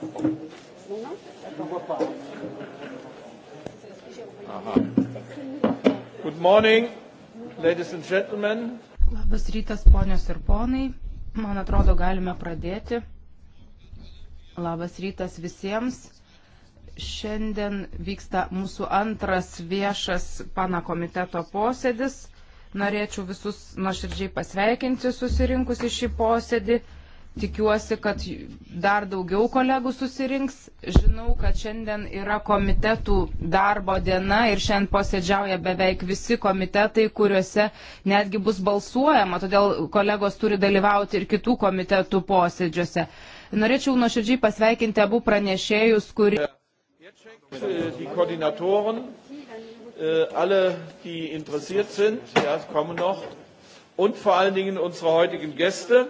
Non, non, elle ne voit pas. Aha. Good morning, ladies and gentlemen. Labas rytas, ponios ir ponai. Man atrodo, galime pradėti. Labas rytas visiems. Šiandien vyksta mūsų antras viešas pana komiteto posėdis. Norėčiau visus nuoširdžiai pasveikinti susirinkus į šį posėdį. Tikiuosi, kad dar daugiau kolegų susirinks. Žinau, kad šiandien yra komitetų darbo diena ir šiandien posėdžiauja beveik visi komitetai, kuriuose netgi bus balsuojama, todėl kolegos turi dalyvauti ir kitų komitetų posėdžiuose. Norėčiau nuoširdžiai pasveikinti abu pranešėjus, kurie. Äh, alle, die interessiert sind, ja, kommen noch, und vor allen Dingen unsere heutigen Gäste.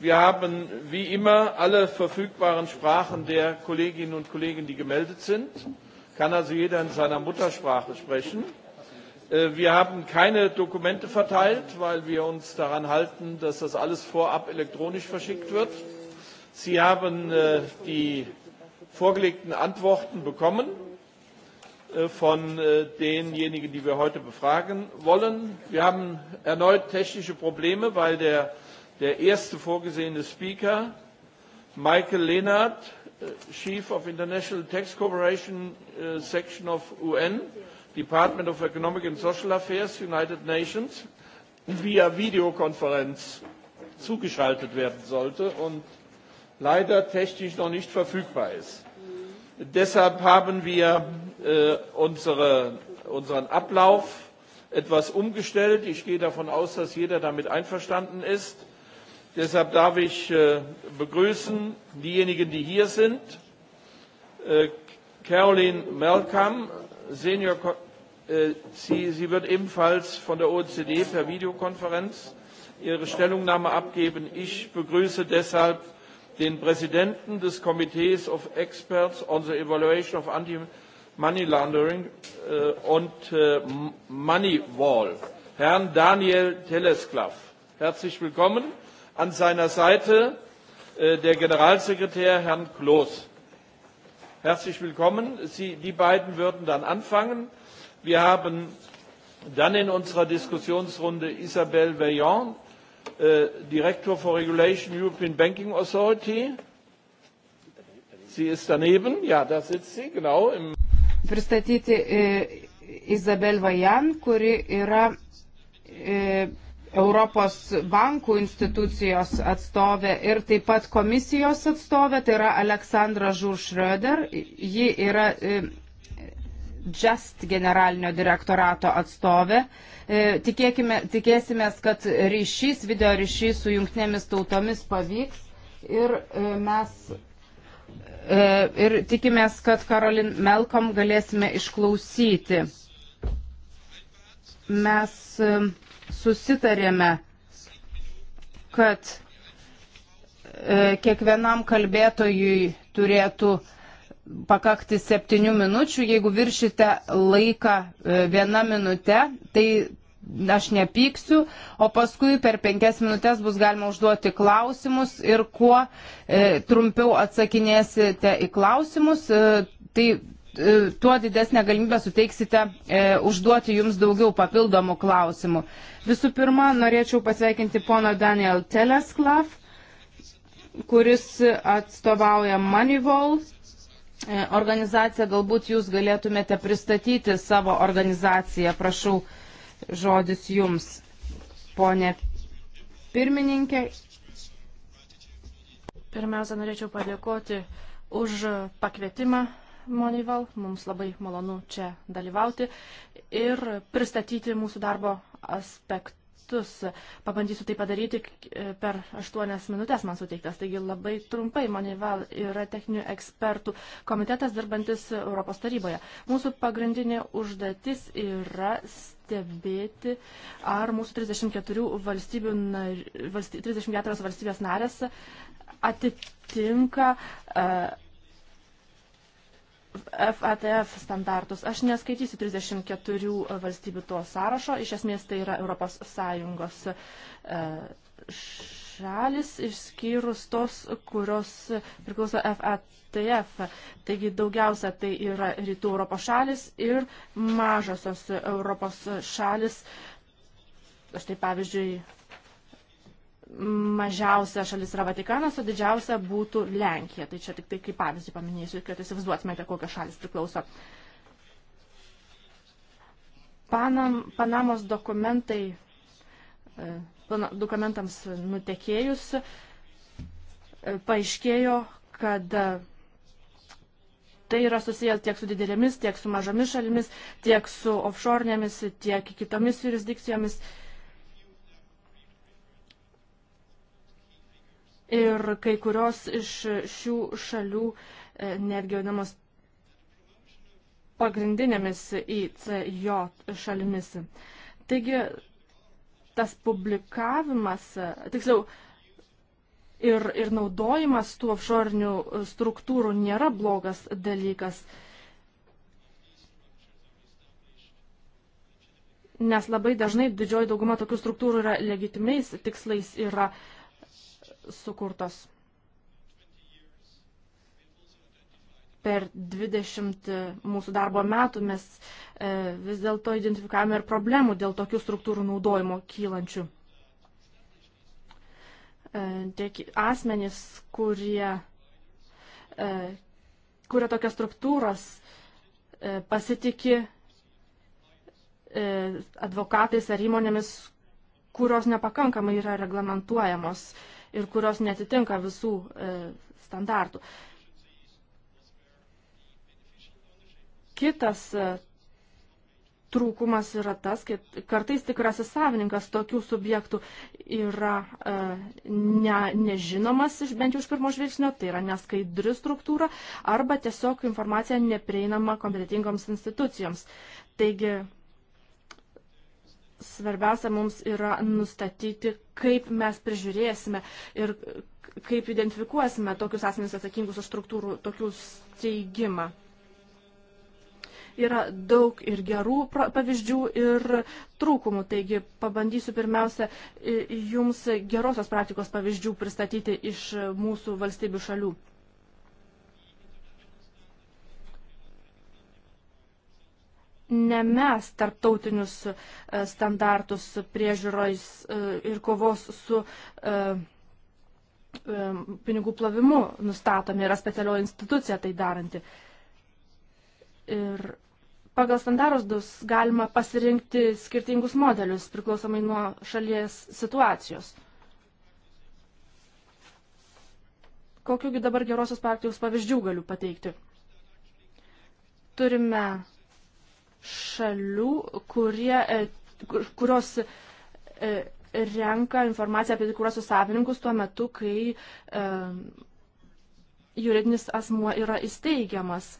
Wir haben wie immer alle verfügbaren Sprachen der Kolleginnen und Kollegen, die gemeldet sind. Kann also jeder in seiner Muttersprache sprechen. Äh, wir haben keine Dokumente verteilt, weil wir uns daran halten, dass das alles vorab elektronisch verschickt wird. Sie haben äh, die vorgelegten Antworten bekommen äh, von denjenigen, die wir heute befragen wollen. Wir haben erneut technische Probleme, weil der Der erste vorgesehene Speaker, Michael Lehnert, äh, Chief of International Tax Cooperation uh, äh, Section of UN, Department of Economic and Social Affairs, United Nations, via Videokonferenz zugeschaltet werden sollte und leider technisch noch nicht verfügbar ist. Deshalb haben wir äh, unsere, unseren Ablauf etwas umgestellt. Ich gehe davon aus, dass jeder damit einverstanden ist. Deshalb darf ich äh, begrüßen diejenigen, die hier sind. Äh, Caroline Malcolm, Senior, äh, sie, sie wird ebenfalls von der OECD per Videokonferenz ihre Stellungnahme abgeben. Ich begrüße deshalb den Präsidenten des Committees of Experts on the Evaluation of Anti-Money Laundering äh, und äh, Money Wall, Herrn Daniel Telesklav. Herzlich willkommen an seiner Seite äh, der Generalsekretär Herrn Kloß. Herzlich willkommen. Sie, die beiden würden dann anfangen. Wir haben dann in unserer Diskussionsrunde Isabelle Veillon, äh, Director for Regulation European Banking Authority. Sie ist daneben, ja, da sitzt sie, genau. Im Pristatyti äh, Izabel Vajan, kuri yra Europos bankų institucijos atstovė ir taip pat komisijos atstovė, tai yra Aleksandra Žuršröder. Ji yra e, Just generalinio direktorato atstovė. E, tikėkime, tikėsimės, kad ryšys, video ryšys su jungtinėmis tautomis pavyks ir e, mes ir tikimės, kad Karolin Melkom galėsime išklausyti. Mes susitarėme, kad e, kiekvienam kalbėtojui turėtų pakakti septynių minučių. Jeigu viršite laiką e, vieną minutę, tai aš nepyksiu, o paskui per penkias minutės bus galima užduoti klausimus ir kuo e, trumpiau atsakinėsite į klausimus, e, tai E, tuo didesnę galimybę suteiksite e, užduoti jums daugiau papildomų klausimų. Visų pirma, norėčiau pasveikinti pono Daniel Telesklav, kuris atstovauja Manivol e, organizaciją. Galbūt jūs galėtumėte pristatyti savo organizaciją. Prašau, žodis jums, ponė pirmininkė. Pirmiausia, norėčiau padėkoti už pakvietimą Monival, mums labai malonu čia dalyvauti ir pristatyti mūsų darbo aspektus. Pabandysiu tai padaryti per 8 minutės man suteiktas. Taigi labai trumpai Monival yra techninių ekspertų komitetas dirbantis Europos taryboje. Mūsų pagrindinė užduotis yra stebėti, ar mūsų 34, valstybių, nar... valsty... 34 valstybės narės atitinka uh, FATF standartus. Aš neskaitysiu 34 valstybių to sąrašo. Iš esmės tai yra ES e, šalis, išskyrus tos, kurios priklauso FATF. Taigi daugiausia tai yra rytų Europos šalis ir mažosios Europos šalis. Štai pavyzdžiui, mažiausia šalis yra Vatikanas, o didžiausia būtų Lenkija. Tai čia tik tai kaip pavyzdį paminėsiu, kad įsivaizduotumėte, kokios šalis priklauso. Panam, Panamos dokumentai, e, dokumentams nutekėjus, e, paaiškėjo, kad e, tai yra susijęs tiek su didelėmis, tiek su mažomis šalimis, tiek su offshore'nėmis, tiek kitomis jurisdikcijomis. Uh, ir kai kurios iš šių šalių e, netgi vadinamos pagrindinėmis ICJ šalimis. Taigi tas publikavimas, e, tiksliau, ir, ir naudojimas tų offshore'inių struktūrų nėra blogas dalykas. Nes labai dažnai didžioji dauguma tokių struktūrų yra legitimiais tikslais, yra uh, sukurtos. Per 20 mūsų darbo metų mes e, vis dėlto identifikavome ir problemų dėl tokių struktūrų naudojimo kylančių. E, tiek asmenys, kurie e, kuria tokias struktūras, pasitiki advokatais ar įmonėmis, kurios nepakankamai yra reglamentuojamos ir kurios netitinka visų e, standartų. Kitas e, trūkumas yra tas, kad kartais tikrasis savininkas tokių subjektų yra e, ne, nežinomas iš bent jau iš pirmo žvilgsnio, tai yra neskaidri struktūra arba tiesiog informacija neprieinama kompetitingoms institucijoms. Taigi Svarbiausia mums yra nustatyti, kaip mes prižiūrėsime ir kaip identifikuosime tokius asmenys atsakingus už struktūrų tokių steigimą. Yra daug ir gerų pavyzdžių ir trūkumų, taigi pabandysiu pirmiausia jums gerosios praktikos pavyzdžių pristatyti iš mūsų valstybių šalių. ne mes tarptautinius e, standartus priežiūros e, ir kovos su e, pinigų plovimu nustatome, yra specialioji institucija tai daranti. Ir pagal standartus galima pasirinkti skirtingus modelius priklausomai nuo šalies situacijos. Kokiugi dabar gerosios partijos pavyzdžių galiu pateikti? Turime šalių, kurie, e, kurios e, renka informaciją apie tikruosius savininkus tuo metu, kai e, juridinis asmuo yra įsteigiamas.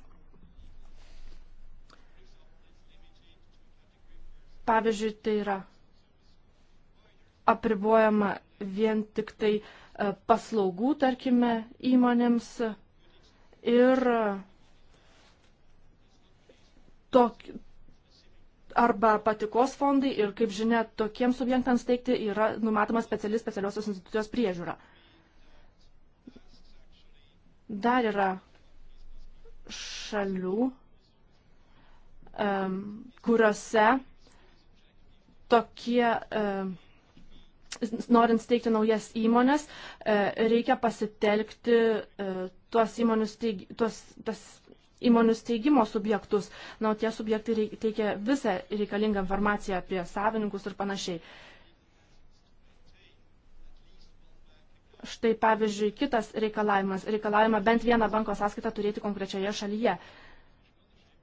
Pavyzdžiui, tai yra apribojama vien tik tai paslaugų, tarkime, įmonėms ir tok, arba patikos fondai ir, kaip žinia, tokiems subjektams teikti yra numatoma speciali specialiosios institucijos priežiūra. Dar yra šalių, um, kuriuose tokie, um, norint steigti naujas įmonės, uh, reikia pasitelkti uh, tuos įmonių steig, tuos, tas įmonių steigimo subjektus. Na, o tie subjektai teikia visą reikalingą informaciją apie savininkus ir panašiai. Štai pavyzdžiui, kitas reikalavimas - reikalavimą bent vieną banko sąskaitą turėti konkrečioje šalyje.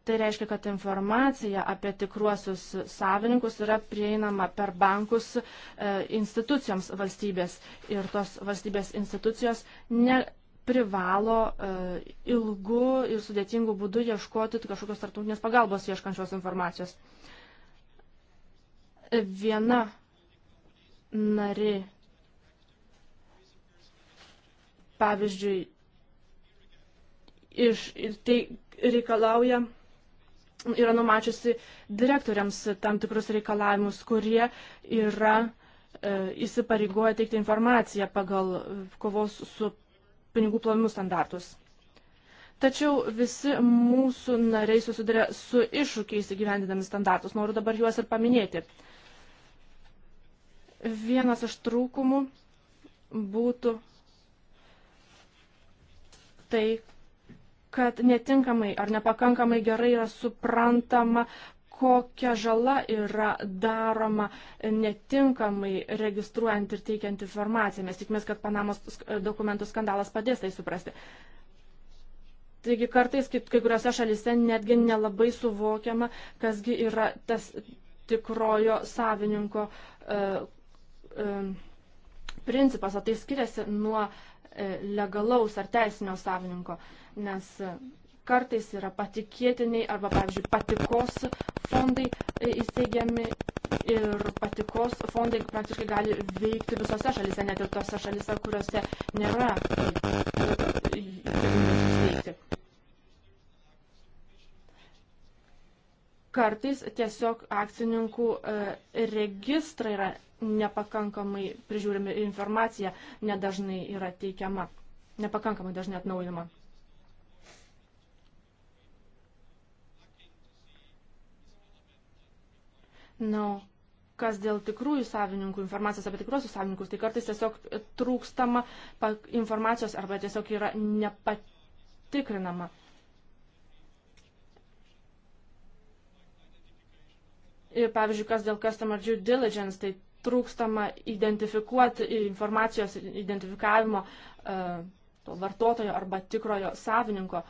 Tai reiškia, kad informacija apie tikruosius savininkus yra prieinama per bankus e, institucijoms valstybės ir tos valstybės institucijos ne, privalo e, ilgu ir sudėtingu būdu ieškoti kažkokios tarptautinės pagalbos ieškančios informacijos. Viena nari, pavyzdžiui, iš, ir tai reikalauja yra numačiusi direktoriams tam tikrus reikalavimus, kurie yra e, įsipareigoję teikti informaciją pagal kovos su pinigų plovimų standartus. Tačiau visi mūsų nariai susiduria su iššūkiais įgyvendinami standartus. Noriu dabar juos ir paminėti. Vienas iš trūkumų būtų tai, kad netinkamai ar nepakankamai gerai yra suprantama kokia žala yra daroma netinkamai registruojant ir teikiant informaciją. Mes tikimės, kad Panamos dokumentų skandalas padės tai suprasti. Taigi kartais kai kuriuose šalise netgi nelabai suvokiama, kasgi yra tas tikrojo savininko uh, uh, principas, o tai skiriasi nuo uh, legalaus ar teisinio savininko, nes uh, kartais yra patikėtiniai arba, pavyzdžiui, patikos fondai įsteigiami ir patikos fondai praktiškai gali veikti visose šalise, net ir tose šalise, kuriuose nėra veikti. Kartais tiesiog akcininkų e, registrai yra nepakankamai prižiūrimi informacija, nedažnai yra teikiama, nepakankamai dažnai atnaujinama. Na, kas dėl tikrųjų savininkų, informacijos apie tikruosius savininkus, tai kartais tiesiog trūkstama informacijos arba tiesiog yra nepatikrinama. Ir pavyzdžiui, kas dėl customer due diligence, tai trūkstama identifikuoti informacijos identifikavimo e, to vartotojo arba tikrojo savininko.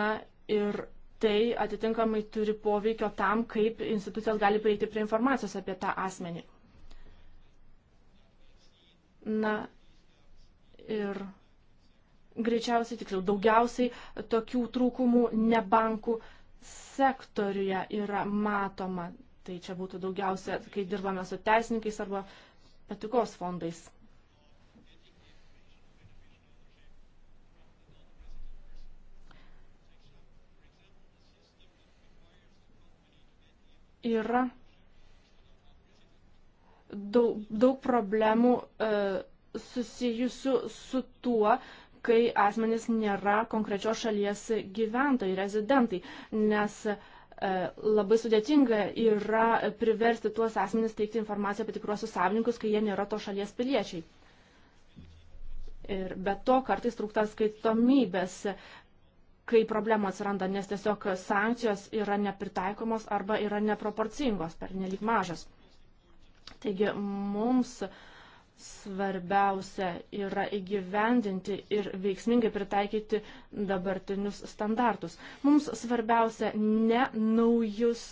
Na ir tai atitinkamai turi poveikio tam, kaip institucijos gali prieiti prie informacijos apie tą asmenį. Na ir greičiausiai, tiksliau, daugiausiai tokių trūkumų ne bankų sektoriuje yra matoma. Tai čia būtų daugiausia, kai dirbame su teisininkais arba patikos fondais. yra daug, daug problemų e, susijusių su tuo, kai asmenys nėra konkrečios šalies gyventojai, rezidentai, nes e, labai sudėtinga yra priversti tuos asmenys teikti informaciją apie tikruosius savininkus, kai jie nėra to šalies piliečiai. Ir be to kartais trūksta skaitomybės kai problemų atsiranda, nes tiesiog sankcijos yra nepritaikomos arba yra neproporcingos, per nelik mažas. Taigi mums svarbiausia yra įgyvendinti ir veiksmingai pritaikyti dabartinius standartus. Mums svarbiausia ne naujus,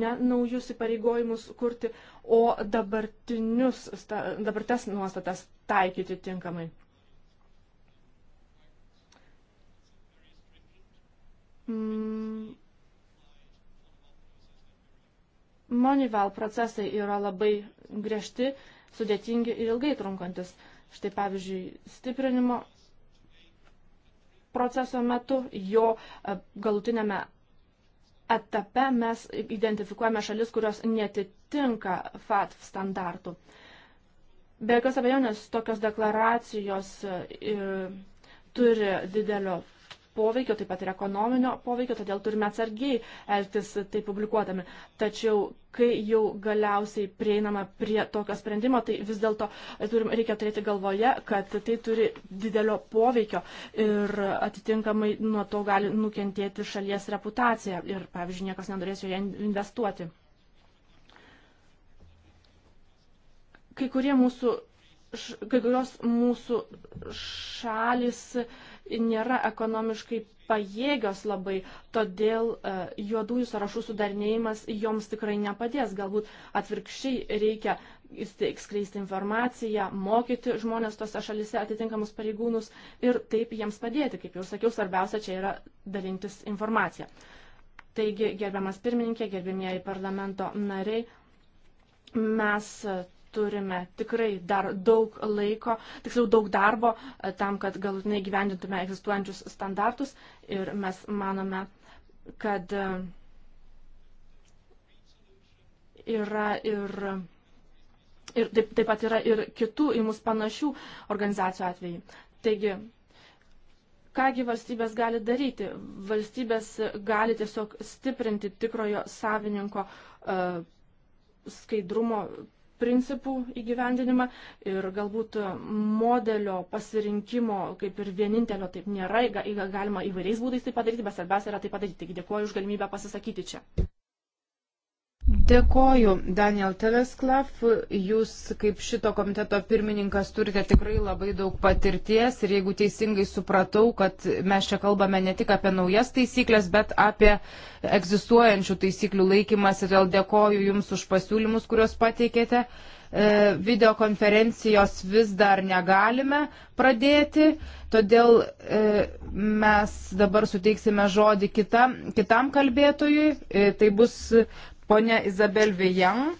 ne naujus įpareigojimus kurti, o dabartinius, dabartes nuostatas taikyti tinkamai. Mm. Monival procesai yra labai griežti, sudėtingi ir ilgai trunkantis. Štai pavyzdžiui, stiprinimo proceso metu, jo e, galutinėme etape mes identifikuojame šalis, kurios netitinka FATF standartų. Be jokios abejonės tokios deklaracijos e, turi didelio poveikio, taip pat ir ekonominio poveikio, todėl turime atsargiai elgtis tai publikuodami. Tačiau, kai jau galiausiai prieinama prie tokio sprendimo, tai vis dėlto reikia turėti galvoje, kad tai turi didelio poveikio ir atitinkamai nuo to gali nukentėti šalies reputacija ir, pavyzdžiui, niekas nenorės joje investuoti. Kai kurie mūsų kai kurios mūsų šalis nėra ekonomiškai pajėgios labai, todėl e, juodųjų sąrašų sudarinėjimas joms tikrai nepadės. Galbūt atvirkščiai reikia skleisti informaciją, mokyti žmonės tose šalise atitinkamus pareigūnus ir taip jiems padėti. Kaip jau sakiau, svarbiausia čia yra dalintis informaciją. Taigi, gerbiamas pirmininkė, gerbimieji parlamento nariai, mes turime tikrai dar daug laiko, tiksliau daug darbo e, tam, kad galutinai gyvendintume egzistuojančius standartus ir mes manome, kad e, yra ir, ir taip, taip pat yra ir kitų į mus panašių organizacijų atvejai. Taigi, kągi valstybės gali daryti? Valstybės gali tiesiog stiprinti tikrojo savininko uh, skaidrumo principų įgyvendinimą ir galbūt modelio pasirinkimo kaip ir vienintelio taip nėra, galima įvairiais būdais tai padaryti, bet svarbiausia yra tai padaryti. Taigi dėkuoju už galimybę pasisakyti čia. Dėkoju, Daniel Telesklav. Jūs kaip šito komiteto pirmininkas turite tikrai labai daug patirties ir jeigu teisingai supratau, kad mes čia kalbame ne tik apie naujas taisyklės, bet apie egzistuojančių taisyklių laikymas ir vėl dėkoju Jums už pasiūlymus, kuriuos pateikėte. E, videokonferencijos vis dar negalime pradėti, todėl e, mes dabar suteiksime žodį kita, kitam kalbėtojui. E, tai bus Pone Izabel Vijam,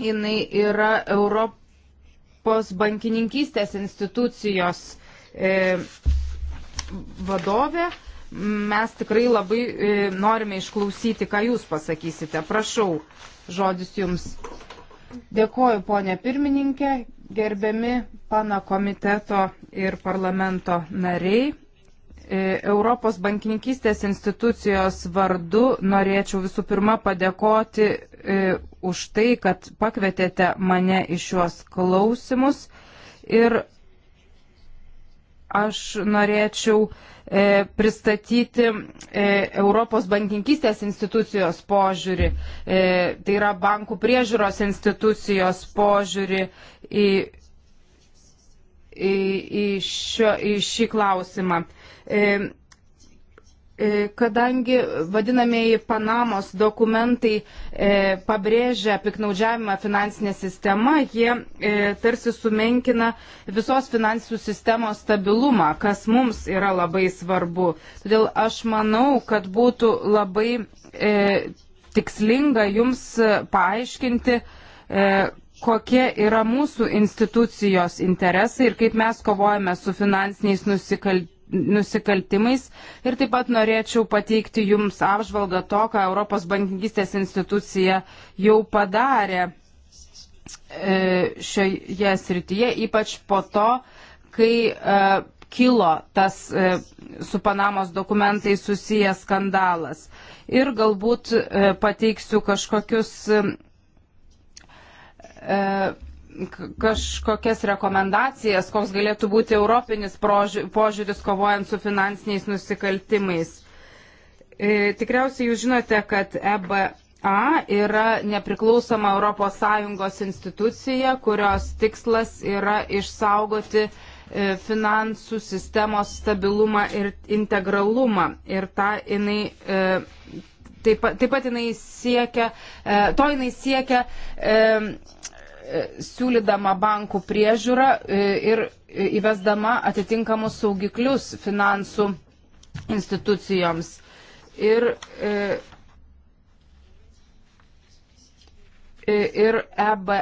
jinai yra Europos bankininkystės institucijos e, vadovė. Mes tikrai labai e, norime išklausyti, ką jūs pasakysite. Prašau, žodis jums. Dėkoju, ponė pirmininkė, gerbiami pana komiteto ir parlamento nariai. E, Europos bankininkystės institucijos vardu norėčiau visų pirma padėkoti e, už tai, kad pakvietėte mane į šiuos klausimus. Ir aš norėčiau e, pristatyti e, Europos bankininkystės institucijos požiūrį, e, tai yra bankų priežiūros institucijos požiūrį į, į, į, šio, į šį klausimą. E, e, kadangi vadinamieji Panamos dokumentai e, pabrėžia piknaudžiavimą finansinę sistemą, jie e, tarsi sumenkina visos finansų sistemos stabilumą, kas mums yra labai svarbu. Todėl aš manau, kad būtų labai e, tikslinga jums paaiškinti, e, kokie yra mūsų institucijos interesai ir kaip mes kovojame su finansiniais nusikalt nusikaltimais. Ir taip pat norėčiau pateikti Jums apžvalgą to, ką Europos bankingistės institucija jau padarė e, šioje srityje, ypač po to, kai e, kilo tas e, su Panamos dokumentais susijęs skandalas. Ir galbūt pateiksiu kažkokius kažkokias rekomendacijas, koks galėtų būti europinis požiūris kovojant su finansiniais nusikaltimais. E, tikriausiai jūs žinote, kad EBA yra nepriklausoma ES institucija, kurios tikslas yra išsaugoti e, finansų sistemos stabilumą ir integralumą. Ir ta jinai e, taip pat, taip pat jinai siekia, to jinai siekia E, siūlydama bankų priežiūrą e, ir įvesdama atitinkamus saugiklius finansų institucijoms. Ir, e, ir EBA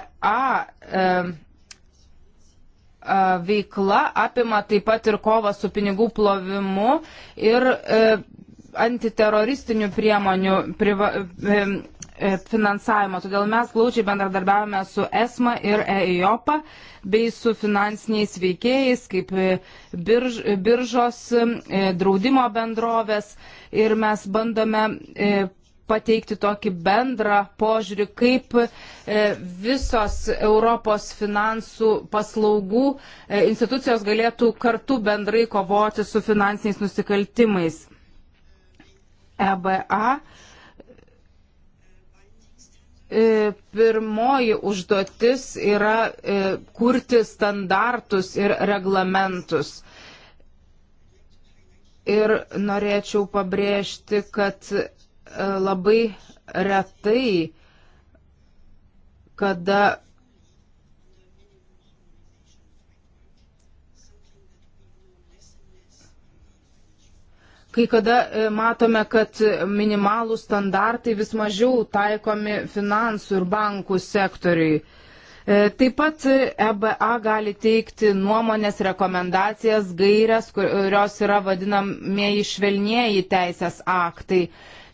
veikla apima taip pat ir kovą su pinigų plovimu ir antiteroristinių priemonių priva, E, finansavimo. Todėl mes glaučiai bendradarbiavame su ESMA ir EIOPA bei su finansiniais veikėjais kaip e, birž, biržos e, draudimo bendrovės ir mes bandome pateikti tokį bendrą požiūrį, kaip visos Europos finansų paslaugų institucijos galėtų kartu bendrai kovoti su finansiniais nusikaltimais. EBA E, pirmoji užduotis yra e, kurti standartus ir reglamentus. Ir norėčiau pabrėžti, kad e, labai retai, kada Kai kada e, matome, kad minimalų standartai vis mažiau taikomi finansų ir bankų sektoriui. E, taip pat EBA gali teikti nuomonės, rekomendacijas, gairias, kurios yra vadinamieji švelnieji teisės aktai.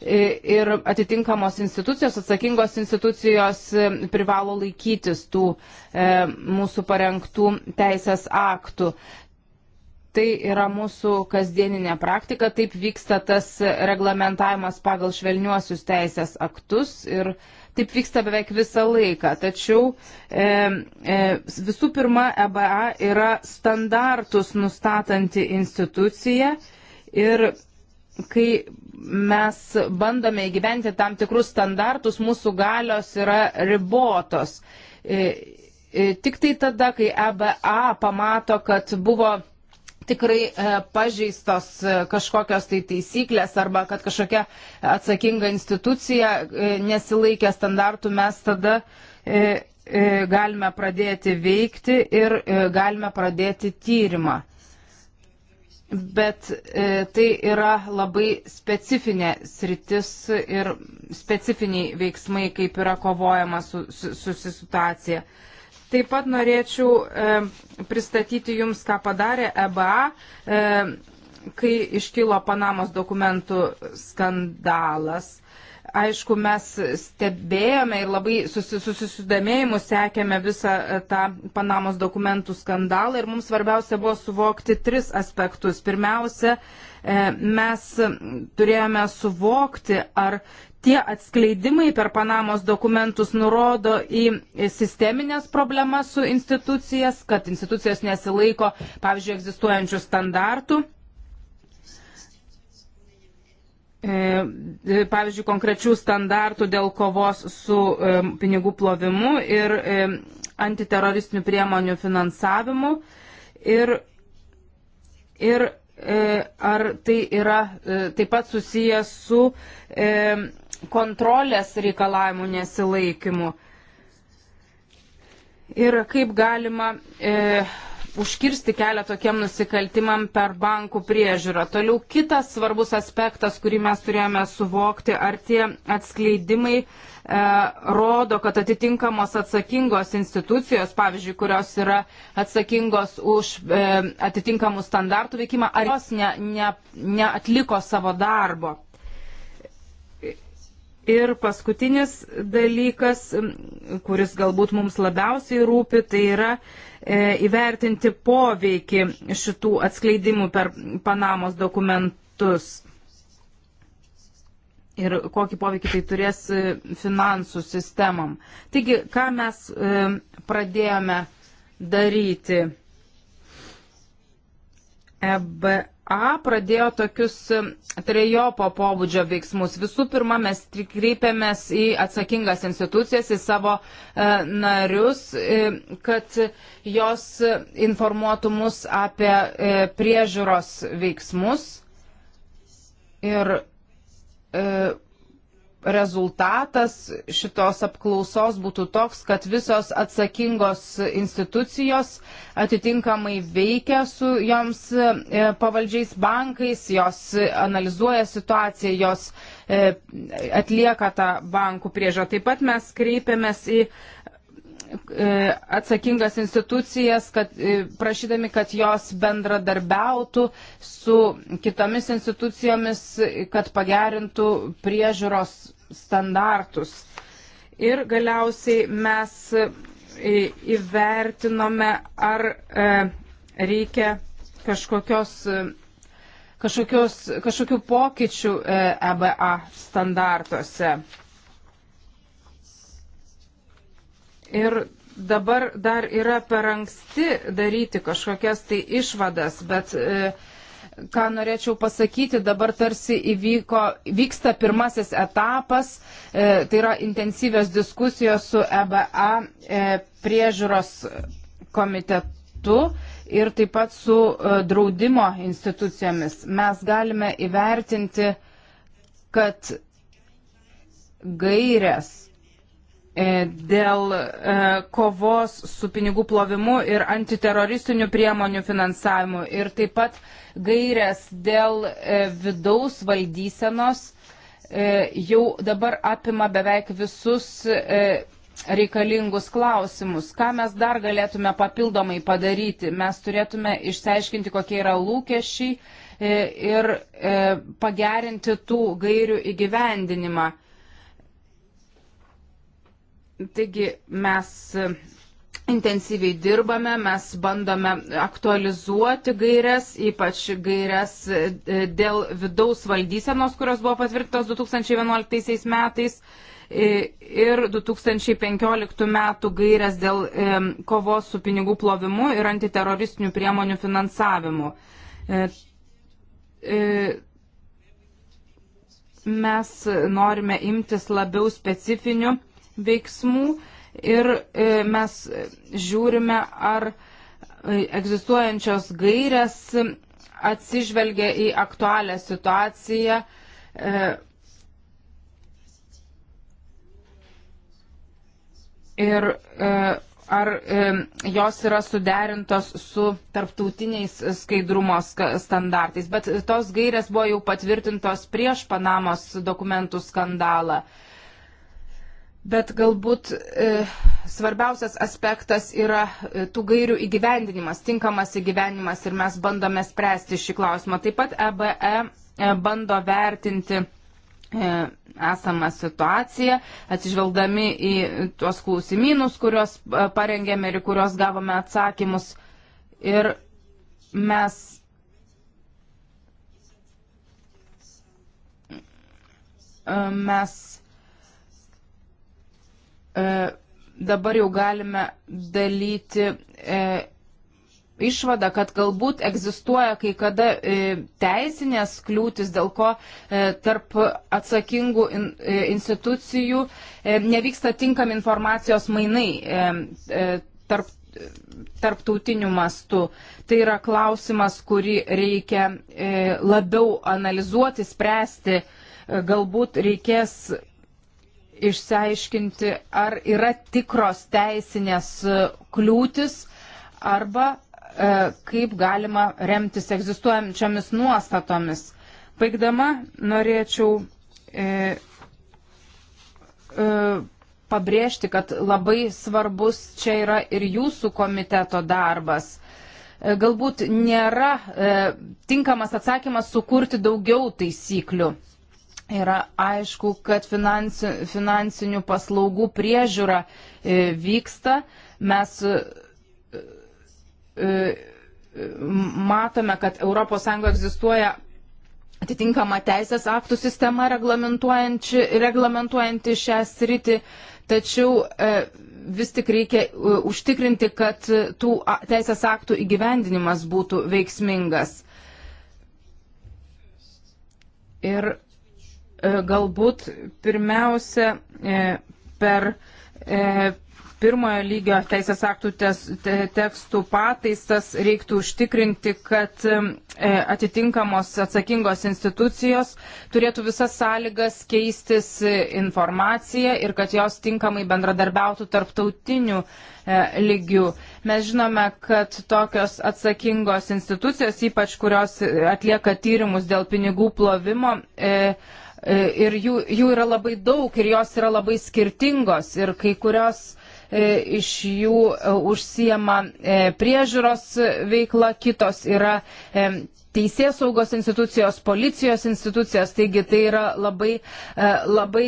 E, ir atitinkamos institucijos, atsakingos institucijos privalo laikytis tų e, mūsų parengtų teisės aktų. Tai yra mūsų kasdieninė praktika, taip vyksta tas reglamentavimas pagal švelniuosius teisės aktus ir taip vyksta beveik visą laiką. Tačiau e, e, visų pirma, EBA yra standartus nustatanti institucija ir kai mes bandome įgyventi tam tikrus standartus, mūsų galios yra ribotos. E, e, tik tai tada, kai EBA pamato, kad buvo tikrai e, pažeistos e, kažkokios tai taisyklės arba kad kažkokia atsakinga institucija e, nesilaikė standartų, mes tada e, e, galime pradėti veikti ir e, galime pradėti tyrimą. Bet e, tai yra labai specifinė sritis ir specifiniai veiksmai, kaip yra kovojama su, su, su situacija. E, Taip pat norėčiau e, pristatyti Jums, ką padarė EBA, e, kai iškilo Panamos dokumentų skandalas. Aišku, mes stebėjome ir labai susidomėjimu sekėme visą e, tą Panamos dokumentų skandalą ir mums svarbiausia buvo suvokti tris aspektus. Pirmiausia, e, mes turėjome suvokti, ar tie atskleidimai per Panamos dokumentus nurodo į sisteminės problemas su institucijas, kad institucijos nesilaiko, pavyzdžiui, egzistuojančių standartų. E, e, pavyzdžiui, konkrečių standartų dėl kovos su e, pinigų plovimu ir antiteroristinių priemonių finansavimu. Ir, ir E, ar tai yra e, taip pat susijęs su e, kontrolės reikalavimų nesilaikymu. Ir kaip galima e, užkirsti kelią tokiem nusikaltimam per bankų priežiūrą. Toliau kitas svarbus aspektas, kurį mes turėjome suvokti, ar tie atskleidimai e, rodo, kad atitinkamos atsakingos institucijos, pavyzdžiui, kurios yra atsakingos už e, atitinkamų standartų veikimą, ar jos neatliko ne, ne savo darbo. Ir paskutinis dalykas, kuris galbūt mums labiausiai rūpi, tai yra e, įvertinti poveikį šitų atskleidimų per Panamos dokumentus. Ir kokį poveikį tai turės e, finansų sistemam. Taigi, ką mes e, pradėjome daryti? EBA A pradėjo tokius um, trejopo pobūdžio veiksmus. Visų pirma, mes kreipėmės į atsakingas institucijas, į savo e, narius, e, kad jos informuotų mus apie e, priežiūros veiksmus. Ir e, rezultatas šitos apklausos būtų toks, kad visos atsakingos institucijos atitinkamai veikia su joms e, pavaldžiais bankais, jos analizuoja situaciją, jos e, atlieka tą bankų priežą. Taip pat mes kreipiamės į E, atsakingas institucijas, kad, e, prašydami, kad jos bendradarbiautų su kitomis institucijomis, kad pagerintų priežiūros standartus. Ir galiausiai mes e, įvertinome, ar reikia kažkokios, kažkokios, kažkokių pokyčių EBA standartuose. Ir dabar dar yra per anksti daryti kažkokias tai išvadas, bet e, ką norėčiau pasakyti, dabar tarsi įvyko, vyksta pirmasis etapas, e, tai yra intensyvios diskusijos su EBA e, priežiūros komitetu ir taip pat su e, draudimo institucijomis. Mes galime įvertinti, kad gairės E, dėl e, kovos su pinigų plovimu ir antiteroristinių priemonių finansavimu ir taip pat gairias dėl e, vidaus valdysenos jau dabar apima beveik visus reikalingus klausimus. Ką mes dar galėtume papildomai padaryti? Mes turėtume išsiaiškinti, kokie yra lūkesčiai ir pagerinti tų gairių įgyvendinimą. Taigi mes intensyviai dirbame, mes bandome aktualizuoti gairias, ypač gairias e, dėl vidaus valdysenos, kurios buvo patvirtintos 2011 metais e, ir 2015 metų gairias dėl e, kovos su pinigų plovimu ir antiteroristinių priemonių finansavimu. Mes norime imtis labiau specifinių veiksmų ir e, mes žiūrime, ar e, egzistuojančios gairias atsižvelgia į aktualią situaciją. E, ir ar jos yra suderintos su tarptautiniais skaidrumo standartais. Bet tos gairės buvo jau patvirtintos prieš Panamos dokumentų skandalą. Bet galbūt e, svarbiausias aspektas yra e, tų gairių įgyvendinimas, tinkamas įgyvendinimas ir mes bandome spręsti šį klausimą. Taip pat EBE e, e, bando vertinti e, esamą situaciją, atsižvelgdami į tuos klausimynus, kuriuos e, parengėme ir kuriuos gavome atsakymus. Ir mes mes E, dabar jau galime dalyti e, išvadą, kad galbūt egzistuoja kai kada e, teisinės kliūtis, dėl ko e, tarp atsakingų in, e, institucijų e, nevyksta tinkami informacijos mainai e, e, tarp, tarptautinių mastų. Tai yra klausimas, kurį reikia e, labiau analizuoti, spręsti. E, galbūt reikės išsiaiškinti, ar yra tikros teisinės kliūtis arba e, kaip galima remtis egzistuojančiomis nuostatomis. Baigdama norėčiau e, e, pabrėžti, kad labai svarbus čia yra ir jūsų komiteto darbas. E, galbūt nėra e, tinkamas atsakymas sukurti daugiau taisyklių yra aišku, kad finansi, finansinių paslaugų priežiūra e, vyksta. Mes e, e, matome, kad ES egzistuoja atitinkama teisės aktų sistema reglamentuojanti, reglamentuojanti šią sritį, tačiau vis tik reikia užtikrinti, kad tų teisės aktų įgyvendinimas būtų veiksmingas. Ir E, galbūt pirmiausia e, per e, pirmojo lygio teisės aktų tes, te, tekstų pataisas reiktų užtikrinti, kad e, atitinkamos atsakingos institucijos turėtų visas sąlygas keistis informaciją ir kad jos tinkamai bendradarbiautų tarptautiniu e, lygiu. Mes žinome, kad tokios atsakingos institucijos, ypač kurios atlieka tyrimus dėl pinigų plovimo, e, E, ir jų, jų yra labai daug ir jos yra labai skirtingos ir kai kurios e, iš jų e, užsijama priežiūros veikla, kitos yra teisės saugos institucijos, policijos institucijos, taigi tai yra labai, labai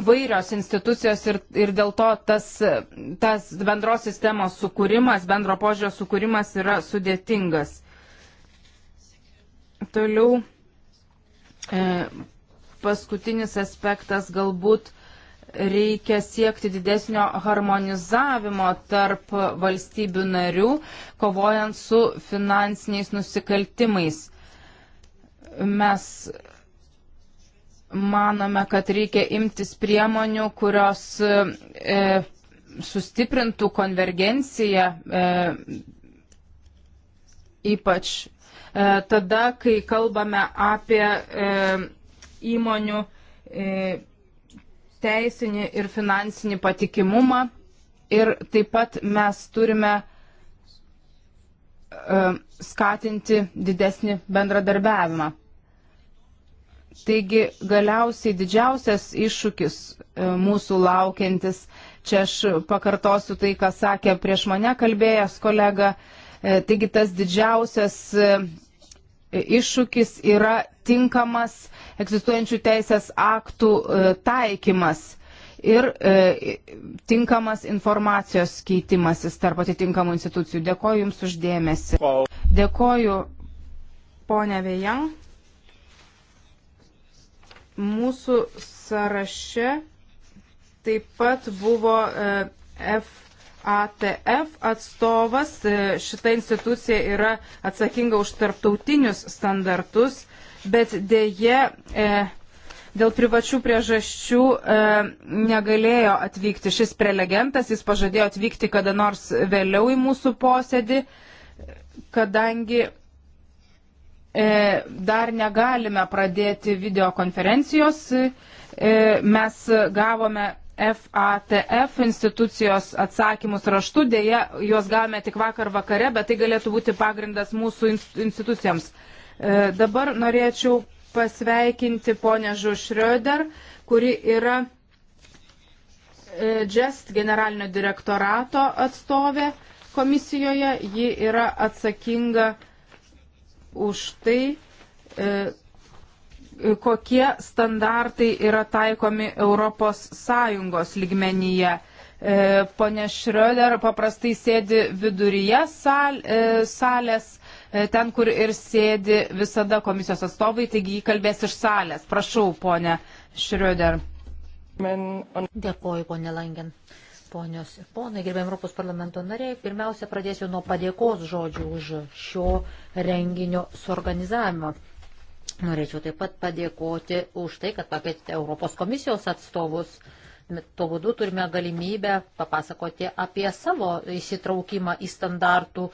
įvairios institucijos ir, ir dėl to tas, tas bendros sistemos sukūrimas, bendro požiūrio sukūrimas yra sudėtingas. Toliau e, paskutinis aspektas galbūt reikia siekti didesnio harmonizavimo tarp valstybių narių, kovojant su finansiniais nusikaltimais. Mes manome, kad reikia imtis priemonių, kurios e, sustiprintų konvergenciją, e, ypač e, tada, kai kalbame apie e, įmonių e, teisinį ir finansinį patikimumą. Ir taip pat mes turime e, skatinti didesnį bendradarbiavimą. Taigi galiausiai didžiausias iššūkis e, mūsų laukiantis, čia aš pakartosiu tai, ką sakė prieš mane kalbėjęs kolega, taigi tas didžiausias E, iššūkis yra tinkamas egzistuojančių teisės aktų e, taikymas ir e, tinkamas informacijos keitimasis tarp atitinkamų institucijų. Dėkoju Jums uždėmesi. Dėkoju, ponė Vėjang. Mūsų sąraše taip pat buvo F ATF atstovas. E, šita institucija yra atsakinga už tarptautinius standartus, bet dėje e, dėl privačių priežasčių e, negalėjo atvykti šis prelegentas. Jis pažadėjo atvykti kada nors vėliau į mūsų posėdį, kadangi e, dar negalime pradėti videokonferencijos. E, mes gavome FATF institucijos atsakymus raštu, dėja juos gavome tik vakar vakare, bet tai galėtų būti pagrindas mūsų institucijoms. E, dabar norėčiau pasveikinti ponę Žušrioder, kuri yra e, Just generalinio direktorato atstovė komisijoje. Ji yra atsakinga už tai, e, kokie standartai yra taikomi ES lygmenyje. E, pone Šrioder paprastai sėdi viduryje sal, e, salės, e, ten, kur ir sėdi visada komisijos atstovai, taigi jį kalbės iš salės. Prašau, ponė Šrioder. Dėkuoju, ponė Langen. Ponios ir ponai, gerbėjim Europos parlamento nariai, pirmiausia pradėsiu nuo padėkos žodžių už šio renginio suorganizavimą. Norėčiau taip pat padėkoti už tai, kad pakvietėte Europos komisijos atstovus. Tuo būdu turime galimybę papasakoti apie savo įsitraukimą į standartų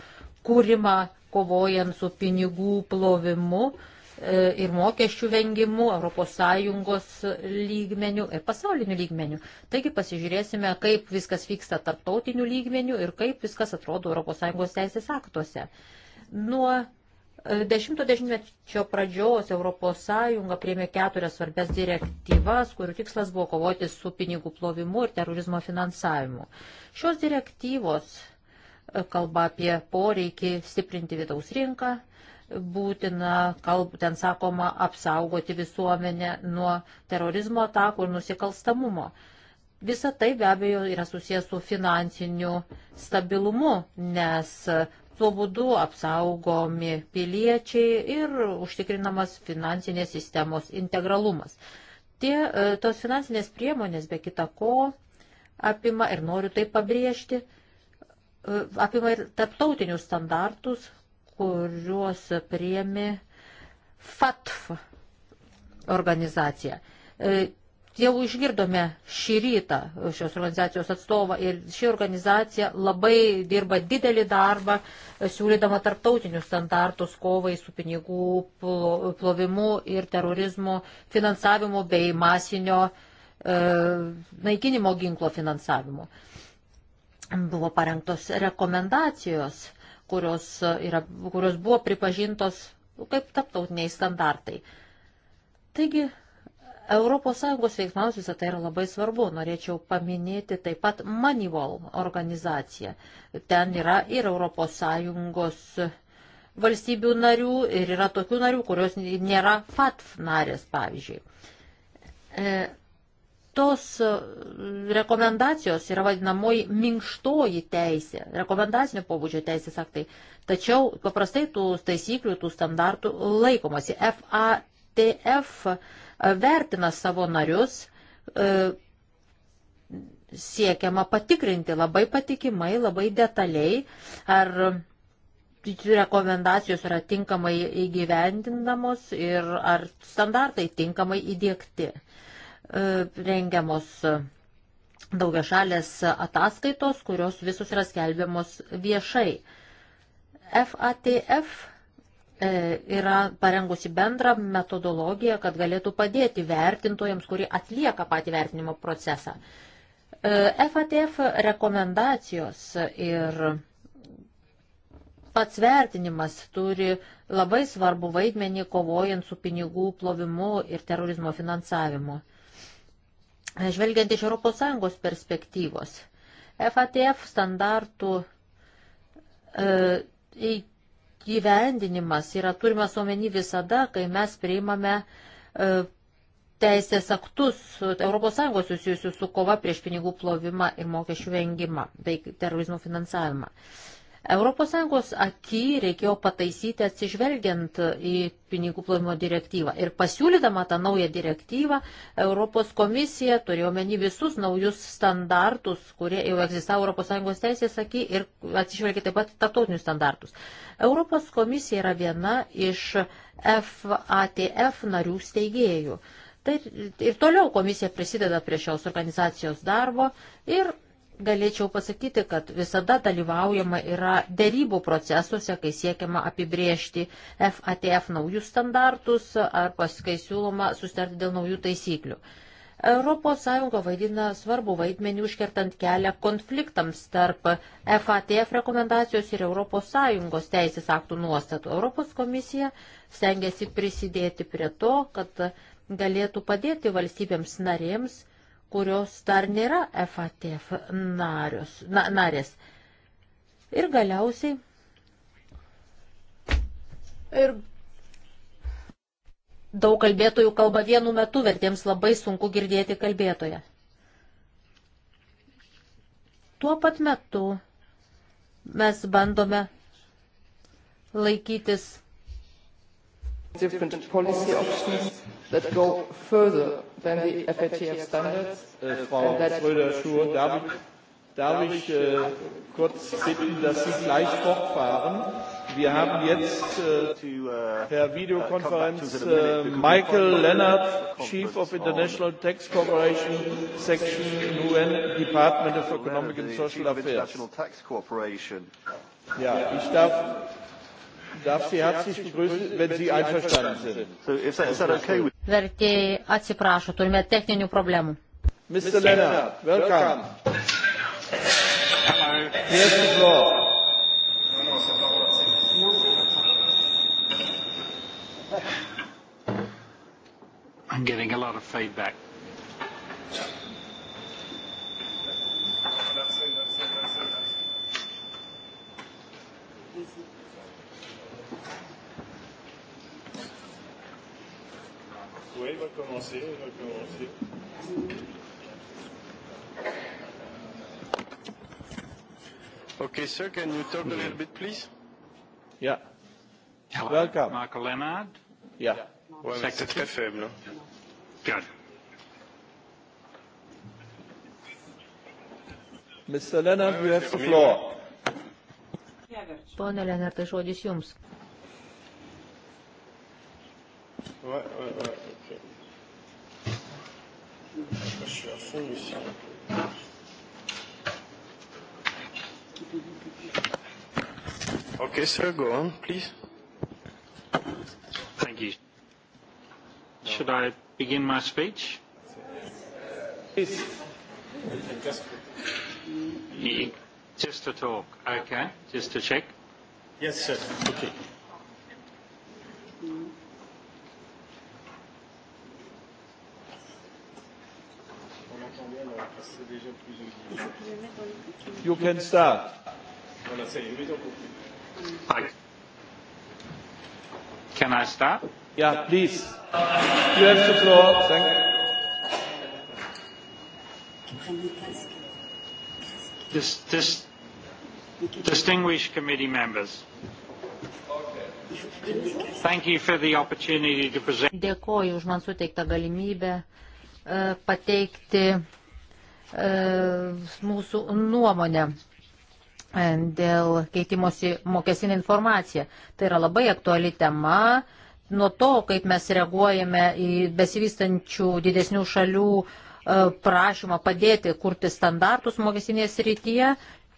kūrimą, kovojant su pinigų plovimu e, ir mokesčių vengimu ES lygmenių ir pasaulinių lygmenių. Taigi pasižiūrėsime, kaip viskas vyksta tarptautinių lygmenių ir kaip viskas atrodo ES teisės aktuose. Nuo Dešimto dešimtmečio pradžios ES priėmė keturias svarbės direktyvas, kurių tikslas buvo kovoti su pinigų plovimu ir terorizmo finansavimu. Šios direktyvos e, kalba apie poreikį stiprinti vidaus rinką, būtina, kalb, ten sakoma, apsaugoti visuomenę nuo terorizmo atakų ir nusikalstamumo. Visa tai be abejo yra susijęs su finansiniu stabilumu, nes Tuo būdu apsaugomi piliečiai ir užtikrinamas finansinės sistemos integralumas. Tie, e, tos finansinės priemonės be kita ko apima ir noriu tai pabrėžti, e, apima ir tarptautinius standartus, kuriuos priemi FATF organizacija. E, Jau išgirdome šį rytą šios organizacijos atstovą ir ši organizacija labai dirba didelį darbą, e, siūlydama tarptautinius standartus kovai su pinigų plovimu ir terorizmo finansavimu bei masinio e, naikinimo ginklo finansavimu. Buvo parengtos rekomendacijos, kurios, e, yra, kurios buvo pripažintos kaip taptautiniai standartai. Taigi ES veiksmams visą tai yra labai svarbu. Norėčiau paminėti taip pat Manivol organizaciją. Ten yra ir ES valstybių narių, ir yra tokių narių, kurios nėra FATF narės, pavyzdžiui. E, tos rekomendacijos yra vadinamoji minkštoji teisė, rekomendacinio pobūdžio teisės aktai. Tačiau paprastai tų taisyklių, tų standartų laikomasi. FATF vertina savo narius, e, siekiama patikrinti labai patikimai, labai detaliai, ar rekomendacijos yra tinkamai įgyvendinamos ir ar standartai tinkamai įdėkti. E, rengiamos daugia šalės ataskaitos, kurios visus yra skelbiamos viešai. FATF E, yra parengusi bendrą metodologiją, kad galėtų padėti vertintojams, kurie atlieka patį vertinimo procesą. FATF e, rekomendacijos ir pats vertinimas turi labai svarbu vaidmenį kovojant su pinigų plovimu ir terorizmo finansavimu. E, žvelgiant iš ES perspektyvos, FATF standartų e, gyvendinimas yra turimas omeny visada, kai mes priimame e, teisės aktus ES susijusius su kova prieš pinigų plovimą ir mokesčių vengimą bei terorizmo finansavimą. E, ES akį reikėjo pataisyti atsižvelgiant į pinigų plovimo direktyvą. Ir pasiūlydama tą naują direktyvą, Europos komisija turėjo meni visus naujus standartus, kurie jau egzistavo ES teisės akį ir atsižvelgia taip pat tarptautinius standartus. Europos komisija yra viena iš FATF narių steigėjų. Tai ir toliau komisija prisideda prie šios organizacijos darbo ir galėčiau pasakyti, kad visada dalyvaujama yra dėrybų procesuose, kai siekiama apibriežti FATF naujus standartus ar paskai siūloma sustarti dėl naujų taisyklių. ES vaidina svarbu vaidmenį užkertant kelią konfliktams tarp FATF rekomendacijos ir ES teisės aktų nuostatų. Europos komisija stengiasi prisidėti prie to, kad galėtų padėti valstybėms narėms kurios dar nėra FATF narios, na, narės. Ir galiausiai. Ir daug kalbėtojų kalba vienu metu, vertiems labai sunku girdėti kalbėtoje. Tuo pat metu mes bandome laikytis. Different policy options that go further FATF Standards. Äh, äh Frau Schröder-Schur, darf ich, darf ich äh, äh, kurz bitten, dass Sie gleich fortfahren? Wir haben jetzt äh, äh per uh, Videokonferenz äh, Michael Leonard, Chief of International Tax Corporation Section UN Department of Economic and Social Affairs. Ja, ich darf darf Sie herzlich begrüßen, wenn Sie einverstanden sind. So, is that, is that okay with Vertėjai atsiprašo, turime techninių problemų. Mr. Leonard, welcome. Hello. Here's the floor. I'm getting a lot of feedback. Yeah. recommencer, recommencer. Okay, sir, can you talk a little bit, please? Yeah. Hello, Welcome. Marco Leonard. Yeah. Ouais, mais c'est très faible. Good. Mr. Leonard, you have the floor. Pone Leonardai, žodis jums. Ouais, ouais, ouais. Je suis à fond ici. Okay, sir, go on, please. Thank you. Should I begin my speech? Please. Just to talk, okay? Just to check? Yes, sir. Okay. You can start. Hi. Can I start? Yeah, please. You have the floor. Thank you. This, this, distinguished committee members. Dėkoju už man suteiktą galimybę e, pateikti E, mūsų nuomonę e, dėl keitimosi mokesinė informacija. Tai yra labai aktuali tema. Nuo to, kaip mes reaguojame į besivystančių didesnių šalių e, prašymą padėti kurti standartus mokesinėje srityje,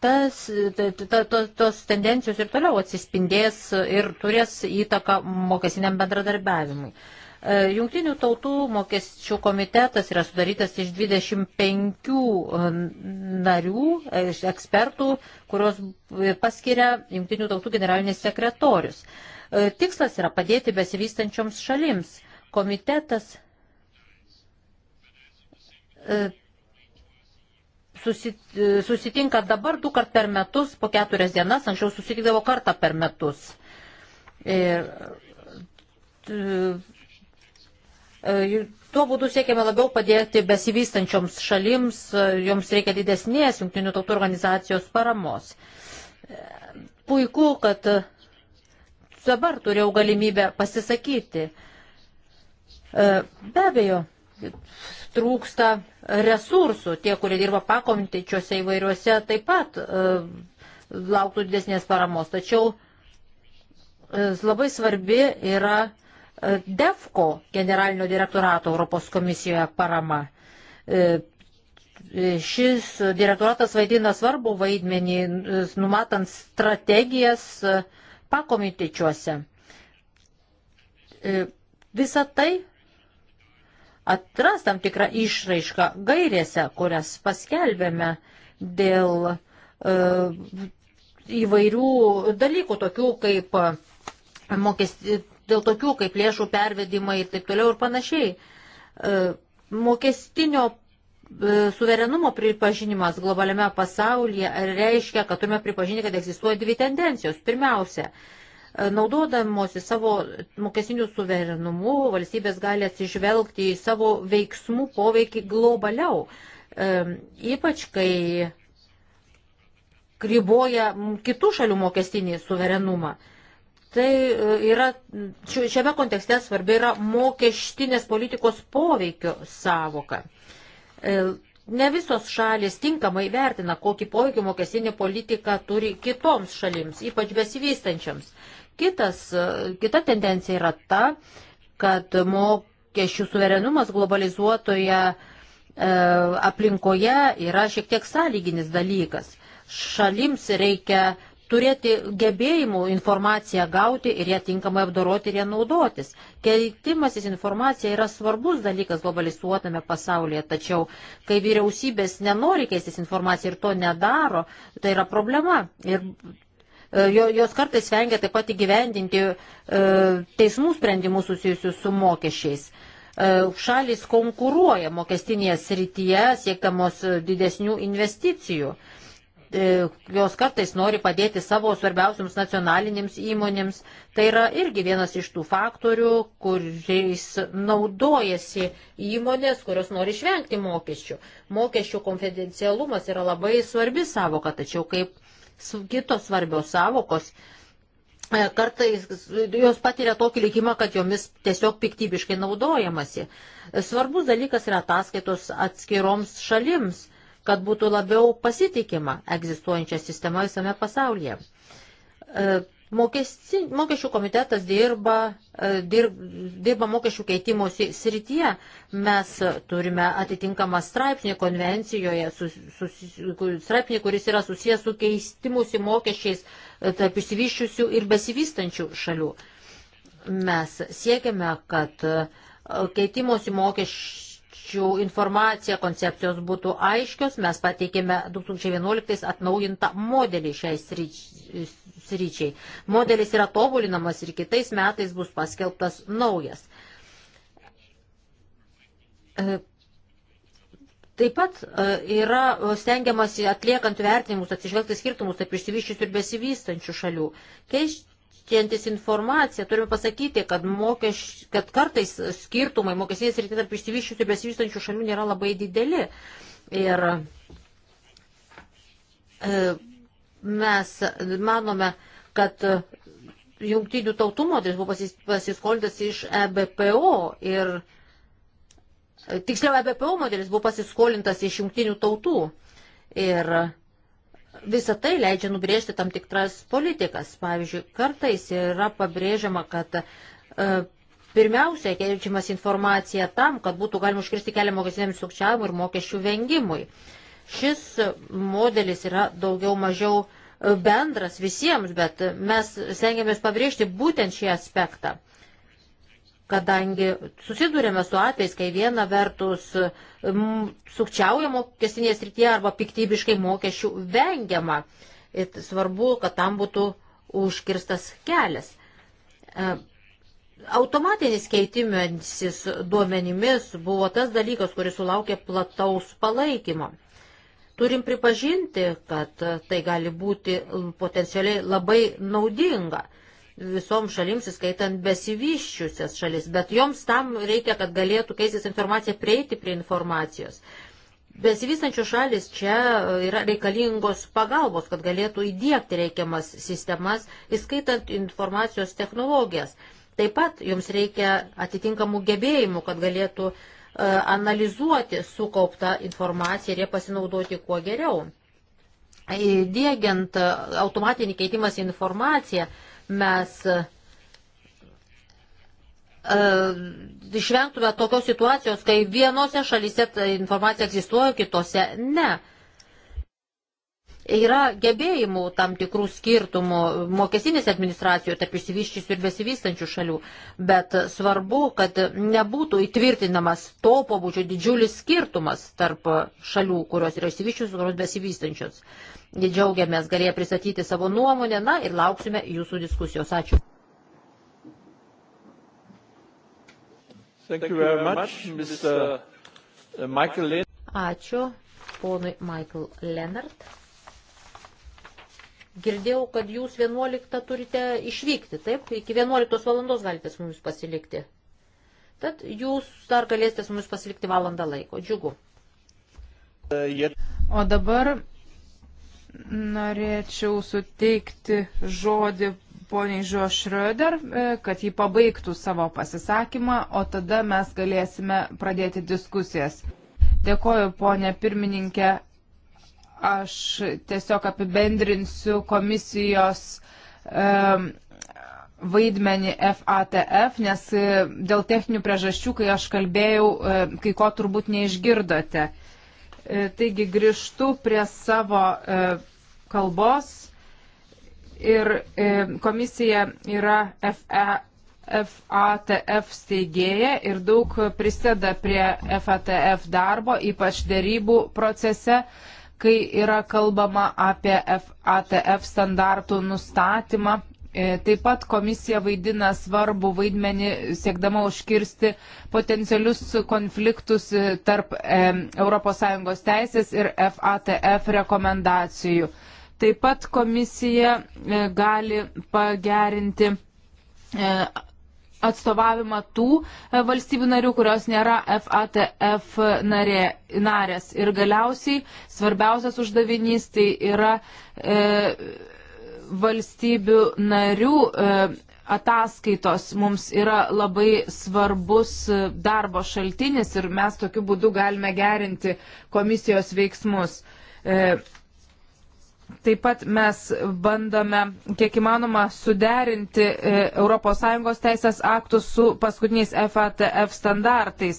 tas, ta, ta, ta, tos tendencijos ir toliau atsispindės ir turės įtaką mokesiniam bendradarbiavimui. Uh, E, Jungtinių tautų mokesčių komitetas yra sudarytas iš 25 e, narių, e, iš ekspertų, kurios paskiria Jungtinių tautų generalinis sekretorius. Tikslas yra padėti besivystančioms šalims. Komitetas susitinka dabar du kart per metus, po keturias dienas, anksčiau susitikdavo kartą per metus. Ir E, tuo būdu siekiame labiau padėti besivystančioms šalims, e, joms reikia didesnės jungtinių tautų organizacijos paramos. E, puiku, kad dabar turėjau galimybę pasisakyti. Be abejo, trūksta resursų, tie, kurie dirba pakomitečiuose įvairiuose, taip pat lauktų didesnės paramos. Tačiau labai svarbi yra DEFCO generalinio direktorato Europos komisijoje parama. E, šis direktoratas vaidina svarbu vaidmenį, e, numatant strategijas e, pakomitečiuose. Visa tai atras tam tikrą išraišką gairėse, kurias paskelbėme dėl e, įvairių dalykų, tokių kaip mokesti, dėl tokių kaip lėšų pervedimai ir taip toliau ir panašiai. E, mokestinio e, suverenumo pripažinimas globaliame pasaulyje reiškia, kad turime pripažinti, kad egzistuoja dvi tendencijos. Pirmiausia, e, naudodamosi savo mokesiniu suverenumu, valstybės gali atsižvelgti į savo veiksmų poveikį globaliau. E, ypač, kai riboja kitų šalių mokestinį suverenumą. E, Tai e, yra, šiame kontekste svarbi yra mokestinės politikos poveikio savoka. E, ne visos šalis tinkamai vertina, kokį poveikį mokestinė politika turi kitoms šalims, ypač besivystančiams. Kitas, e, kita tendencija yra ta, kad mokesčių suverenumas globalizuotoje e, aplinkoje yra šiek tiek sąlyginis dalykas. Šalims reikia turėti gebėjimų informaciją gauti ir ją tinkamai apdoroti ir ją naudotis. Keitimasis informacija yra svarbus dalykas globalizuotame pasaulyje, tačiau kai vyriausybės nenori keistis informaciją ir to nedaro, tai yra problema. Ir e, jos kartais vengia taip pat įgyvendinti e, teismų sprendimus susijusius su mokesčiais. E, Šalis konkuruoja mokestinėje srityje, siektamos didesnių investicijų. E, jos kartais nori padėti savo svarbiausiams nacionalinėms įmonėms. Tai yra irgi vienas iš tų faktorių, kuriais naudojasi įmonės, kurios nori išvengti mokesčių. Mokesčių konfidencialumas yra labai svarbi savoka, tačiau kaip kitos svarbios savokos, e, kartais jos patiria tokį likimą, kad jomis tiesiog piktybiškai naudojamasi. Svarbus dalykas yra ataskaitos atskiroms šalims kad būtų labiau pasitikima egzistuojančia sistema visame pasaulyje. E, mokesti, mokesčių komitetas dirba, e, dirb, dirba mokesčių keitimosi srityje. Mes turime atitinkamą straipsnį konvencijoje, sus, sus, straipsnį, kuris yra susijęs su keistimusi mokesčiais e, tarp išsivyščiusių ir besivystančių šalių. Mes siekiame, kad keitimosi mokesčiai mokesčių informacija, koncepcijos būtų aiškios. Mes pateikėme 2011 atnaujintą modelį šiai sryčiai. Modelis yra tobulinamas ir kitais metais bus paskelbtas naujas. E, taip pat e, yra stengiamasi atliekant vertinimus atsižvelgti skirtumus tarp išsivyščiusių ir besivystančių šalių. Keiš, keičiantis informaciją, turime pasakyti, kad, mokeš, kad kartais skirtumai mokestinės rytė tarp išsivyščiusių ir besivystančių šalių nėra labai dideli. Ir e, mes manome, kad jungtinių tautų modelis buvo pasis, pasiskolintas iš EBPO ir e, tiksliau EBPO modelis buvo pasiskolintas iš jungtinių tautų. Ir Visą tai leidžia nubrėžti tam tikras politikas. Pavyzdžiui, kartais yra pabrėžiama, kad e, pirmiausia keičiamas informacija tam, kad būtų galima užkirsti kelią mokestiniam sukčiavimui ir mokesčių vengimui. Šis modelis yra daugiau mažiau e, bendras visiems, bet mes stengiamės pabrėžti būtent šį aspektą, kadangi susidurėme su atvejais, kai viena vertus sukčiauja mokestinėje srityje arba piktybiškai mokesčių vengiama. Ir svarbu, kad tam būtų užkirstas kelias. E, automatinis keitimasis duomenimis buvo tas dalykas, kuris sulaukė plataus palaikymo. Turim pripažinti, kad tai gali būti potencialiai labai naudinga visoms šalims, įskaitant besivyščiusias šalis, bet joms tam reikia, kad galėtų keistis informacija, prieiti prie informacijos. Besivystančių šalis čia yra reikalingos pagalbos, kad galėtų įdėkti reikiamas sistemas, įskaitant informacijos technologijas. Taip pat jums reikia atitinkamų gebėjimų, kad galėtų uh, analizuoti sukauptą informaciją ir ją pasinaudoti kuo geriau. Dėgiant automatinį keitimas informaciją, mes e, išvengtume tokios situacijos, kai vienose šalyse informacija egzistuoja, kitose ne yra gebėjimų tam tikrų skirtumų mokesinės administracijoje tarp išsivyščiusių ir besivystančių šalių, bet svarbu, kad nebūtų įtvirtinamas to pobūdžio didžiulis skirtumas tarp šalių, kurios yra išsivyščiusios, kurios besivystančios. Didžiaugiamės galėję pristatyti savo nuomonę, na ir lauksime jūsų diskusijos. Ačiū. Thank you very much, Mr. Uh, Michael Ačiū ponui Michael Leonard. Girdėjau, kad jūs 11 turite išvykti, taip? Iki 11 valandos galite su mumis pasilikti. Tad jūs dar galėsite su mumis pasilikti valandą laiko. Džiugu. O dabar norėčiau suteikti žodį poniai Žio Šröder, e, kad jį pabaigtų savo pasisakymą, o tada mes galėsime pradėti diskusijas. Dėkoju, ponė pirmininkė. Aš tiesiog apibendrinsiu komisijos um, vaidmenį FATF, nes e, dėl techninių priežasčių, kai aš kalbėjau, e, kai ko turbūt neišgirdote. E, taigi grįžtu prie savo kalbos ir komisija yra FE. FATF steigėja ir daug prisėda prie FATF darbo, ypač dėrybų procese kai yra kalbama apie ATF standartų nustatymą. E, taip pat komisija vaidina svarbu vaidmenį siekdama užkirsti potencialius konfliktus e, tarp ES teisės ir FATF rekomendacijų. Taip pat komisija e, gali pagerinti atstovavimą tų e, valstybių narių, kurios nėra FATF narė, narės. Ir galiausiai svarbiausias uždavinys tai yra e, valstybių narių e, ataskaitos mums yra labai svarbus e, darbo šaltinis ir mes tokiu būdu galime gerinti komisijos veiksmus. E, Taip pat mes bandome, kiek įmanoma, suderinti e, ES teisės aktus su paskutiniais FATF standartais.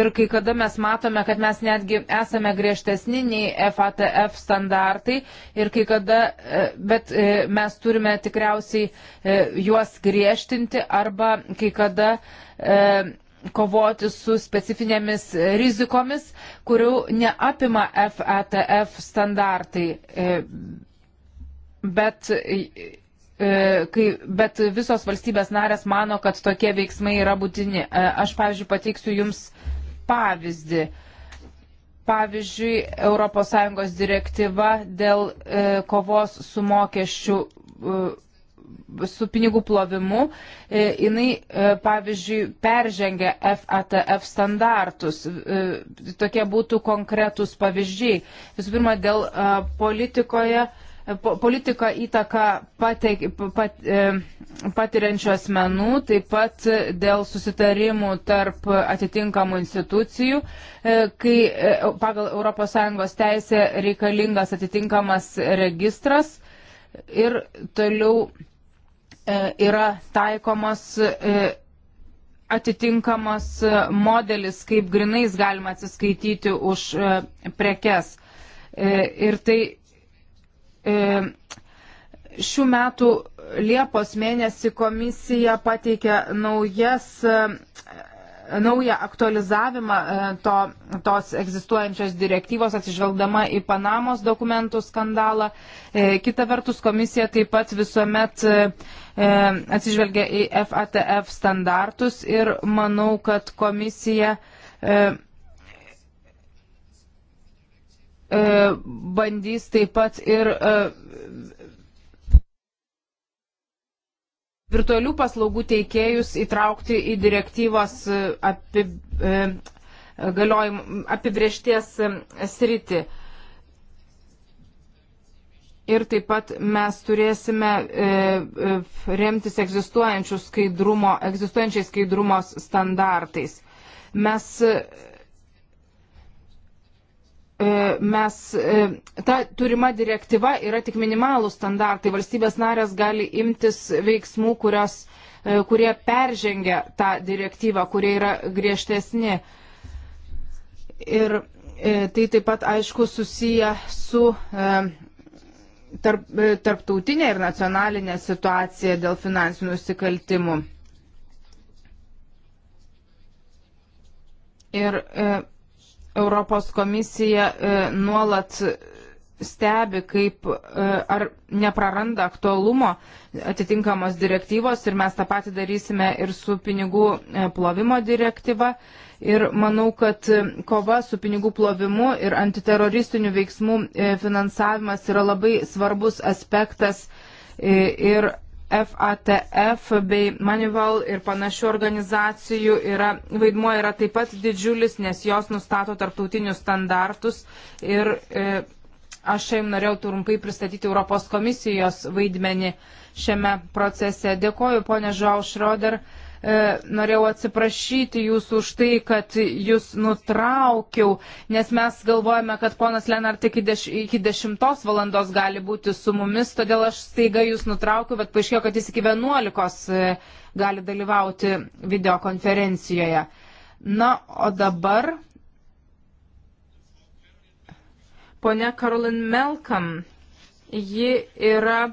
Ir kai kada mes matome, kad mes netgi esame griežtesni nei FATF standartai. Ir kai kada, e, bet e, mes turime tikriausiai juos griežtinti arba kai kada kovoti su specifinėmis rizikomis, kurių neapima FATF e standartai. E, bet, e, kai, bet visos valstybės narės mano, kad tokie veiksmai yra būtini. Aš, pavyzdžiui, pateiksiu Jums pavyzdį. Pavyzdžiui, ES direktyva dėl kovos su mokesčių su pinigų plovimu, e, jinai, e, pavyzdžiui, peržengia FATF standartus. E, tokie būtų konkretūs pavyzdžiai. Visų pirma, dėl politikoje, politiką įtaką patek, pat, patiriančių asmenų, taip pat dėl susitarimų tarp atitinkamų institucijų, kai pagal ES teisę reikalingas atitinkamas registras ir toliau E, yra taikomas e, atitinkamas e, modelis, kaip grinais galima atsiskaityti už prekes. Ir tai šių metų Liepos mėnesį komisija pateikė naujas naują aktualizavimą e, to, tos egzistuojančios direktyvos atsižvelgdama į Panamos dokumentų skandalą. E, kita vertus, komisija taip pat visuomet e, atsižvelgia į FATF standartus ir manau, kad komisija bandys taip pat ir virtualių paslaugų teikėjus įtraukti į direktyvos e, api, e, galiojim, apibriešties e, sritį. Ir taip pat mes turėsime e, remtis egzistuojančių skaidrumo, egzistuojančiais skaidrumo standartais. Mes E, mes, e, ta turima direktyva yra tik minimalų standartai. Valstybės narės gali imtis veiksmų, kurios, e, kurie peržengia tą direktyvą, kurie yra griežtesni. Ir tai taip pat, aišku, susiję su tarp, tarptautinė ir nacionalinė situacija dėl finansinių nusikaltimų. Ir e, Europos komisija e, nuolat stebi, kaip e, ar nepraranda aktualumo atitinkamos direktyvos ir mes tą patį darysime ir su pinigų e, plovimo direktyva. Ir manau, kad kova su pinigų plovimu ir antiteroristinių veiksmų finansavimas yra labai svarbus aspektas ir FATF bei Manival ir panašių organizacijų yra, vaidmuo yra taip pat didžiulis, nes jos nustato tarptautinius standartus ir e, aš šiam norėjau trumpai pristatyti Europos komisijos vaidmenį šiame procese. Dėkoju, ponė Žau Šroder. E, E, norėjau atsiprašyti jūsų už tai, kad jūs nutraukiau, nes mes galvojame, kad ponas Lenart iki, deš, iki 10 valandos gali būti su mumis, todėl aš staiga jūs nutraukiau, bet paaiškėjo, kad jis iki 11 e, gali dalyvauti videokonferencijoje. Na, o dabar. Pone Karolin Melkam, ji yra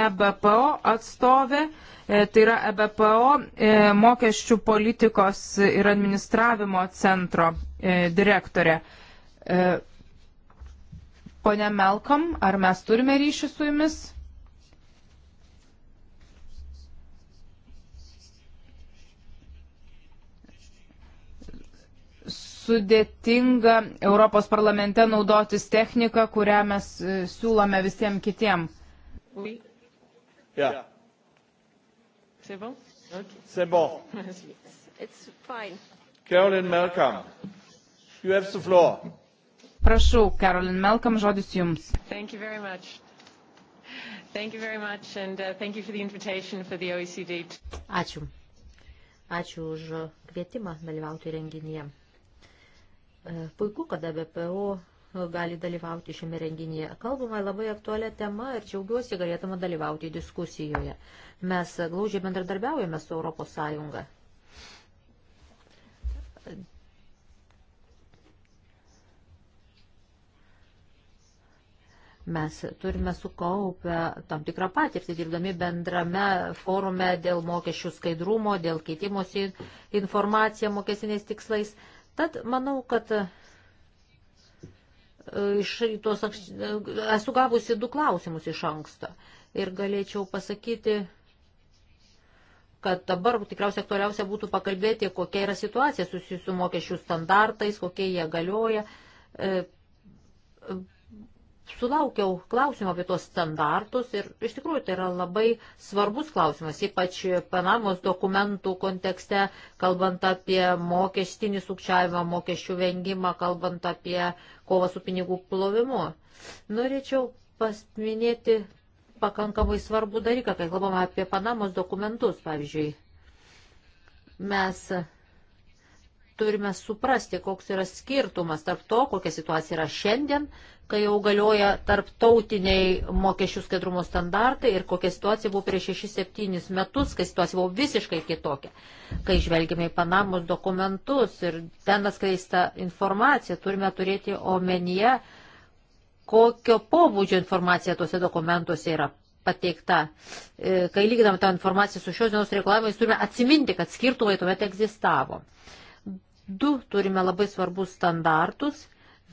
EBPO atstovė, e, tai yra EBPO e, mokesčių politikos ir administravimo centro e, direktorė. Pone Melkom, ar mes turime ryšį su jumis? Sudėtinga Europos parlamente naudotis techniką, kurią mes siūlome visiems kitiem. Oui. Yeah. yeah. C'est bon? Okay. C'est bon. It's fine. Carolyn Malcolm, you have the floor. Prašau, Carolyn Malcolm, žodis jums. Thank you very much. Thank you very much and uh, thank you for the invitation for the OECD. Ačiū. Ačiū už kvietimą dalyvauti renginyje. E, puiku, kad e BPO gali dalyvauti šiame renginyje. Kalbama labai aktualią temą ir džiaugiuosi galėtume dalyvauti diskusijoje. Mes glaužiai bendradarbiaujame su Europos Sąjunga. Mes turime sukaupę tam tikrą patirtį, dirbdami bendrame forume dėl mokesčių skaidrumo, dėl keitimosi informaciją mokesiniais tikslais. Tad manau, kad iš tos, esu gavusi du klausimus iš anksto ir galėčiau pasakyti, kad dabar tikriausiai aktualiausia būtų pakalbėti, kokia yra situacija susijusi su mokesčių standartais, kokie jie galioja. E, sulaukiau klausimą apie tuos standartus ir iš tikrųjų tai yra labai svarbus klausimas, ypač Panamos dokumentų kontekste, kalbant apie mokestinį sukčiavimą, mokesčių vengimą, kalbant apie kovą su pinigų plovimu. Norėčiau pasminėti pakankamai svarbų dalyką, kai kalbame apie Panamos dokumentus, pavyzdžiui. Mes turime suprasti, koks yra skirtumas tarp to, kokia situacija yra šiandien kai jau galioja tarptautiniai mokesčių skaidrumo standartai ir kokia situacija buvo prieš 6-7 metus, kai situacija buvo visiškai kitokia. Kai žvelgime į Panamos dokumentus ir ten atskleista informacija, turime turėti omenyje, kokio pobūdžio informacija tuose dokumentuose yra pateikta. E, kai lyginam tą informaciją su šios dienos reikalavimais, turime atsiminti, kad skirtumai tuomet egzistavo. Du turime labai svarbus standartus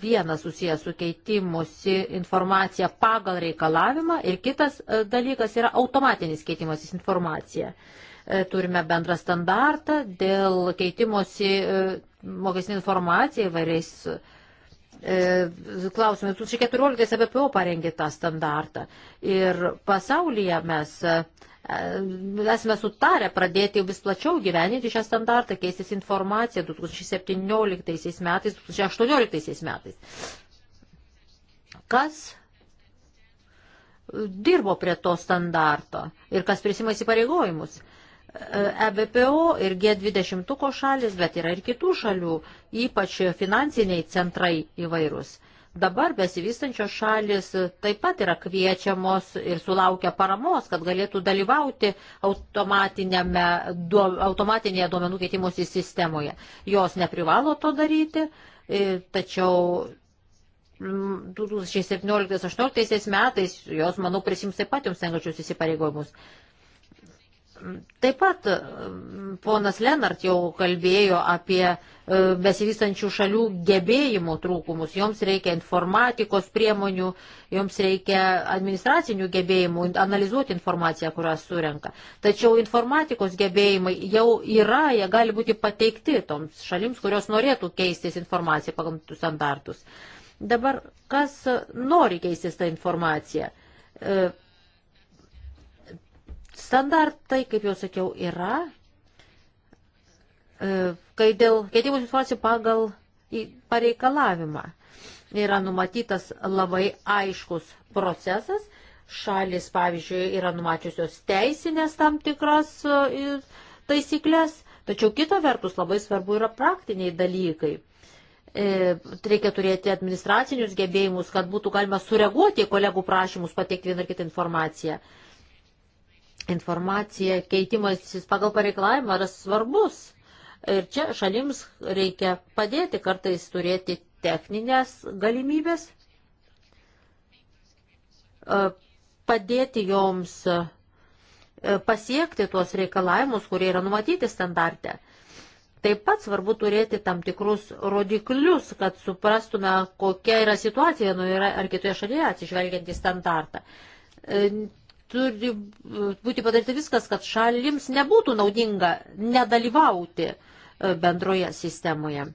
Vienas susijęs su keitimusi informacija pagal reikalavimą ir kitas e, dalykas yra automatinis keitimasis informacija. E, turime bendrą standartą dėl keitimosi e, mokestinė informacija įvairiais klausimais. 2014 ABPO parengė tą standartą. Ir pasaulyje mes esame sutarę pradėti vis plačiau gyveninti šią standartą, keistis informaciją 2017 metais, 2018 metais. Kas dirbo prie to standarto ir kas prisima įsipareigojimus? EBPO ir G20 šalis, bet yra ir kitų šalių, ypač finansiniai centrai įvairūs. Dabar besivystančios šalis taip pat yra kviečiamos ir sulaukia paramos, kad galėtų dalyvauti duo, automatinėje duomenų keitimosi sistemoje. Jos neprivalo to daryti, tačiau 2017-2018 metais jos, manau, prisims taip pat jums tenkačius įsipareigojimus. Taip pat e, ponas Lenart jau kalbėjo apie e, besivystančių šalių gebėjimų trūkumus. Joms reikia informatikos priemonių, joms reikia administracinių gebėjimų analizuoti informaciją, kurią surenka. Tačiau informatikos gebėjimai jau yra, jie gali būti pateikti toms šalims, kurios norėtų keistis informaciją pagal standartus. Dabar kas nori keistis tą informaciją? E, Standartai, kaip jau sakiau, yra. E, kai dėl keitimo situacijų pagal pareikalavimą yra numatytas labai aiškus procesas. Šalis, pavyzdžiui, yra numačiusios teisinės tam tikras e, taisyklės, tačiau kita vertus labai svarbu yra praktiniai dalykai e, reikia turėti administracinius gebėjimus, kad būtų galima sureaguoti į kolegų prašymus pateikti vieną ar kitą informaciją informacija, keitimasis pagal pareikalavimą yra svarbus. Ir čia šalims reikia padėti kartais turėti techninės galimybės, e, padėti joms e, pasiekti tuos reikalavimus, kurie yra numatyti standarte. Taip pat svarbu turėti tam tikrus rodiklius, kad suprastume, kokia yra situacija vienoje nu, ar kitoje šalyje atsižvelgiant į standartą. E, turi e, būti padaryta viskas, kad šalims nebūtų naudinga nedalyvauti e, bendroje sistemoje.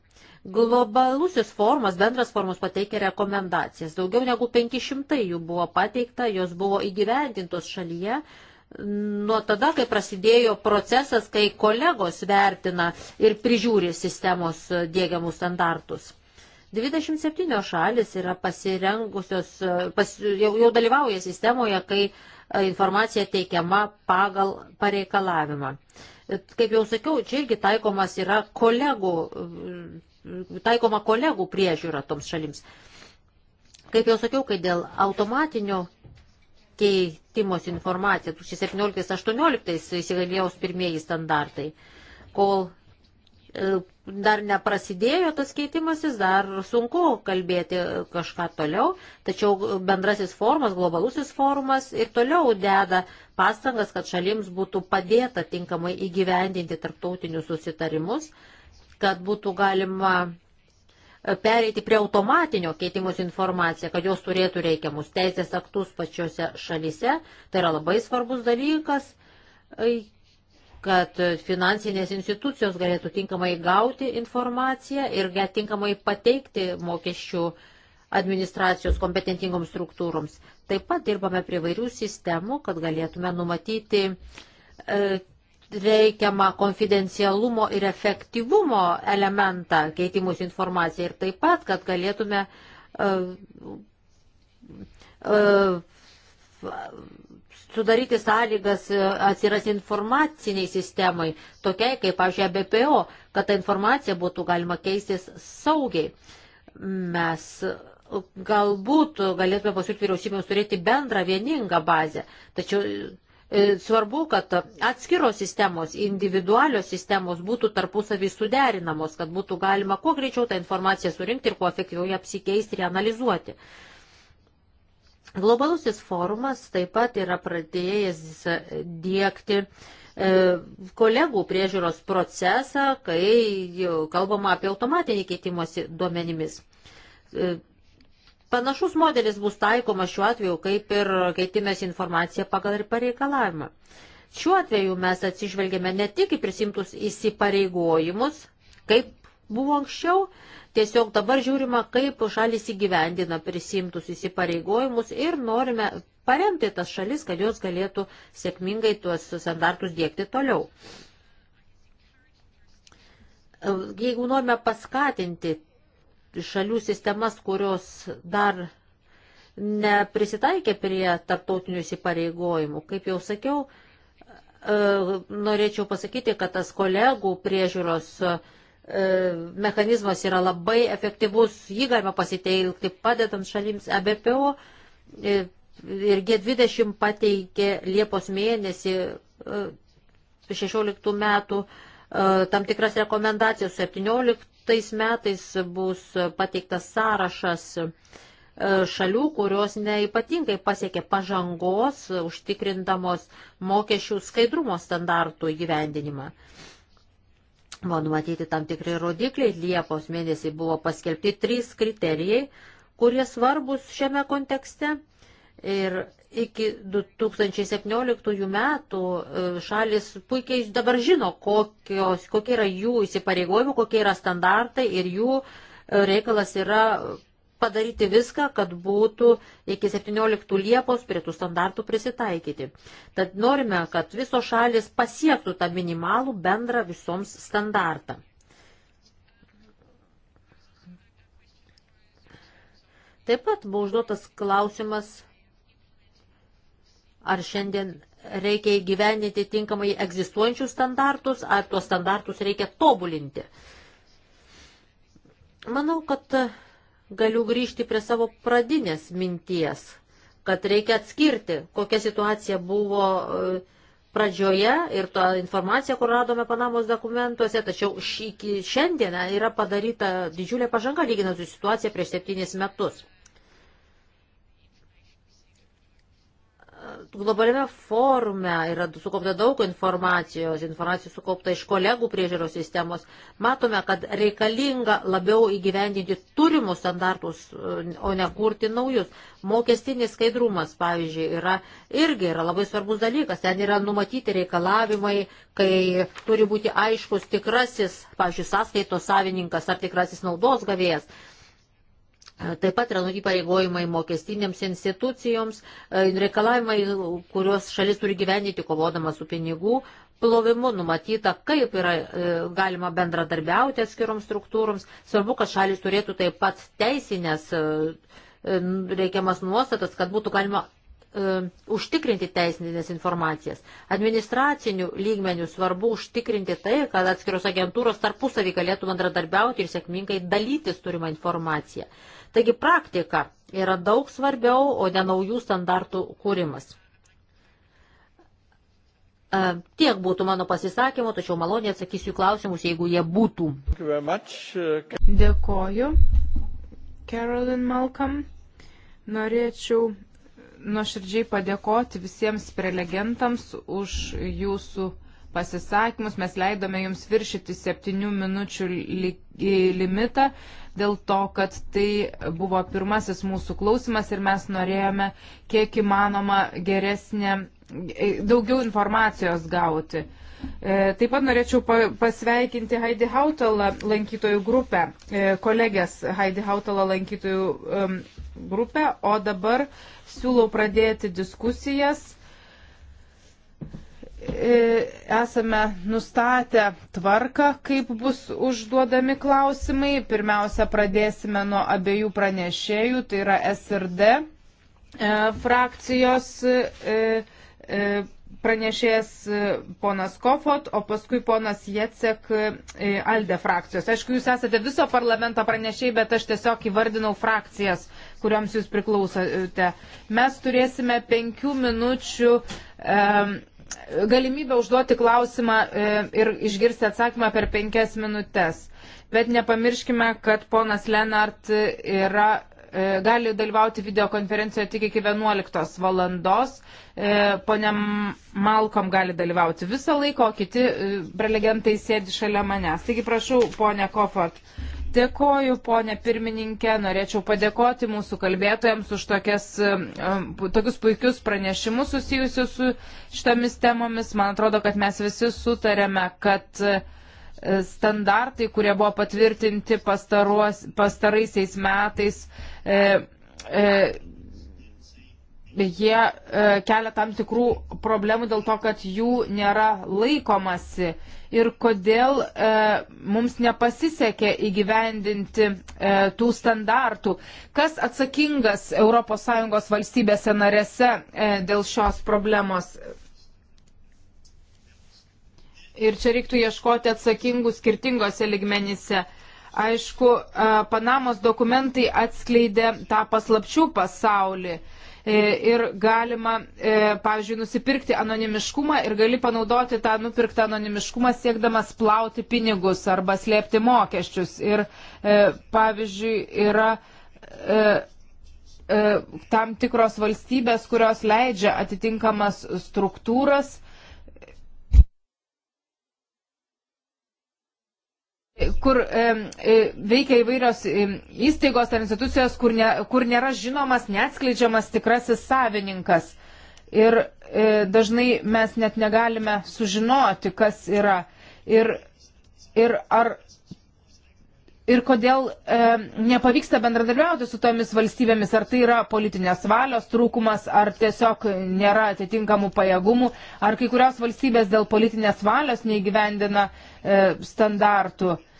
Globalusis formas, bendras formas pateikė rekomendacijas. Daugiau negu 500 jų buvo pateikta, jos buvo įgyvendintos šalyje. Nuo tada, kai prasidėjo procesas, kai kolegos vertina ir prižiūri sistemos dėgiamus standartus. 27 šalis yra pasirengusios, e, pas, jau, jau dalyvauja sistemoje, kai uh, informacija teikiama pagal pareikalavimą. Kaip jau sakiau, čia irgi taikomas yra kolegų, taikoma kolegų priežiūra toms šalims. Kaip jau sakiau, kai dėl automatinio keitimos informacija 2017-2018 įsigalėjaus pirmieji standartai, kol E, dar neprasidėjo tas keitimasis, dar sunku kalbėti kažką toliau, tačiau bendrasis formas, globalusis formas ir toliau deda pastangas, kad šalims būtų padėta tinkamai įgyvendinti tarptautinius susitarimus, kad būtų galima pereiti prie automatinio keitimus informaciją, kad jos turėtų reikiamus teisės aktus pačiose šalise. Tai yra labai svarbus dalykas kad finansinės institucijos galėtų tinkamai gauti informaciją ir ją tinkamai pateikti mokesčių administracijos kompetentingoms struktūroms. Taip pat dirbame prie vairių sistemų, kad galėtume numatyti e, reikiamą konfidencialumo ir efektyvumo elementą keitimus informaciją ir taip pat, kad galėtume e, e, sudaryti sąlygas e, atsiras informaciniai sistemai, tokiai kaip, pavyzdžiui, BPO, kad ta informacija būtų galima keistis saugiai. Mes galbūt galėtume pasiūlyti vyriausybėms turėti bendrą vieningą bazę, tačiau e, svarbu, kad atskiros sistemos, individualios sistemos būtų tarpusavį suderinamos, kad būtų galima kuo greičiau tą informaciją surinkti ir kuo efektyviau ją apsikeisti ir analizuoti. Globalusis forumas taip pat yra pradėjęs dėkti e, kolegų priežiūros procesą, kai kalbama apie automatinį keitimosi duomenimis. E, panašus modelis bus taikomas šiuo atveju, kaip ir keitimės informacija pagal ir pareikalavimą. Šiuo atveju mes atsižvelgėme ne tik į prisimtus įsipareigojimus, kaip buvo anksčiau. Tiesiog dabar žiūrima, kaip šalis įgyvendina prisimtus įsipareigojimus ir norime paremti tas šalis, kad jos galėtų sėkmingai tuos standartus dėkti toliau. Jeigu norime paskatinti šalių sistemas, kurios dar neprisitaikė prie tarptautinių įsipareigojimų, kaip jau sakiau, e, norėčiau pasakyti, kad tas kolegų priežiūros uh, E, mechanizmas yra labai efektyvus, jį galima pasiteilti, padedant šalims ABPO. E e, ir G20 pateikė Liepos mėnesį 16 metų tam tikras rekomendacijas. 17 metais bus pateiktas sąrašas šalių, kurios neipatingai pasiekė pažangos, užtikrindamos mokesčių skaidrumo standartų įgyvendinimą. Buvo numatyti tam tikrai rodikliai, Liepos mėnesį buvo paskelbti trys kriterijai, kurie svarbus šiame kontekste. Ir iki 2017 metų e, šalis puikiai dabar žino, kokios, kokie yra jų įsipareigojimai, kokie yra standartai ir jų e, reikalas yra padaryti viską, kad būtų iki 17 Liepos prie tų standartų prisitaikyti. Tad norime, kad visos šalis pasiektų tą minimalų bendrą visoms standartą. Taip pat buvo užduotas klausimas, ar šiandien reikia įgyveninti tinkamai egzistuojančius standartus, ar tuos standartus reikia tobulinti. Manau, kad galiu grįžti prie savo pradinės minties, kad reikia atskirti, kokia situacija buvo e, pradžioje ir tą informaciją, kur radome Panamos dokumentuose, tačiau iki šiandien yra padaryta didžiulė pažanga lyginant su situacija prieš septynis metus. globaliame forume yra sukaupta daug informacijos, informacijos sukaupta iš kolegų priežiūros sistemos. Matome, kad reikalinga labiau įgyvendinti turimus standartus, o ne kurti naujus. Mokestinis skaidrumas, pavyzdžiui, yra irgi yra labai svarbus dalykas. Ten yra numatyti reikalavimai, kai turi būti aiškus tikrasis, pavyzdžiui, sąskaitos savininkas ar tikrasis naudos gavėjas. E, taip pat yra numatyti pareigojimai mokestinėms institucijoms, e, reikalavimai, kuriuos šalis turi gyvendyti kovodama su pinigų plovimu, numatyta, kaip yra e, galima bendradarbiauti atskiroms struktūroms. Svarbu, kad šalis turėtų taip pat teisinės reikiamas nuostatas, kad būtų galima užtikrinti teisinės informacijas. Administracinių lygmenių svarbu užtikrinti tai, kad atskiros agentūros tarpusavį galėtų bendradarbiauti ir sėkmingai dalytis turimą informaciją. Taigi praktika yra daug svarbiau, o ne naujų standartų kūrimas. E, tiek būtų mano pasisakymo, tačiau maloniai atsakysiu į klausimus, jeigu jie būtų. Uh, Dėkoju. Carolyn Malcolm, norėčiau nuoširdžiai padėkoti visiems prelegentams už jūsų pasisakymus. Mes leidome jums viršyti septynių minučių li limitą dėl to, kad tai buvo pirmasis mūsų klausimas ir mes norėjome kiek įmanoma geresnė, e, daugiau informacijos gauti. E, taip pat norėčiau pasveikinti Heidi Hautalą lankytojų grupę, e, kolegės Heidi Hautalą lankytojų grupę, o dabar siūlau pradėti diskusijas. E, esame nustatę tvarką, kaip bus užduodami klausimai. Pirmiausia, pradėsime nuo abiejų pranešėjų, tai yra SRD e, frakcijos e, pranešėjas ponas Kofot, o paskui ponas Jecek Alde frakcijos. Aišku, jūs esate viso parlamento pranešėjai, bet aš tiesiog įvardinau frakcijas, kuriuoms jūs priklausote. Mes turėsime penkių minučių um, galimybę užduoti klausimą e, ir išgirsti atsakymą per penkias minutės. Bet nepamirškime, kad ponas Lenart yra e, gali dalyvauti videokonferencijoje tik iki 11 valandos. E, Pone Malkom gali dalyvauti visą laiką, o kiti prelegentai sėdi šalia manęs. Taigi prašau, ponė Kofot, Dėkoju, ponė pirmininkė, norėčiau padėkoti mūsų kalbėtojams už tokias, um, tokius puikius pranešimus susijusius su šitomis temomis. Man atrodo, kad mes visi sutarėme, kad e, standartai, kurie buvo patvirtinti pastaruos, pastaraisiais metais, e, e, jie e, kelia tam tikrų problemų dėl to, kad jų nėra laikomasi ir kodėl e, mums nepasisekė įgyvendinti e, tų standartų. Kas atsakingas ES valstybėse narėse e, dėl šios problemos? Ir čia reiktų ieškoti atsakingų skirtingose ligmenyse. Aišku, e, Panamos dokumentai atskleidė tą paslapčių pasaulį E, ir galima, e, pavyzdžiui, nusipirkti anonimiškumą ir gali panaudoti tą nupirktą anonimiškumą siekdamas plauti pinigus arba slėpti mokesčius. Ir, e, pavyzdžiui, yra tam tikros valstybės, kurios leidžia atitinkamas struktūras kur e, veikia įvairios įstaigos ar institucijos, kur, ne, kur nėra žinomas, neatskleidžiamas tikrasis savininkas. Ir e, dažnai mes net negalime sužinoti, kas yra ir, ir, ar, ir kodėl e, nepavyksta bendradarbiauti su tomis valstybėmis, ar tai yra politinės valios trūkumas, ar tiesiog nėra atitinkamų pajėgumų, ar kai kurios valstybės dėl politinės valios neįgyvendina e, standartų. E,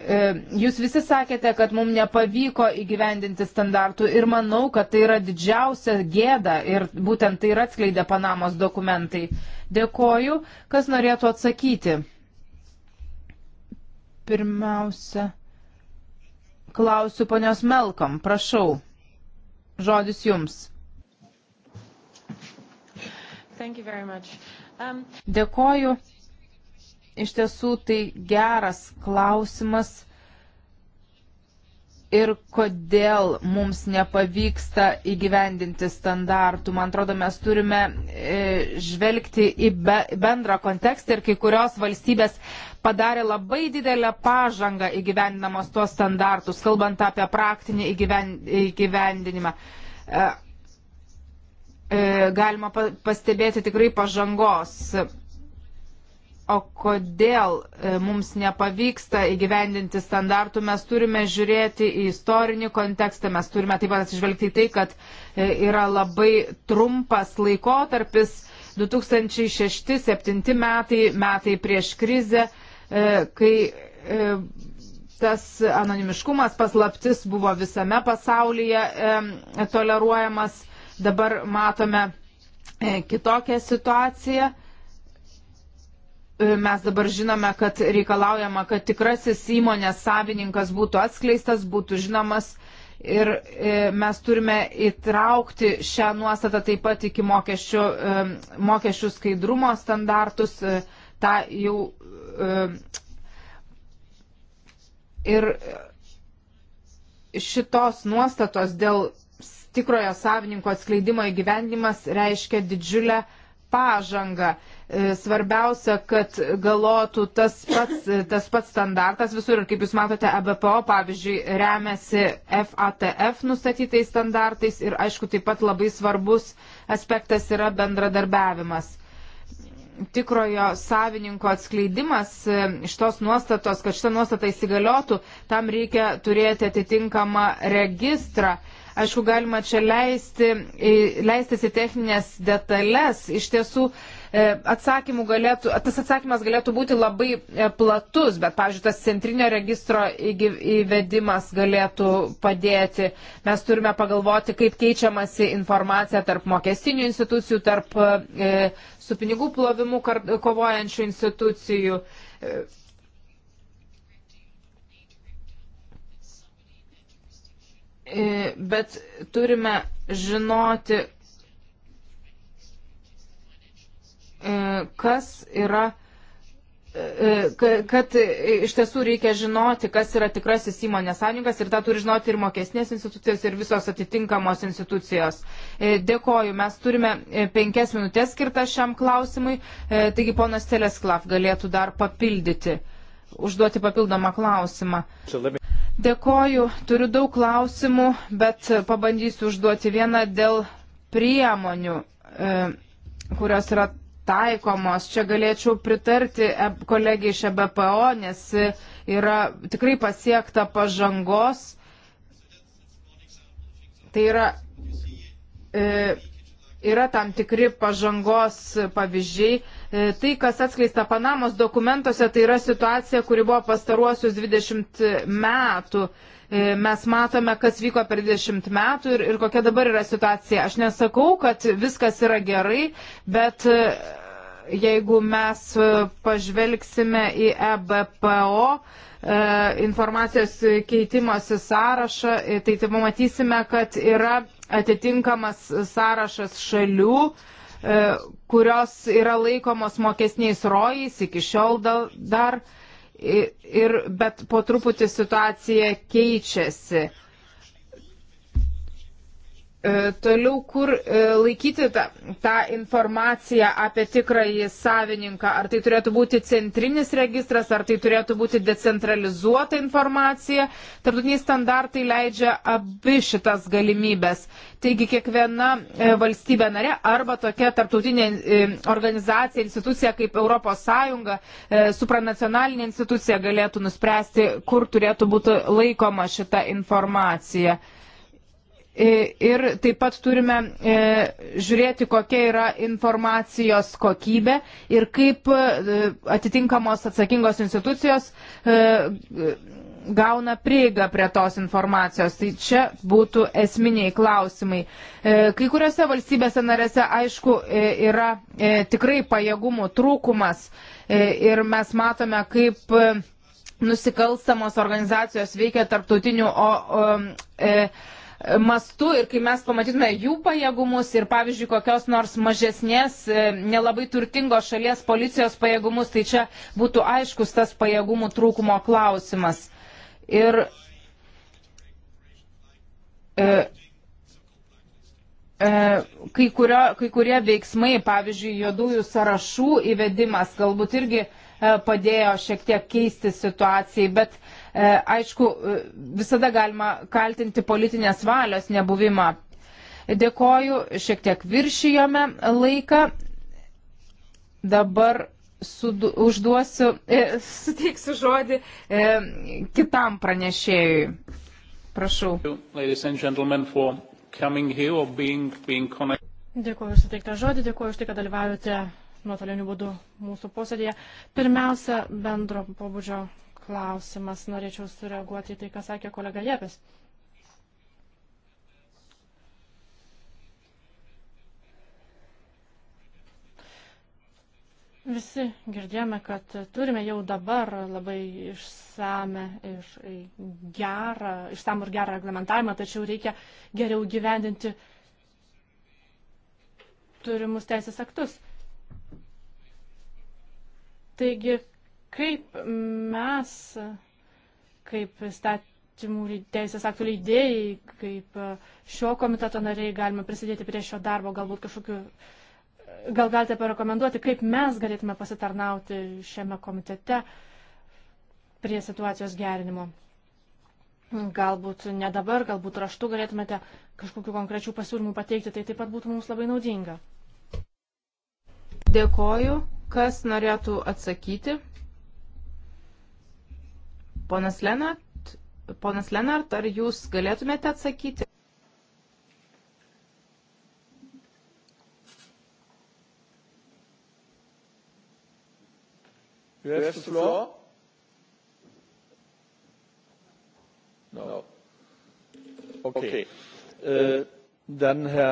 E, jūs visi sakėte, kad mums nepavyko įgyvendinti standartų ir manau, kad tai yra didžiausia gėda ir būtent tai ir atskleidė Panamos dokumentai. Dėkoju, kas norėtų atsakyti. Pirmiausia, klausiu ponios Melkom, prašau. Žodis jums. Um... Dėkoju. Iš tiesų tai geras klausimas ir kodėl mums nepavyksta įgyvendinti standartų. Man atrodo, mes turime e, žvelgti į be, bendrą kontekstą ir kai kurios valstybės padarė labai didelę pažangą įgyvendinamos tuos standartus, kalbant apie praktinį įgyvendinimą. E, e, galima pastebėti tikrai pažangos o kodėl e, mums nepavyksta įgyvendinti standartų, mes turime žiūrėti į istorinį kontekstą, mes turime taip pat atsižvelgti į tai, kad e, yra labai trumpas laikotarpis 2006-2007 metai, metai prieš krizę, e, kai tas anonimiškumas, paslaptis buvo visame pasaulyje toleruojamas, dabar matome kitokią situaciją E, mes dabar žinome, kad reikalaujama, kad tikrasis įmonės savininkas būtų atskleistas, būtų žinomas. Ir e, mes turime įtraukti šią nuostatą taip pat iki mokesčių, e, mokesčių skaidrumo standartus. Ta jau, ir šitos nuostatos dėl tikrojo savininko atskleidimo įgyvendimas reiškia didžiulę uh, pažangą. E, svarbiausia, kad galotų tas pats, e, tas pats standartas visur ir kaip jūs matote, ABPO pavyzdžiui remiasi FATF nustatytais standartais ir aišku taip pat labai svarbus aspektas yra bendradarbiavimas. Tikrojo savininko atskleidimas e, šitos nuostatos, kad šitą nuostatą įsigaliotų, tam reikia turėti atitinkamą registrą Aišku, galima čia leisti, leistis į techninės detalės. Iš tiesų, e, atsakymų galėtų, tas atsakymas galėtų būti labai e, platus, bet, pavyzdžiui, tas centrinio registro įvedimas galėtų padėti. Mes turime pagalvoti, kaip keičiamasi informacija tarp mokestinių institucijų, tarp e, su pinigų plovimu kovojančių institucijų. E, E, bet turime žinoti, e, kas yra e, kad iš tiesų reikia žinoti, kas yra tikrasis įmonės sąjungas ir tą turi žinoti ir mokesnės institucijos ir visos atitinkamos institucijos. Dėkoju, mes turime penkias minutės skirtą šiam klausimui, taigi ponas Telesklav galėtų dar papildyti, užduoti papildomą klausimą. Dėkoju, turiu daug klausimų, bet pabandysiu užduoti vieną dėl priemonių, e, kurios yra taikomos. Čia galėčiau pritarti e, kolegiai iš EBPO, nes yra tikrai pasiekta pažangos. Tai yra, e, yra tam tikri pažangos pavyzdžiai E, tai, kas atskleista Panamos dokumentuose, tai yra situacija, kuri buvo pastaruosius 20 metų. E, mes matome, kas vyko per 20 metų ir, ir kokia dabar yra situacija. Aš nesakau, kad viskas yra gerai, bet e, jeigu mes pažvelgsime į EBPO informacijos keitimosi sąrašą, tai, tai pamatysime, kad yra atitinkamas sąrašas šalių, E, kurios yra laikomos mokesniais rojais iki šiol dar. Ir, bet po truputį situacija keičiasi. E, toliau, kur e, laikyti tą, tą informaciją apie tikrąjį savininką, ar tai turėtų būti centrinis registras, ar tai turėtų būti decentralizuota informacija, tarptautiniai standartai leidžia abi šitas galimybės. Taigi kiekviena e, valstybė narė arba tokia tarptautinė organizacija, institucija kaip ES, supranacionalinė institucija galėtų nuspręsti, kur turėtų būti laikoma šita informacija. Ir taip pat turime e, žiūrėti, kokia yra informacijos kokybė ir kaip e, atitinkamos atsakingos institucijos e, gauna prieigą prie tos informacijos. Tai čia būtų esminiai klausimai. Kai kuriuose valstybėse narėse, aišku, yra tikrai pajėgumų trūkumas ir mes matome, kaip nusikalstamos organizacijos veikia tarptautinių o, o, e, mastu ir kai mes pamatytume jų pajėgumus ir, pavyzdžiui, kokios nors mažesnės, e, nelabai turtingos šalies policijos pajėgumus, tai čia būtų aiškus tas pajėgumų trūkumo klausimas. Ir e, e, kai, kurio, kai kurie veiksmai, pavyzdžiui, juodųjų sąrašų įvedimas galbūt irgi e, padėjo šiek tiek keisti situacijai, bet e, E, aišku, e, visada galima kaltinti politinės valios nebuvimą. Dėkoju, šiek tiek viršijome laiką. Dabar sudu, užduosiu, e, suteiksiu žodį e, kitam pranešėjui. Prašau. Dėkuoju už suteiktą žodį, dėkuoju už tai, kad dalyvaujate nuotoliniu būdu mūsų posėdėje. Pirmiausia, bendro pobūdžio klausimas. Norėčiau sureaguoti į tai, ką sakė kolega Jėpės. Visi girdėjome, kad turime jau dabar labai išsame ir gerą, išsamų ir gerą reglamentavimą, tačiau reikia geriau gyvendinti turimus teisės aktus. Taigi Kaip mes, kaip statymų teisės aktų leidėjai, kaip šio komiteto nariai galime prisidėti prie šio darbo, galbūt kažkokiu, gal galite parekomenduoti, kaip mes galėtume pasitarnauti šiame komitete prie situacijos gerinimo. Galbūt ne dabar, galbūt raštu galėtumėte kažkokiu konkrečių pasiūlymų pateikti, tai taip pat būtų mums labai naudinga. Dėkoju. Kas norėtų atsakyti? Ponas Lenart, ponas Lenart, ar jūs galėtumėte atsakyti? You have the floor? No. Okay. okay. Uh, then, uh,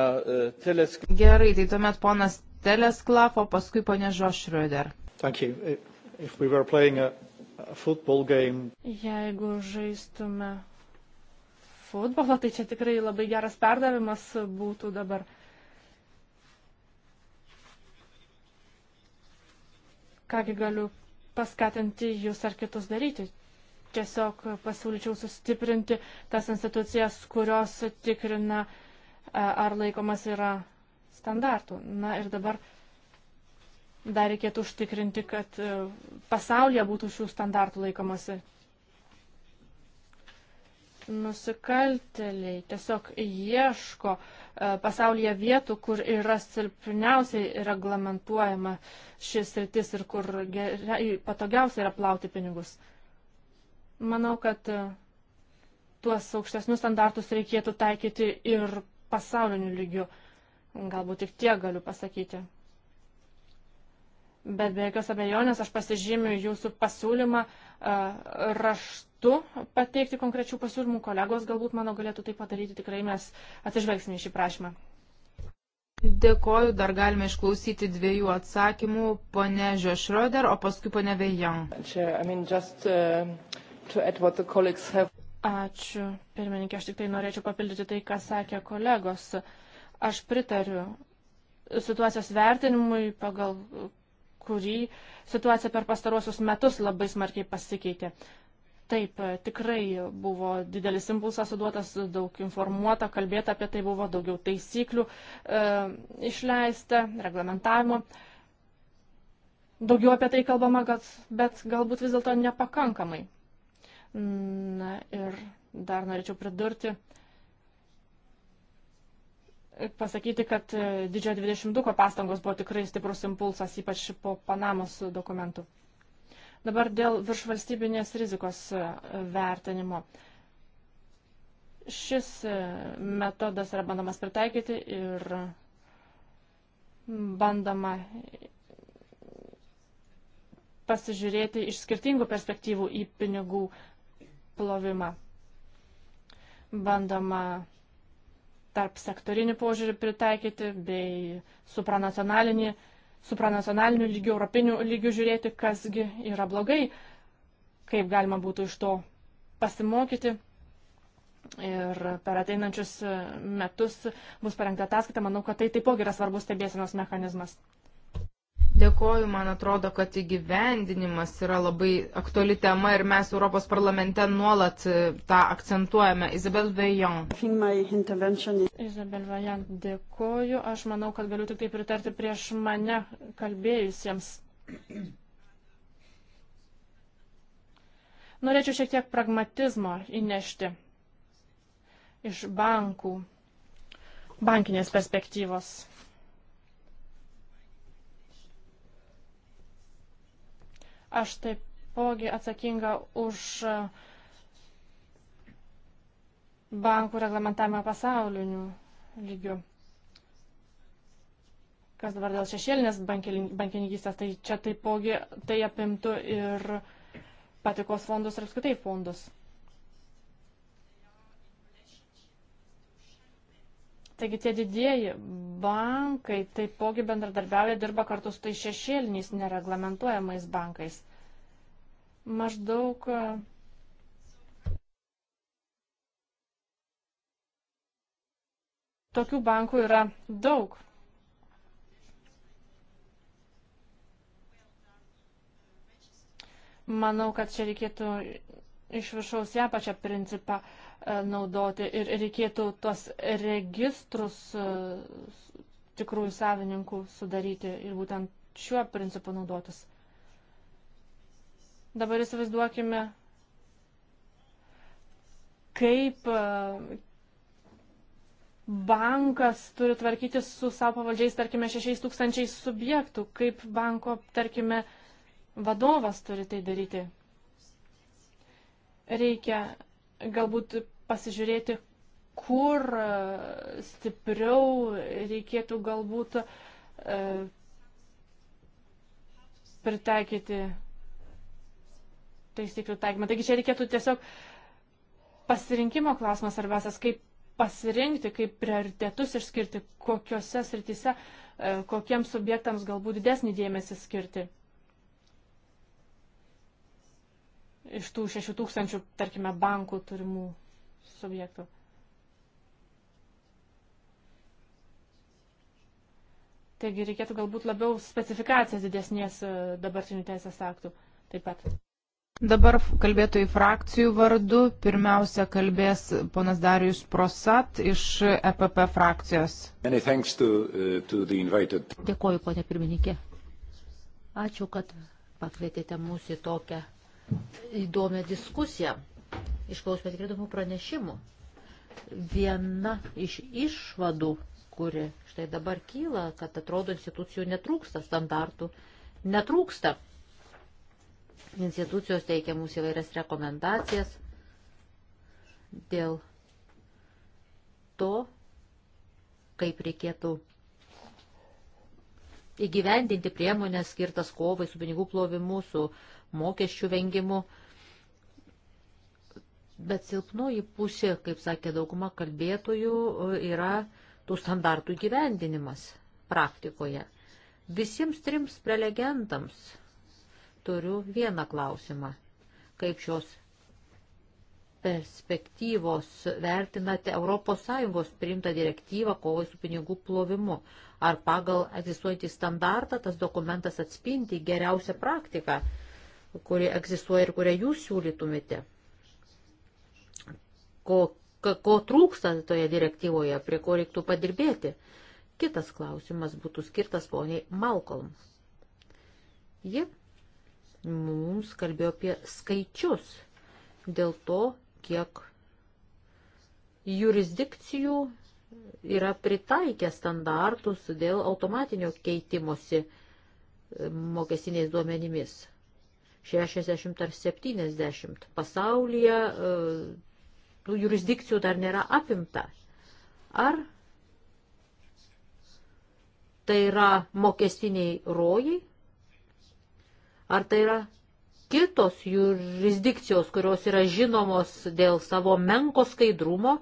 teles... Gerai, tai tuomet ponas Telesklav, o paskui ponė Žošriuder. Thank you. If we were playing a Jeigu žaistume futbolą, tai čia tikrai labai geras perdavimas būtų dabar. Kągi galiu paskatinti jūs ar kitus daryti. Tiesiog pasiūlyčiau sustiprinti tas institucijas, kurios tikrina, ar laikomas yra standartų. Na ir dabar Dar reikėtų užtikrinti, kad e, pasaulyje būtų šių standartų laikomasi. Nusikalteliai tiesiog ieško e, pasaulyje vietų, kur yra silpniausiai reglamentuojama šis rytis ir kur gerai, patogiausia yra plauti pinigus. Manau, kad e, tuos aukštesnius standartus reikėtų taikyti ir pasauliniu lygiu. Galbūt tik tiek galiu pasakyti bet be jokios abejonės aš pasižymiu jūsų pasiūlymą e, raštu pateikti konkrečių pasiūlymų. Kolegos galbūt mano galėtų tai padaryti, tikrai mes atsižvelgsime į šį prašymą. Dėkoju, dar galime išklausyti dviejų atsakymų, ponė Žiošroder, o paskui ponė Vejan. Uh, Ačiū, pirmininkė, aš tik tai norėčiau papildyti tai, ką sakė kolegos. Aš pritariu situacijos vertinimui, pagal kurį situacija per pastarosius metus labai smarkiai pasikeitė. Taip, tikrai buvo didelis impulsas suduotas, daug informuota, kalbėta apie tai buvo daugiau taisyklių e, išleista, reglamentavimo. Daugiau apie tai kalbama, kad, bet galbūt vis dėlto nepakankamai. Na ir dar norėčiau pridurti, pasakyti, kad e, didžiojo 22 pastangos buvo tikrai stiprus impulsas, ypač po Panamos dokumentų. Dabar dėl viršvalstybinės rizikos e, vertinimo. Šis e, metodas yra bandamas pritaikyti ir bandama pasižiūrėti iš skirtingų perspektyvų į pinigų plovimą. Bandoma tarp sektorinį požiūrį pritaikyti bei supranacionalinį, supranacionalinių lygių, europinių lygių žiūrėti, kasgi yra blogai, kaip galima būtų iš to pasimokyti. Ir per ateinančius metus bus parengta ataskaita, manau, kad tai taipogi yra svarbus stebėsenos mechanizmas. Dėkoju, man atrodo, kad įgyvendinimas yra labai aktuali tema ir mes Europos parlamente nuolat e, tą akcentuojame. Izabel Vejon. Izabel Vejon, dėkoju. Aš manau, kad galiu tik tai pritarti prieš mane kalbėjusiems. Norėčiau šiek tiek pragmatizmo įnešti iš bankų, bankinės perspektyvos. Aš taipogi atsakinga už e, bankų reglamentavimą pasauliniu lygiu. Kas dabar dėl šešėlinės bankininkystės, tai čia taipogi tai apimtų ir patikos fondus ir apskaitai fondus. Taigi tie didieji bankai taipogi bendradarbiauja, dirba kartu su tai šešėliniais nereglamentuojamais bankais. Maždaug tokių bankų yra daug. Manau, kad čia reikėtų iš viršaus ją pačią principą uh, E, naudoti ir reikėtų tuos registrus e, tikrųjų savininkų sudaryti ir būtent šiuo principu naudotis. Dabar įsivaizduokime, kaip e, bankas turi tvarkytis su savo pavaldžiais, tarkime, 6 tūkstančiais subjektų, kaip banko, tarkime, vadovas turi tai daryti. Reikia galbūt pasižiūrėti, kur e, stipriau reikėtų galbūt e, pritaikyti taisyklių taikymą. Taigi čia reikėtų tiesiog pasirinkimo klausimas svarbiausias, kaip pasirinkti, kaip prioritetus išskirti, kokiuose srityse, e, kokiems subjektams galbūt didesnį dėmesį skirti. iš tų 6 tūkstančių, tarkime, bankų turimų subjektų. Taigi reikėtų galbūt labiau specifikacijas didesnės e, dabartinių teisės aktų taip pat. Dabar kalbėtojų frakcijų vardu pirmiausia kalbės ponas Darijus Prosat iš EPP frakcijos. To, e, to Dėkoju, ponė pirmininkė. Ačiū, kad pakvietėte mūsų į tokią įdomią diskusiją. Išklausime tikrai įdomų pranešimų. Viena iš išvadų, kuri štai dabar kyla, kad atrodo institucijų netrūksta standartų, netrūksta. Institucijos teikia mums įvairias rekomendacijas dėl to, kaip reikėtų įgyvendinti priemonės skirtas kovai su pinigų plovimu, su uh, mokesčių vengimu. Bet silpnoji pusė, kaip sakė dauguma kalbėtojų, yra tų standartų gyvendinimas praktikoje. Visiems trims prelegentams turiu vieną klausimą. Kaip šios perspektyvos vertinate ES priimtą direktyvą kovai su pinigų plovimu? Ar pagal egzistuojantį standartą tas dokumentas atspindi geriausią praktiką? kuri egzistuoja ir kurią jūs siūlytumėte? Ko, ko, ko trūksta toje direktyvoje, prie ko reiktų padirbėti? Kitas klausimas būtų skirtas poniai Malcolm. Ji mums kalbėjo apie skaičius dėl to, kiek jurisdikcijų yra pritaikę standartus dėl automatinio keitimosi mokestiniais duomenimis. 60 ar 70. Pasaulyje e, tų jurisdikcijų dar nėra apimta. Ar tai yra mokestiniai rojai, ar tai yra kitos jurisdikcijos, kurios yra žinomos dėl savo menko skaidrumo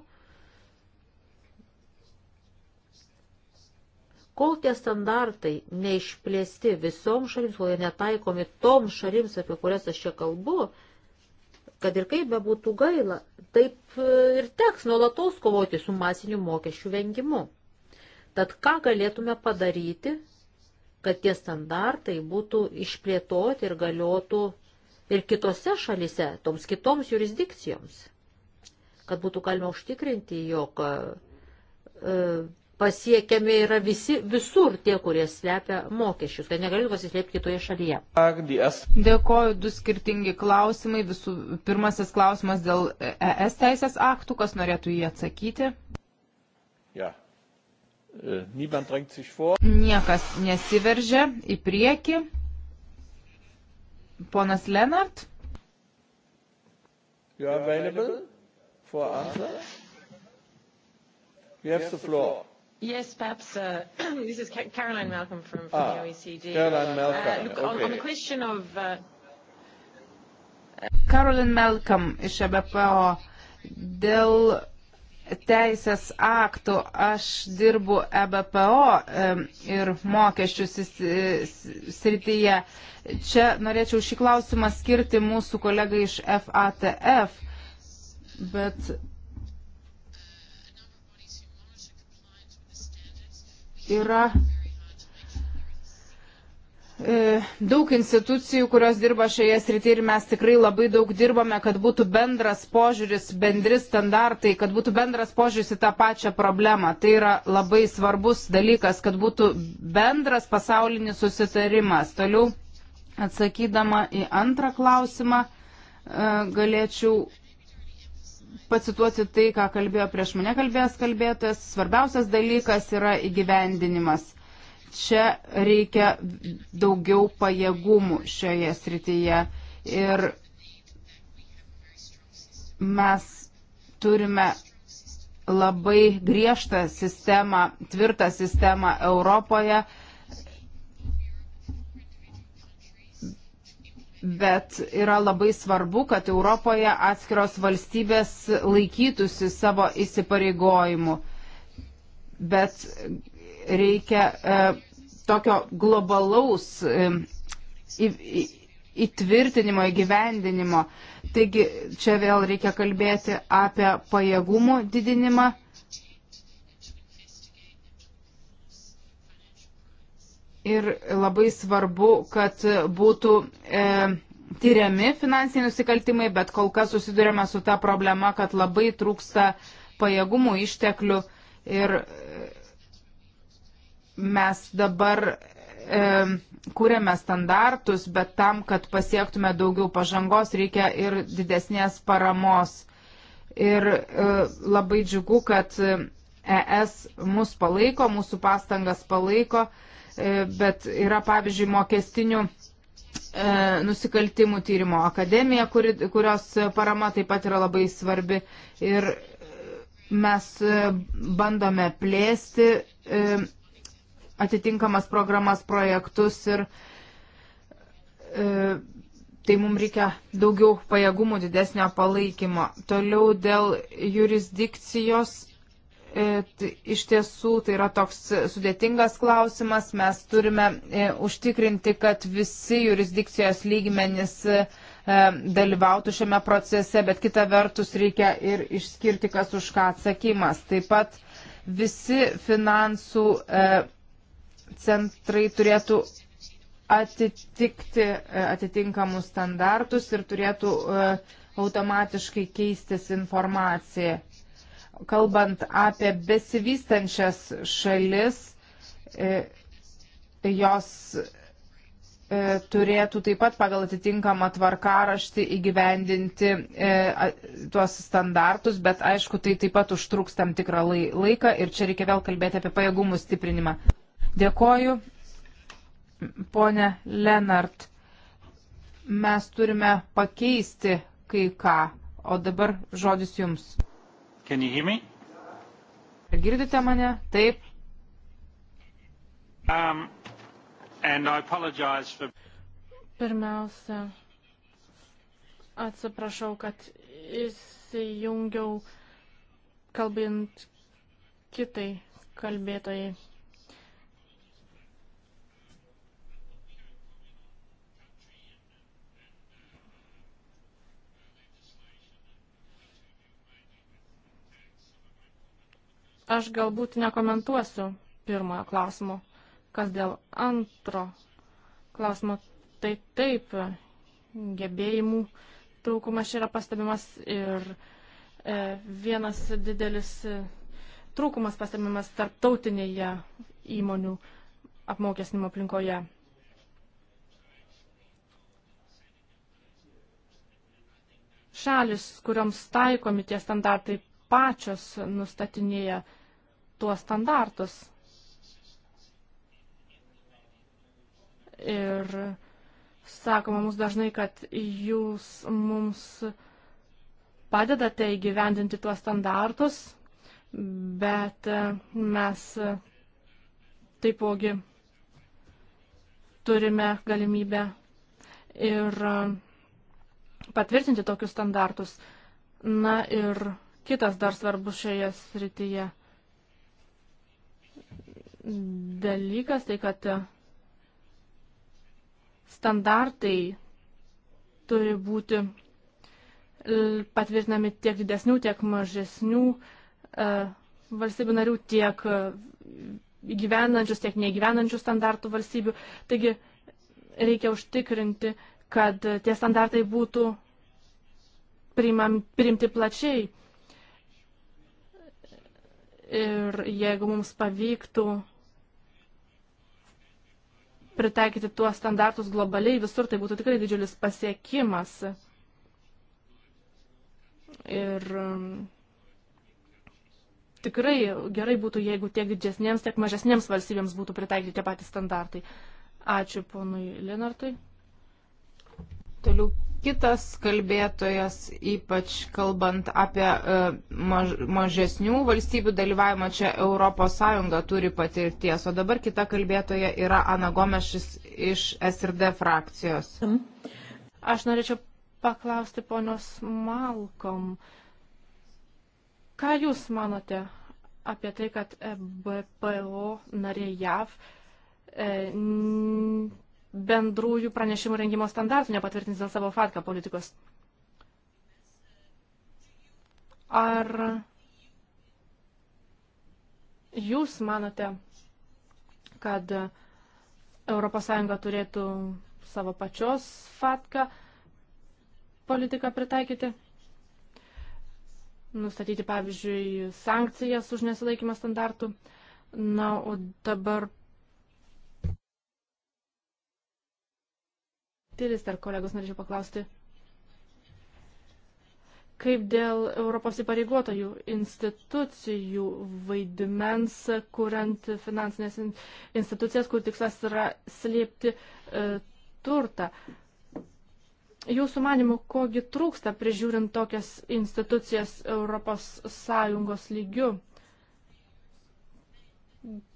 Kol tie standartai neišplėsti visoms šalims, kol jie netaikomi toms šalims, apie kurias aš čia kalbu, kad ir kaip bebūtų gaila, taip e, ir teks nuolatos kovoti su masiniu mokesčių vengimu. Tad ką galėtume padaryti, kad tie standartai būtų išplėtoti ir galiotų ir kitose šalise, toms kitoms jurisdikcijoms, kad būtų galima užtikrinti, jog e, pasiekiami yra visi, visur tie, kurie slepia mokesčius. Tai negaliu pasislėpti kitoje šalyje. Dėkoju, du skirtingi klausimai. Visų, pirmasis klausimas dėl ES teisės aktų, kas norėtų jį atsakyti. Ja. Äh, Niekas nesiveržia į priekį. Ponas Lenart. You are available for answer? You have the floor. Yes, perhaps uh, this is Ca- Caroline Malcolm from, from ah, the OECD. Caroline uh, Malcolm. Uh, look, okay. on, on the question of. Uh, Caroline Malcolm iš EBPO. Dėl teisės aktų aš dirbu EBPO ir mokesčių srityje. Čia norėčiau šį klausimą skirti mūsų kolegai iš FATF, bet yra e, daug institucijų, kurios dirba šioje srityje ir mes tikrai labai daug dirbame, kad būtų bendras požiūris, bendri standartai, kad būtų bendras požiūris į tą pačią problemą. Tai yra labai svarbus dalykas, kad būtų bendras pasaulinis susitarimas. Toliau atsakydama į antrą klausimą e, galėčiau pacituoti tai, ką kalbėjo prieš mane kalbėjęs kalbėtas. Svarbiausias dalykas yra įgyvendinimas. Čia reikia daugiau pajėgumų šioje srityje. Ir mes turime labai griežtą sistemą, tvirtą sistemą Europoje bet yra labai svarbu, kad Europoje atskiros valstybės laikytųsi savo įsipareigojimų. Bet reikia e, tokio globalaus e, į, į, įtvirtinimo, įgyvendinimo. Taigi čia vėl reikia kalbėti apie pajėgumų didinimą ir labai svarbu, kad būtų e, tyriami finansiniai nusikaltimai, bet kol kas susidurėme su ta problema, kad labai trūksta pajėgumų išteklių ir e, mes dabar e, kūrėme standartus, bet tam, kad pasiektume daugiau pažangos, reikia ir didesnės paramos. Ir e, labai džiugu, kad ES e mus palaiko, mūsų pastangas palaiko. E, E, bet yra, pavyzdžiui, mokestinių e, nusikaltimų tyrimo akademija, kuri, kurios parama taip pat yra labai svarbi. Ir mes e, bandome plėsti atitinkamas programas, projektus ir tai mums reikia daugiau pajėgumų, didesnio palaikymo. Toliau dėl jurisdikcijos E, iš tiesų tai yra toks sudėtingas klausimas. Mes turime e, užtikrinti, kad visi jurisdikcijos lygmenys e, dalyvautų šiame procese, bet kita vertus reikia ir išskirti, kas už ką atsakymas. Taip pat visi finansų centrai turėtų atitikti atitinkamus standartus ir turėtų automatiškai keistis informacija kalbant apie besivystančias šalis, e, jos e, turėtų taip pat pagal atitinkamą tvarkaraštį įgyvendinti e, tuos standartus, bet aišku, tai taip pat užtruks tam tikrą laiką ir čia reikia vėl kalbėti apie pajėgumų stiprinimą. Dėkoju, ponė Lenart. Mes turime pakeisti kai ką, o dabar žodis jums. Can you hear me? Ar girdite mane? Taip. Um, and I apologize for... Pirmiausia, atsiprašau, kad įsijungiau kalbint kitai kalbėtojai. Aš galbūt nekomentuosiu pirmojo klausimo. Kas dėl antro klausimo, tai taip, gebėjimų trūkumas yra pastebimas ir e, vienas didelis e, trūkumas pastebimas tarptautinėje įmonių apmokesnimo aplinkoje. Šalis, kurioms taikomi tie standartai, pačios nustatinėja tuos standartus. Ir sakoma mums dažnai, kad jūs mums padedate įgyvendinti tuos standartus, bet e, mes taipogi turime galimybę ir e, patvirtinti tokius standartus. Na ir kitas dar svarbus šioje srityje dalykas, tai kad standartai turi būti patvirtinami tiek didesnių, tiek mažesnių e, valstybių narių, tiek gyvenančius, tiek negyvenančių standartų valstybių. Taigi reikia užtikrinti, kad tie standartai būtų priimam, priimti plačiai. Ir jeigu mums pavyktų pritaikyti tuos standartus globaliai visur, tai būtų tikrai didžiulis pasiekimas. Ir um, tikrai gerai būtų, jeigu tiek didesniems, tiek mažesniems valstybėms būtų pritaikyti tie patys standartai. Ačiū ponui Linartui. Toliau kitas kalbėtojas, ypač kalbant apie e, maž, mažesnių valstybių dalyvavimą, čia ES turi patirties. O dabar kita kalbėtoja yra Ana Gomešis iš SRD frakcijos. Aš norėčiau paklausti ponios Malkom. Ką Jūs manote apie tai, kad e BPO narė JAV e, bendrųjų pranešimų rengimo standartų nepatvirtins dėl savo fatka politikos. Ar jūs manote, kad ES turėtų savo pačios fatką politiką pritaikyti? Nustatyti, pavyzdžiui, sankcijas už nesilaikymą standartų. Na, o dabar Tilis, dar kolegos norėčiau paklausti. Kaip dėl Europos įpareigotojų institucijų vaidmens, kuriant finansinės institucijas, kur tikslas yra slėpti e, turtą. Jūsų manimų, kogi trūksta prižiūrint tokias institucijas Europos Sąjungos lygių?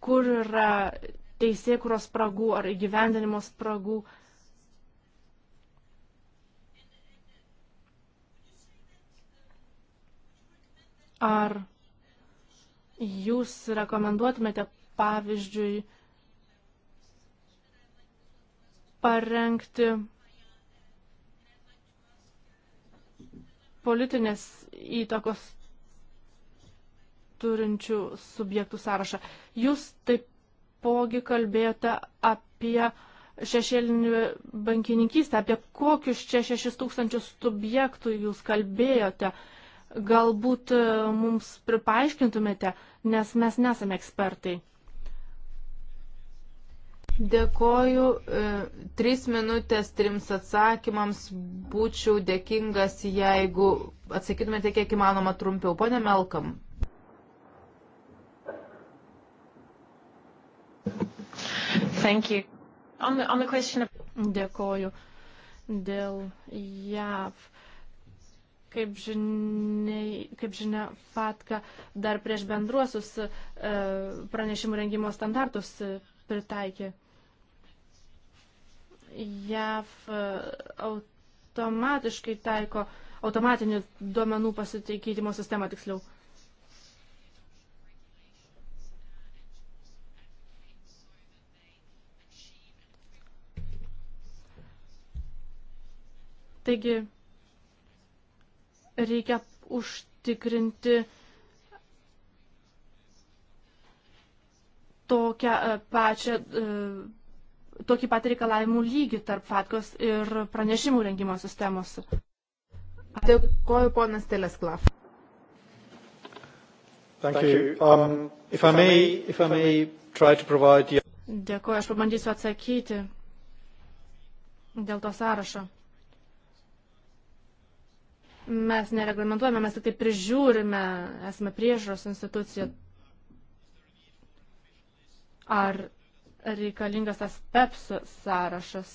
Kur yra teisėkuros spragų ar įgyvendinimo spragų? E, Ar jūs rekomenduotumėte, pavyzdžiui, parengti politinės įtakos turinčių subjektų sąrašą. Jūs taipogi kalbėjote apie šešėlinį bankininkystę, apie kokius čia šešis tūkstančius subjektų jūs kalbėjote. Uh, Galbūt e, mums pripaaiškintumėte, nes mes nesame ekspertai. Dėkoju. E, trys minutės trims atsakymams. Būčiau dėkingas, jeigu atsakytumėte kiek įmanoma trumpiau. Pone Melkam. On the, on the of... Dėkoju. Dėl JAV. Uh, Kaip, žiniai, kaip žinia, FATKA dar prieš bendruosius e, pranešimų rengimo standartus e, pritaikė. JAV e, automatiškai taiko automatinių duomenų pasiteikimo sistemą tiksliau. Taigi, reikia užtikrinti tokią e, pačią, e, tokį patį reikalavimų lygį tarp fatkos ir pranešimų rengimo sistemos. Dėkuoju, ponas Telesklav. Um, provide... Dėkuoju, aš pabandysiu atsakyti dėl to sąrašo. Mes nereglamentuojame, mes tik tai prižiūrime, esame priežaros institucija. Ar reikalingas tas PEPS sąrašas?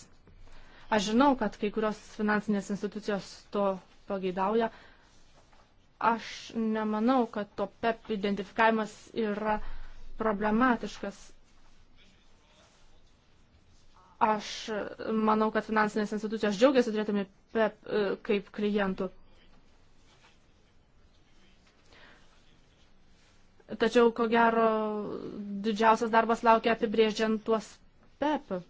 Aš žinau, kad kai kurios finansinės institucijos to pageidauja. Aš nemanau, kad to PEP identifikavimas yra problematiškas aš manau, kad finansinės institucijos džiaugiasi turėtami PEP e, kaip klientų. Tačiau, ko gero, didžiausias darbas laukia apibrėžiant tuos PEP. E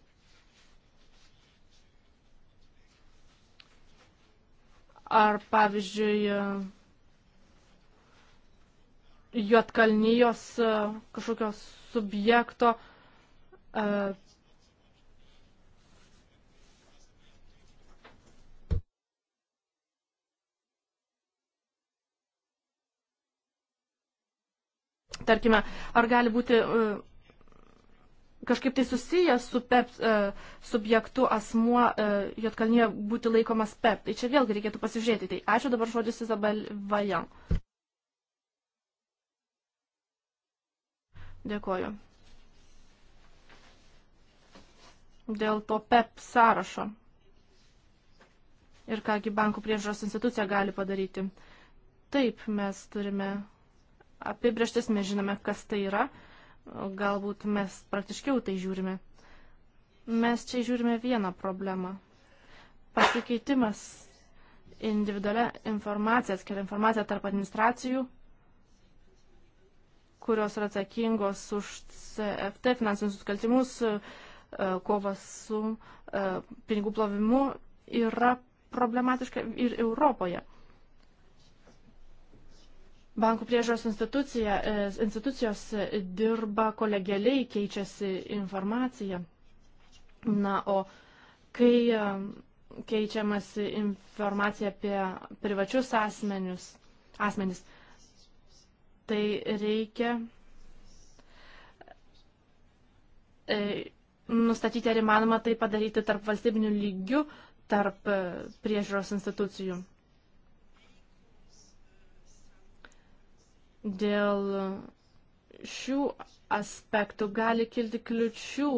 Ar, pavyzdžiui, Juotkalnyjos e, kažkokios subjekto e, Tarkime, ar gali būti e, kažkaip tai susijęs su PEP e e, subjektu asmuo Jotkalnyje būti laikomas PEP. Tai čia vėlgi reikėtų pasižiūrėti. Tai ačiū dabar žodis Izabel Vajan. Dėkuoju. Dėl to PEP sąrašo. Ir kągi bankų priežaros institucija gali padaryti. Taip, mes turime apibrieštis, mes žinome, kas tai yra, galbūt mes praktiškiau tai žiūrime. Mes čia žiūrime vieną problemą. Pasikeitimas individualia informacija, atskiria informacija tarp administracijų, kurios yra atsakingos už CFT finansinius nusikaltimus, e, kovas su e, pinigų plovimu, yra problematiška ir Europoje. Bankų priežos e, institucijos dirba kolegialiai, keičiasi informacija. Na, o kai e, keičiamasi informacija apie privačius asmenius, asmenis, tai reikia e, nustatyti, ar įmanoma tai padaryti tarp valstybinių lygių, tarp priežiūros institucijų. Dėl šių aspektų gali kilti kliučių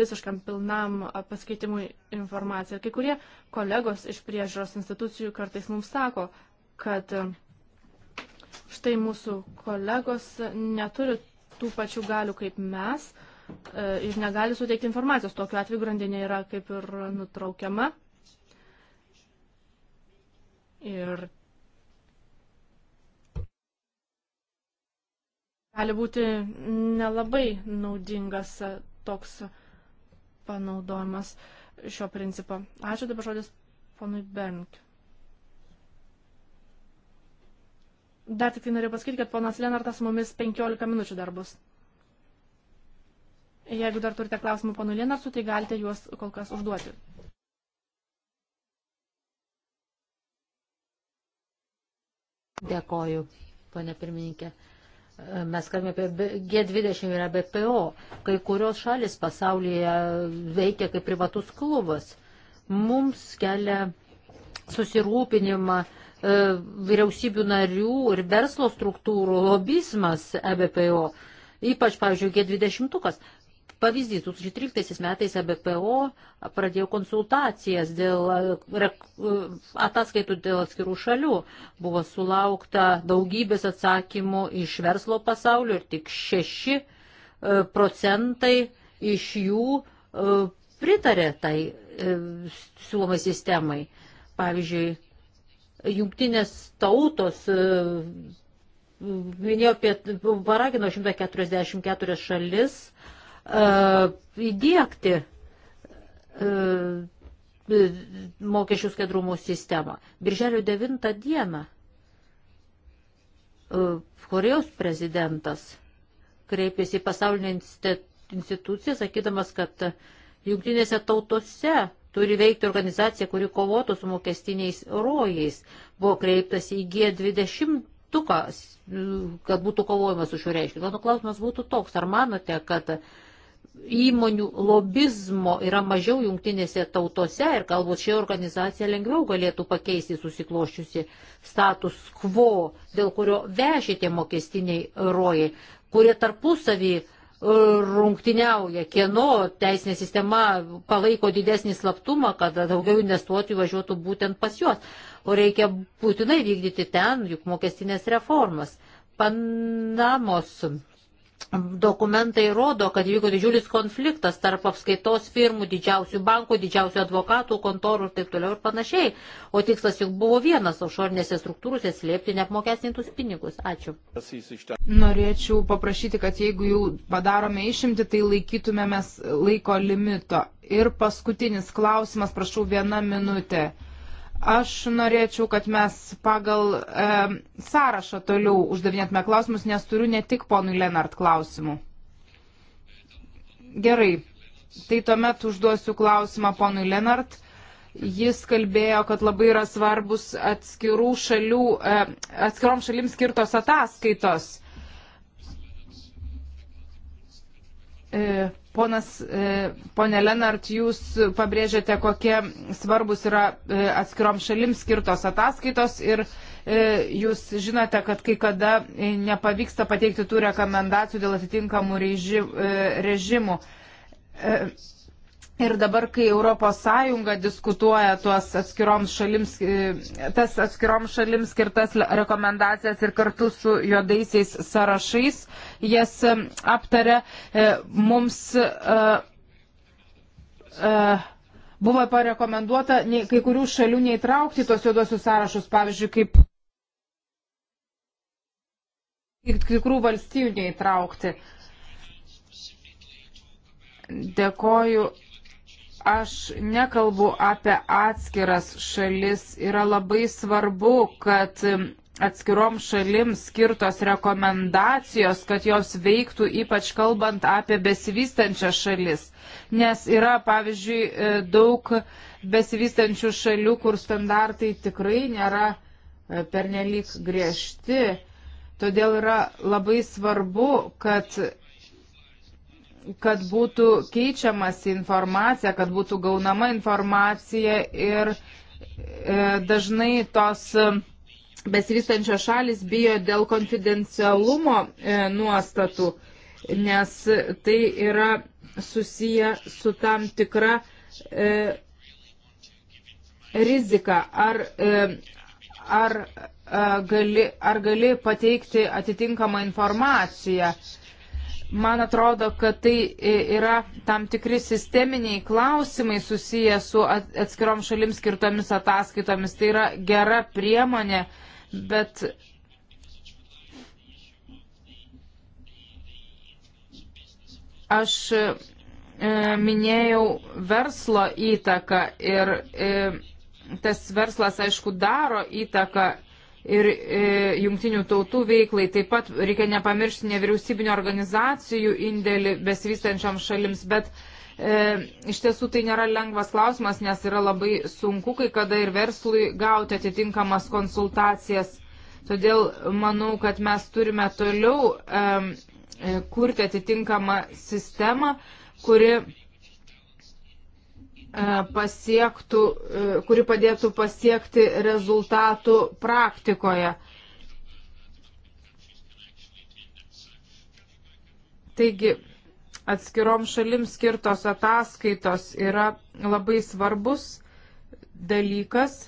visiškam pilnam paskaitimui informaciją. Kai kurie kolegos iš priežiūros institucijų kartais mums sako, kad štai mūsų kolegos neturi tų pačių galių kaip mes e, ir negali suteikti informacijos. Tokiu atveju grandinė yra kaip ir nutraukiama. Ir gali būti nelabai naudingas e, toks panaudojimas šio principo. Ačiū dabar žodis ponui Bernkiu. Dar tik tai noriu pasakyti, kad ponas Lenartas su mumis 15 minučių dar bus. Jeigu dar turite klausimų ponui Lenartui, tai galite juos kol kas užduoti. Dėkoju, ponė pirmininkė. Mes kalbame apie G20 ir BPO. Kai kurios šalis pasaulyje veikia kaip privatus klubas. Mums kelia susirūpinimą e, vyriausybių narių ir verslo struktūrų lobizmas EBPO. Ypač, pavyzdžiui, G20. -tukas. Pavyzdys, 2013 metais ABPO e pradėjo konsultacijas dėl e, e, ataskaitų dėl atskirų šalių. Buvo sulaukta daugybės atsakymų iš verslo pasaulio ir tik 6 procentai iš jų pritarė tai siūlomai sistemai. Pavyzdžiui, jungtinės tautos minėjo, paragino 144 šalis E, įdėkti e, e, mokesčių skaidrumo sistemą. Birželio 9 dieną Korejos prezidentas kreipėsi į pasaulinę instituciją, sakydamas, kad jungtinėse tautose turi veikti organizacija, kuri kovotų su mokestiniais rojais. Buvo kreiptas į G20, kad būtų kovojama su šiuo reiškiniu. Mano klausimas būtų toks, ar manote, kad uh, įmonių lobizmo yra mažiau jungtinėse tautose ir galbūt ši organizacija lengviau galėtų pakeisti susikloščiusi status quo, dėl kurio vežė tie mokestiniai rojai, kurie tarpusavį e, rungtiniauja, kieno teisinė sistema palaiko didesnį slaptumą, kad daugiau investuotojų važiuotų būtent pas juos. O reikia būtinai vykdyti ten juk mokestinės reformas. Panamos Dokumentai rodo, kad vyko didžiulis konfliktas tarp apskaitos firmų, didžiausių bankų, didžiausių advokatų, kontorų ir taip toliau ir panašiai. O tikslas juk buvo vienas - ošornėse struktūrose slėpti neapmokestintus pinigus. Ačiū. Norėčiau paprašyti, kad jeigu jau padarome išimti, tai laikytumėmės laiko limito. Ir paskutinis klausimas, prašau, vieną minutę. Aš norėčiau, kad mes pagal e, sąrašą toliau uždavinėtume klausimus, nes turiu ne tik ponui Lenart klausimų. Gerai, tai tuomet užduosiu klausimą ponui Lenart. Jis kalbėjo, kad labai yra svarbus atskirų šalių, e, atskirom šalim skirtos ataskaitos. E, ponas, e, ponė Lenart, jūs pabrėžiate, kokie svarbus yra e, atskirom šalim skirtos ataskaitos ir jūs žinote, kad kai kada nepavyksta pateikti tų rekomendacijų dėl atitinkamų režimų. Ir dabar, kai ES diskutuoja tuos atskiroms šalims, e, tas atskiroms šalims skirtas rekomendacijas ir kartu su juodaisiais sąrašais, jas e, aptarė e, mums. Uh, uh, Buvo parekomenduota kai kurių šalių neįtraukti tos juodosius sąrašus, pavyzdžiui, kaip kai kurių valstybių neįtraukti. Dėkoju aš nekalbu apie atskiras šalis. Yra labai svarbu, kad atskirom šalims skirtos rekomendacijos, kad jos veiktų ypač kalbant apie besivystančias šalis. Nes yra, pavyzdžiui, e, daug besivystančių šalių, kur standartai tikrai nėra e, pernelyg griežti. Todėl yra labai svarbu, kad kad būtų keičiamas informacija, kad būtų gaunama informacija ir e, dažnai tos e, besivystančios šalis bijo dėl konfidencialumo e, nuostatų, nes tai yra susiję su tam tikra e, rizika. Ar, e, ar, e, gali, ar gali pateikti atitinkamą informaciją? E, Man atrodo, kad tai yra tam tikri sisteminiai klausimai susiję su atskirom šalims skirtomis ataskaitomis. Tai yra gera priemonė, bet. Aš e, minėjau verslo įtaką ir e, tas verslas, aišku, daro įtaką ir e, jungtinių tautų veiklai. Taip pat reikia nepamiršti nevyriausybinio organizacijų indėlį besivystančiom šalims, bet e, iš tiesų tai nėra lengvas klausimas, nes yra labai sunku kai kada ir verslui gauti atitinkamas konsultacijas. Todėl manau, kad mes turime toliau e, kurti atitinkamą sistemą, kuri E, pasiektų, e, kuri padėtų pasiekti rezultatų praktikoje. Taigi, atskirom šalim skirtos ataskaitos yra labai svarbus dalykas.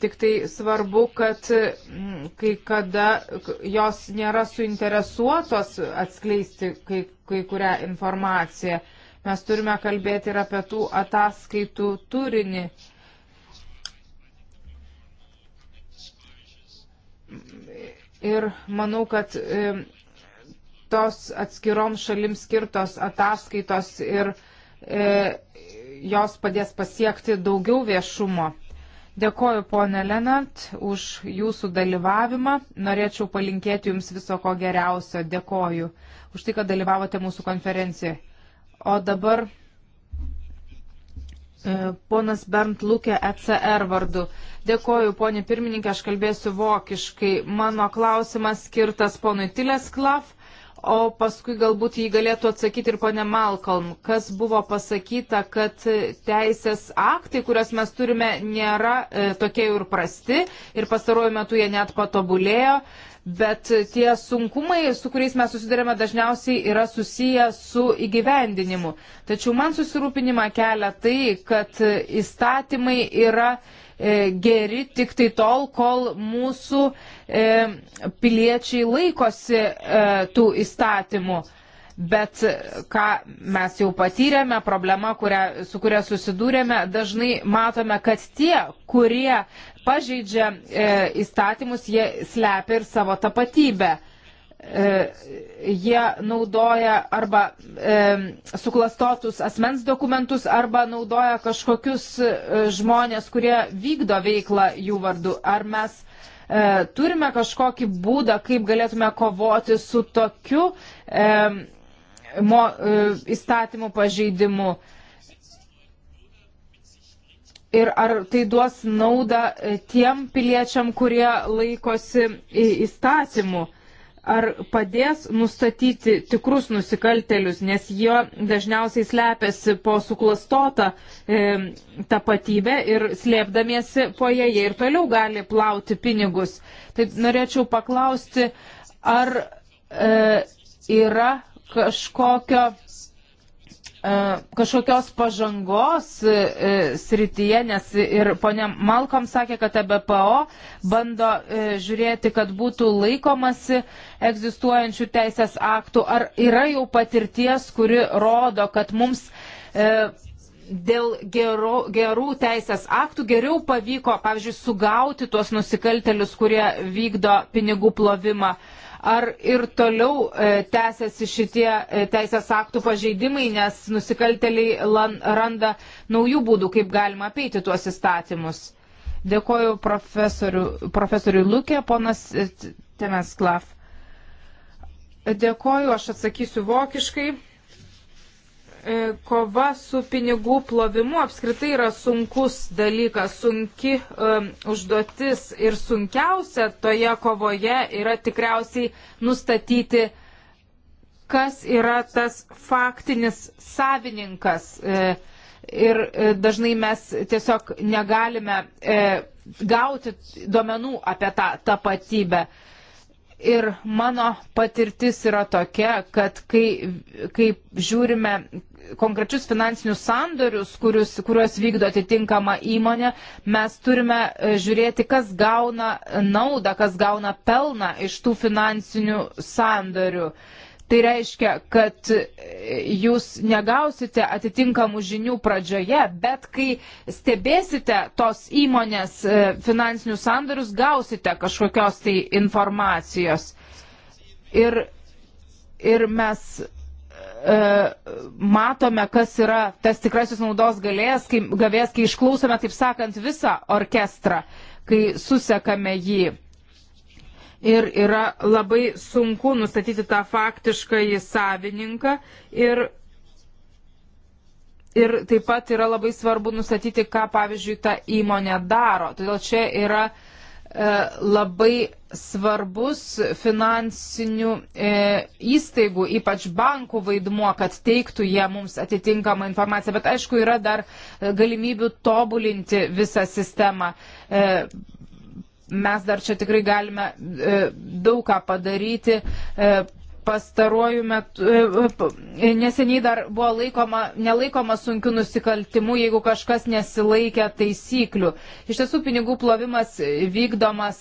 Tik tai svarbu, kad kai kada jos nėra suinteresuotos atskleisti kai kai kurią informaciją. Mes turime kalbėti ir apie tų ataskaitų turinį. Ir manau, kad e, tos atskirom šalim skirtos ataskaitos ir e, jos padės pasiekti daugiau viešumo. Dėkoju, ponė Lenart, už jūsų dalyvavimą. Norėčiau palinkėti jums viso ko geriausio. Dėkoju už tai, kad dalyvavote mūsų konferencijoje. O dabar e, Ponas Bernd Lukė ECR vardu. Dėkoju, ponė pirmininkė, aš kalbėsiu vokiškai. Mano klausimas skirtas ponui Tilės Klav o paskui galbūt jį galėtų atsakyti ir ponė Malcolm, kas buvo pasakyta, kad teisės aktai, kuriuos mes turime, nėra e, tokie ir prasti ir pastaruoju metu jie net patobulėjo, bet tie sunkumai, su kuriais mes susidurėme, dažniausiai yra susiję su įgyvendinimu. Tačiau man susirūpinimą kelia tai, kad įstatymai yra E, geri tik tai tol, kol mūsų e, piliečiai laikosi e, tų įstatymų. Bet ką mes jau patyrėme, problema, kurią, su kuria susidūrėme, dažnai matome, kad tie, kurie pažeidžia e, įstatymus, jie slepia ir savo tapatybę. E, E, jie naudoja arba e, suklastotus asmens dokumentus arba naudoja kažkokius e, žmonės, kurie vykdo veiklą jų vardu. Ar mes turime kažkokį būdą, kaip galėtume kovoti su tokiu mo, įstatymų pažeidimu. Ir ar tai duos naudą tiem piliečiam, kurie laikosi įstatymų ar padės nustatyti tikrus nusikaltelius, nes jie dažniausiai slepiasi po suklastotą e, tapatybę ir slėpdamiesi po ją jie ir toliau gali plauti pinigus. Tai norėčiau paklausti, ar e, yra kažkokio E, kažkokios pažangos e, e, srityje, nes ir ponė Malkom sakė, kad EBPO bando žiūrėti, kad būtų laikomasi egzistuojančių teisės aktų. Ar yra jau patirties, kuri rodo, kad mums dėl gerų, gerų teisės aktų geriau pavyko, pavyzdžiui, sugauti tuos nusikaltelius, kurie vykdo pinigų plovimą? Uh, ar ir toliau e, tęsiasi šitie e, teisės aktų pažeidimai, nes nusikalteliai randa naujų būdų, kaip galima apeiti tuos įstatymus. Dėkoju profesoriui Lukė, ponas e, Temensklav. Dėkoju, aš atsakysiu vokiškai. E, kova su pinigų plovimu apskritai yra sunkus dalykas, sunki um, užduotis ir sunkiausia toje kovoje yra tikriausiai nustatyti, kas yra tas faktinis savininkas. E, ir e, dažnai mes tiesiog negalime e, gauti duomenų apie tą tapatybę. Ir mano patirtis yra tokia, kad kai, kai žiūrime konkrečius finansinius sandorius, kurius, kuriuos vykdo atitinkama įmonė, mes turime e, žiūrėti, kas gauna naudą, kas gauna pelną iš tų finansinių sandorių. Tai reiškia, kad e, jūs negausite atitinkamų žinių pradžioje, bet kai stebėsite tos įmonės e, finansinius sandorius, gausite kažkokios tai informacijos. Ir, ir mes E, matome, kas yra tas tikrasis naudos galės, kai, gavės, kai išklausome, taip sakant, visą orkestrą, kai susekame jį. Ir yra labai sunku nustatyti tą faktiškąjį savininką ir, ir taip pat yra labai svarbu nustatyti, ką, pavyzdžiui, ta įmonė daro. Todėl čia yra uh, E, labai svarbus finansinių e, įstaigų, ypač bankų vaidmuo, kad teiktų jie mums atitinkamą informaciją. Bet aišku, yra dar galimybių tobulinti visą sistemą. E, mes dar čia tikrai galime e, daug ką padaryti. E, pastaruoju metu, e, e, e, neseniai dar buvo laikoma, nelaikoma sunkiu nusikaltimu, jeigu kažkas nesilaikė taisyklių. Iš tiesų pinigų plovimas vykdomas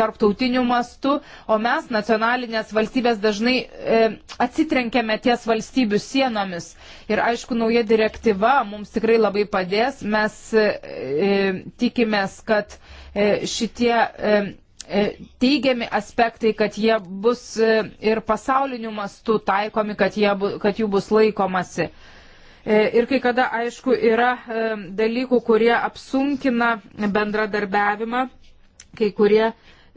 tarptautiniu mastu, o mes, nacionalinės valstybės, dažnai atsitrenkėme ties valstybių sienomis. Ir aišku, nauja direktyva mums tikrai labai padės. Mes tikimės, kad šitie E, teigiami aspektai, kad jie bus e, ir pasauliniu mastu taikomi, kad, jie, kad jų bus laikomasi. E, ir kai kada, aišku, yra dalykų, kurie apsunkina bendradarbiavimą, kai kurie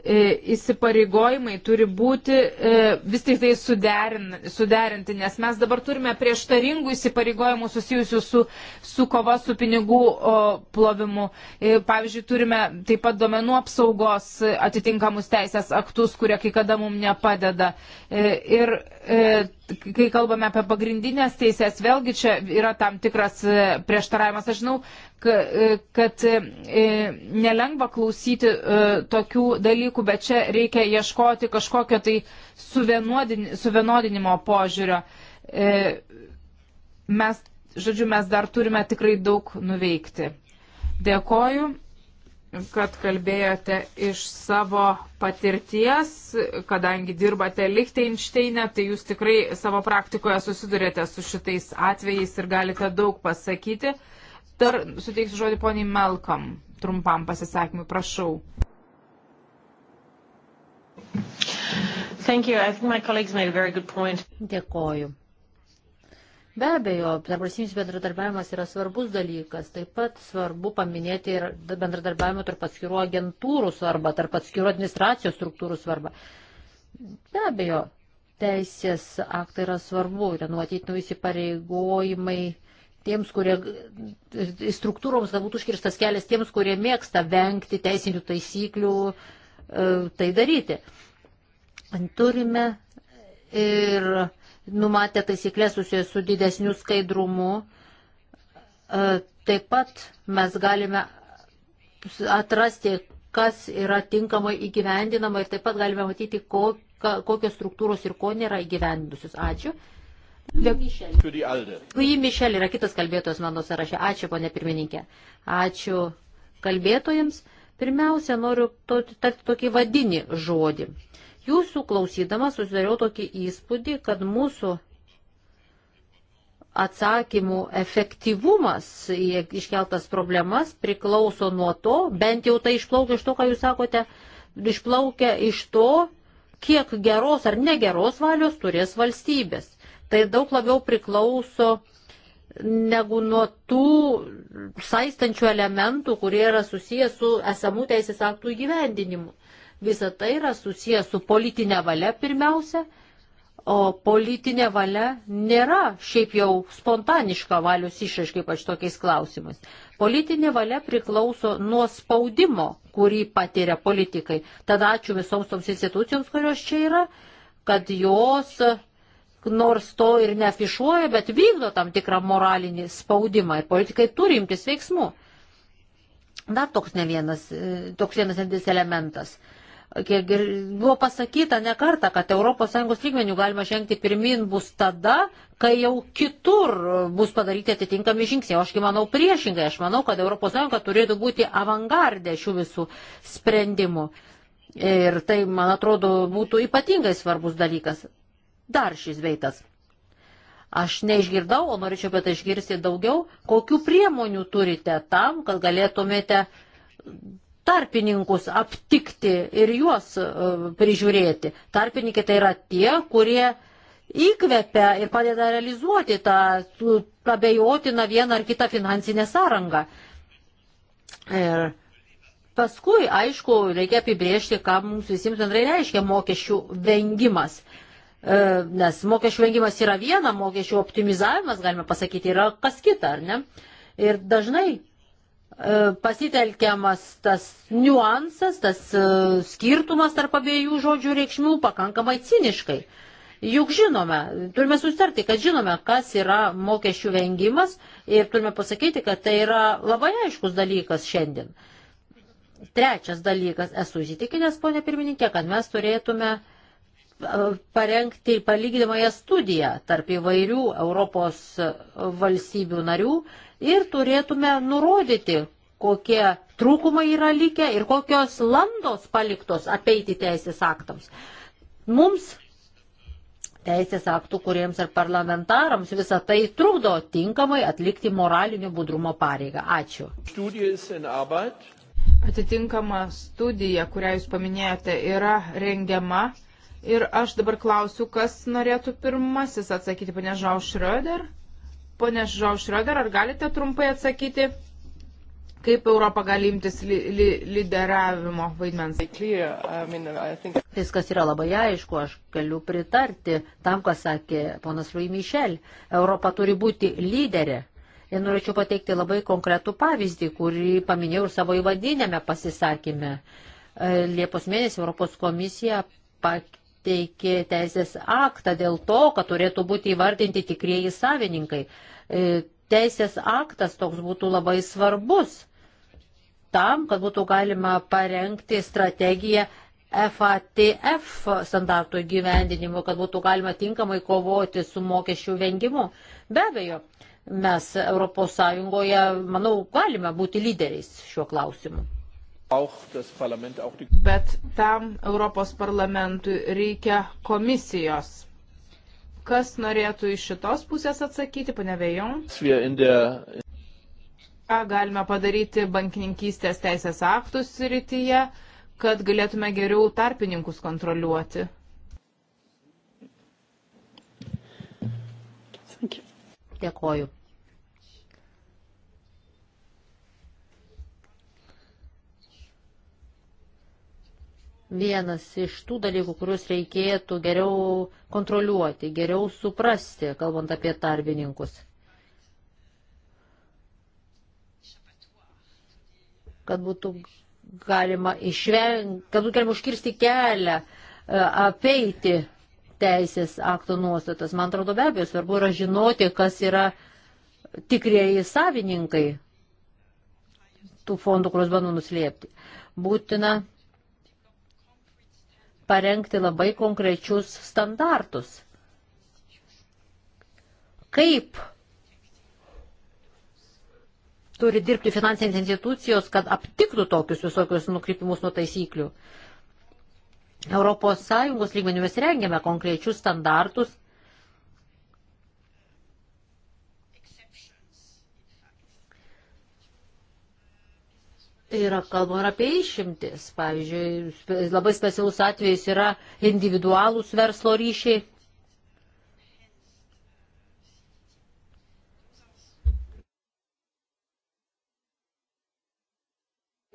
E, įsipareigojimai turi būti e, vis tik tai suderin, suderinti, nes mes dabar turime prieštaringų įsipareigojimų susijusių su, su kova su pinigų plovimu. E, pavyzdžiui, turime taip pat domenų apsaugos atitinkamus teisės aktus, kurie kai kada mums nepadeda. Ir kai kalbame apie pagrindinės teisės, vėlgi čia yra tam tikras e, prieštaravimas. Aš žinau, e, kad e, nelengva klausyti tokių dalykų, bet čia reikia ieškoti kažkokio tai suvienodinimo požiūrio. Mes, žodžiu, mes dar turime tikrai daug nuveikti. Dėkoju kad kalbėjote iš savo patirties, kadangi dirbate Lichteinšteinė, tai jūs tikrai savo praktikoje susidurėte su šitais atvejais ir galite daug pasakyti. Dar suteiksiu žodį poniai Melkam trumpam pasisakymui, prašau. Dėkoju. Be abejo, tarpvalstybinis bendradarbiavimas yra svarbus dalykas. Taip pat svarbu paminėti ir bendradarbiavimo tarp atskirų agentūrų svarbą, tarp atskirų administracijos struktūrų svarbą. Be abejo, teisės aktai yra svarbu, yra numatyti įsipareigojimai tiems, kurie struktūroms galbūt užkirstas kelias tiems, kurie mėgsta vengti teisinių taisyklių e, tai daryti. Turime ir numatė taisyklės susijęs su didesniu skaidrumu. E, taip pat mes galime atrasti, kas yra tinkamai įgyvendinama ir taip pat galime matyti, kokios struktūros ir ko nėra įgyvendinusios. Ačiū. Kui Mišel yra kitas kalbėtojas mano sąraše. Ačiū, ponė pirmininkė. Ačiū kalbėtojams. Pirmiausia, noriu tarti tokį vadinį žodį. Jūsų klausydama susidariau tokį įspūdį, kad mūsų atsakymų efektyvumas į iškeltas problemas priklauso nuo to, bent jau tai išplaukia iš to, ką jūs sakote, išplaukia iš to, kiek geros ar negeros valios turės valstybės. Tai daug labiau priklauso negu nuo tų saistančių elementų, kurie yra susijęs su esamų teisės aktų įgyvendinimu. Visa tai yra susijęs su politinė valia pirmiausia, o politinė valia nėra šiaip jau spontaniška valios išaiškai pač tokiais klausimais. Politinė valia priklauso nuo spaudimo, kurį patiria politikai. Tada ačiū visoms toms institucijoms, kurios čia yra, kad jos nors to ir neafišuoja, bet vykdo tam tikrą moralinį spaudimą ir politikai turi imtis veiksmų. Dar toks ne vienas, e, toks vienas nedis elementas kiek ir buvo pasakyta ne kartą, kad ES lygmenių galima žengti pirmin bus tada, kai jau kitur bus padaryti atitinkami žingsniai. O ašgi manau priešingai, aš manau, kad ES turėtų būti avangardė šių visų sprendimų. Ir tai, man atrodo, būtų ypatingai svarbus dalykas. Dar šis veitas. Aš neišgirdau, o norėčiau apie tai išgirsti daugiau, kokiu priemonių turite tam, kad galėtumėte tarpininkus aptikti ir juos e, prižiūrėti. Tarpininkai tai yra tie, kurie įkvepia ir padeda realizuoti tą abejotiną vieną ar kitą finansinę sąrangą. Ir paskui, aišku, reikia apibriežti, ką mums visiems bendrai reiškia mokesčių vengimas. E, nes mokesčių vengimas yra viena, mokesčių optimizavimas, galime pasakyti, yra kas kita, ar ne? Ir dažnai E, pasitelkiamas tas niuansas, tas e, skirtumas tarp abiejų žodžių reikšmių pakankamai ciniškai. Juk žinome, turime sustarti, kad žinome, kas yra mokesčių vengimas ir turime pasakyti, kad tai yra labai aiškus dalykas šiandien. Trečias dalykas, esu įsitikinęs, ponė pirmininkė, kad mes turėtume uh, parengti palyginamąją studiją tarp įvairių Europos valstybių narių ir turėtume nurodyti, kokie trūkumai yra likę ir kokios landos paliktos apeiti teisės aktams. Mums teisės aktų, kuriems ir parlamentarams visą tai trukdo tinkamai atlikti moralinio budrumo pareigą. Ačiū. Atitinkama studija, kurią jūs paminėjote, yra rengiama Ir aš dabar klausiu, kas norėtų pirmasis atsakyti, ponė Žau Šröder. Pone Žau Šröder, ar galite trumpai atsakyti, kaip Europa gali imtis li li lideravimo vaidmens? Viskas yra labai aišku, aš galiu pritarti tam, ką sakė ponas Louis Michel. Europa turi būti lyderė. Ir norėčiau pateikti labai konkretų pavyzdį, kurį paminėjau ir savo įvadinėme pasisakymė. E, Liepos mėnesį Europos komisija pakė pateikė teisės aktą dėl to, kad turėtų būti įvardinti tikrieji savininkai. E, teisės aktas toks būtų labai svarbus tam, kad būtų galima parengti strategiją FATF standartų gyvendinimu, kad būtų galima tinkamai kovoti su mokesčių vengimu. Be abejo, mes ES, manau, galime būti lyderiais šiuo klausimu. Bet tam Europos parlamentui reikia komisijos. Kas norėtų iš šitos pusės atsakyti, panevėjom? Ką galime padaryti bankininkystės teisės aktus rytyje, kad galėtume geriau tarpininkus kontroliuoti? Dėkoju. vienas iš tų dalykų, kuriuos reikėtų geriau kontroliuoti, geriau suprasti, kalbant apie tarpininkus. Kad būtų galima išvengti, kad būtų galima užkirsti kelią, e, apeiti teisės akto nuostatas. Man atrodo, be abejo, svarbu yra žinoti, kas yra tikrieji savininkai tų fondų, kuriuos bandau nuslėpti. Būtina parengti labai konkrečius standartus. Kaip turi dirbti finansinės institucijos, kad aptiktų tokius visokius nukrypimus nuo taisyklių. ES lygmenių mes rengiame konkrečius standartus, Yra kalbama ir apie išimtis. Pavyzdžiui, labai specialus atvejis yra individualūs verslo ryšiai.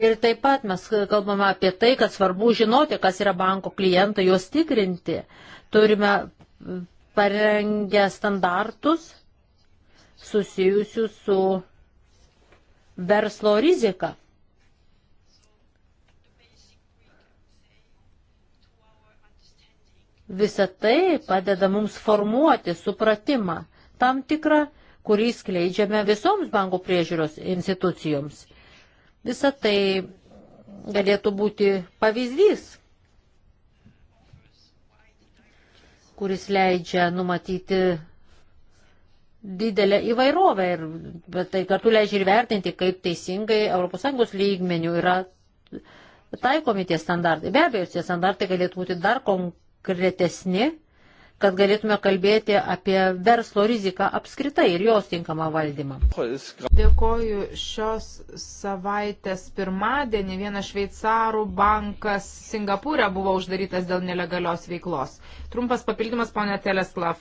Ir taip pat mes kalbame apie tai, kad svarbu žinoti, kas yra banko klientai, juos tikrinti. Turime parengę standartus susijusius su verslo rizika. Visa tai padeda mums formuoti supratimą tam tikrą, kurį skleidžiame visoms bankų priežiūros institucijoms. Visa tai galėtų būti pavyzdys, kuris leidžia numatyti didelę įvairovę ir tai kartu leidžia ir vertinti, kaip teisingai ES lygmenių yra taikomi tie standartai. Be abejo, tie standartai galėtų būti dar kon konkretesni, kad galėtume kalbėti apie verslo riziką apskritai ir jos tinkamą valdymą. Dėkoju. Šios savaitės pirmadienį vienas šveicarų bankas Singapūrė buvo uždarytas dėl nelegalios veiklos. Trumpas papildymas, ponė Teleslav.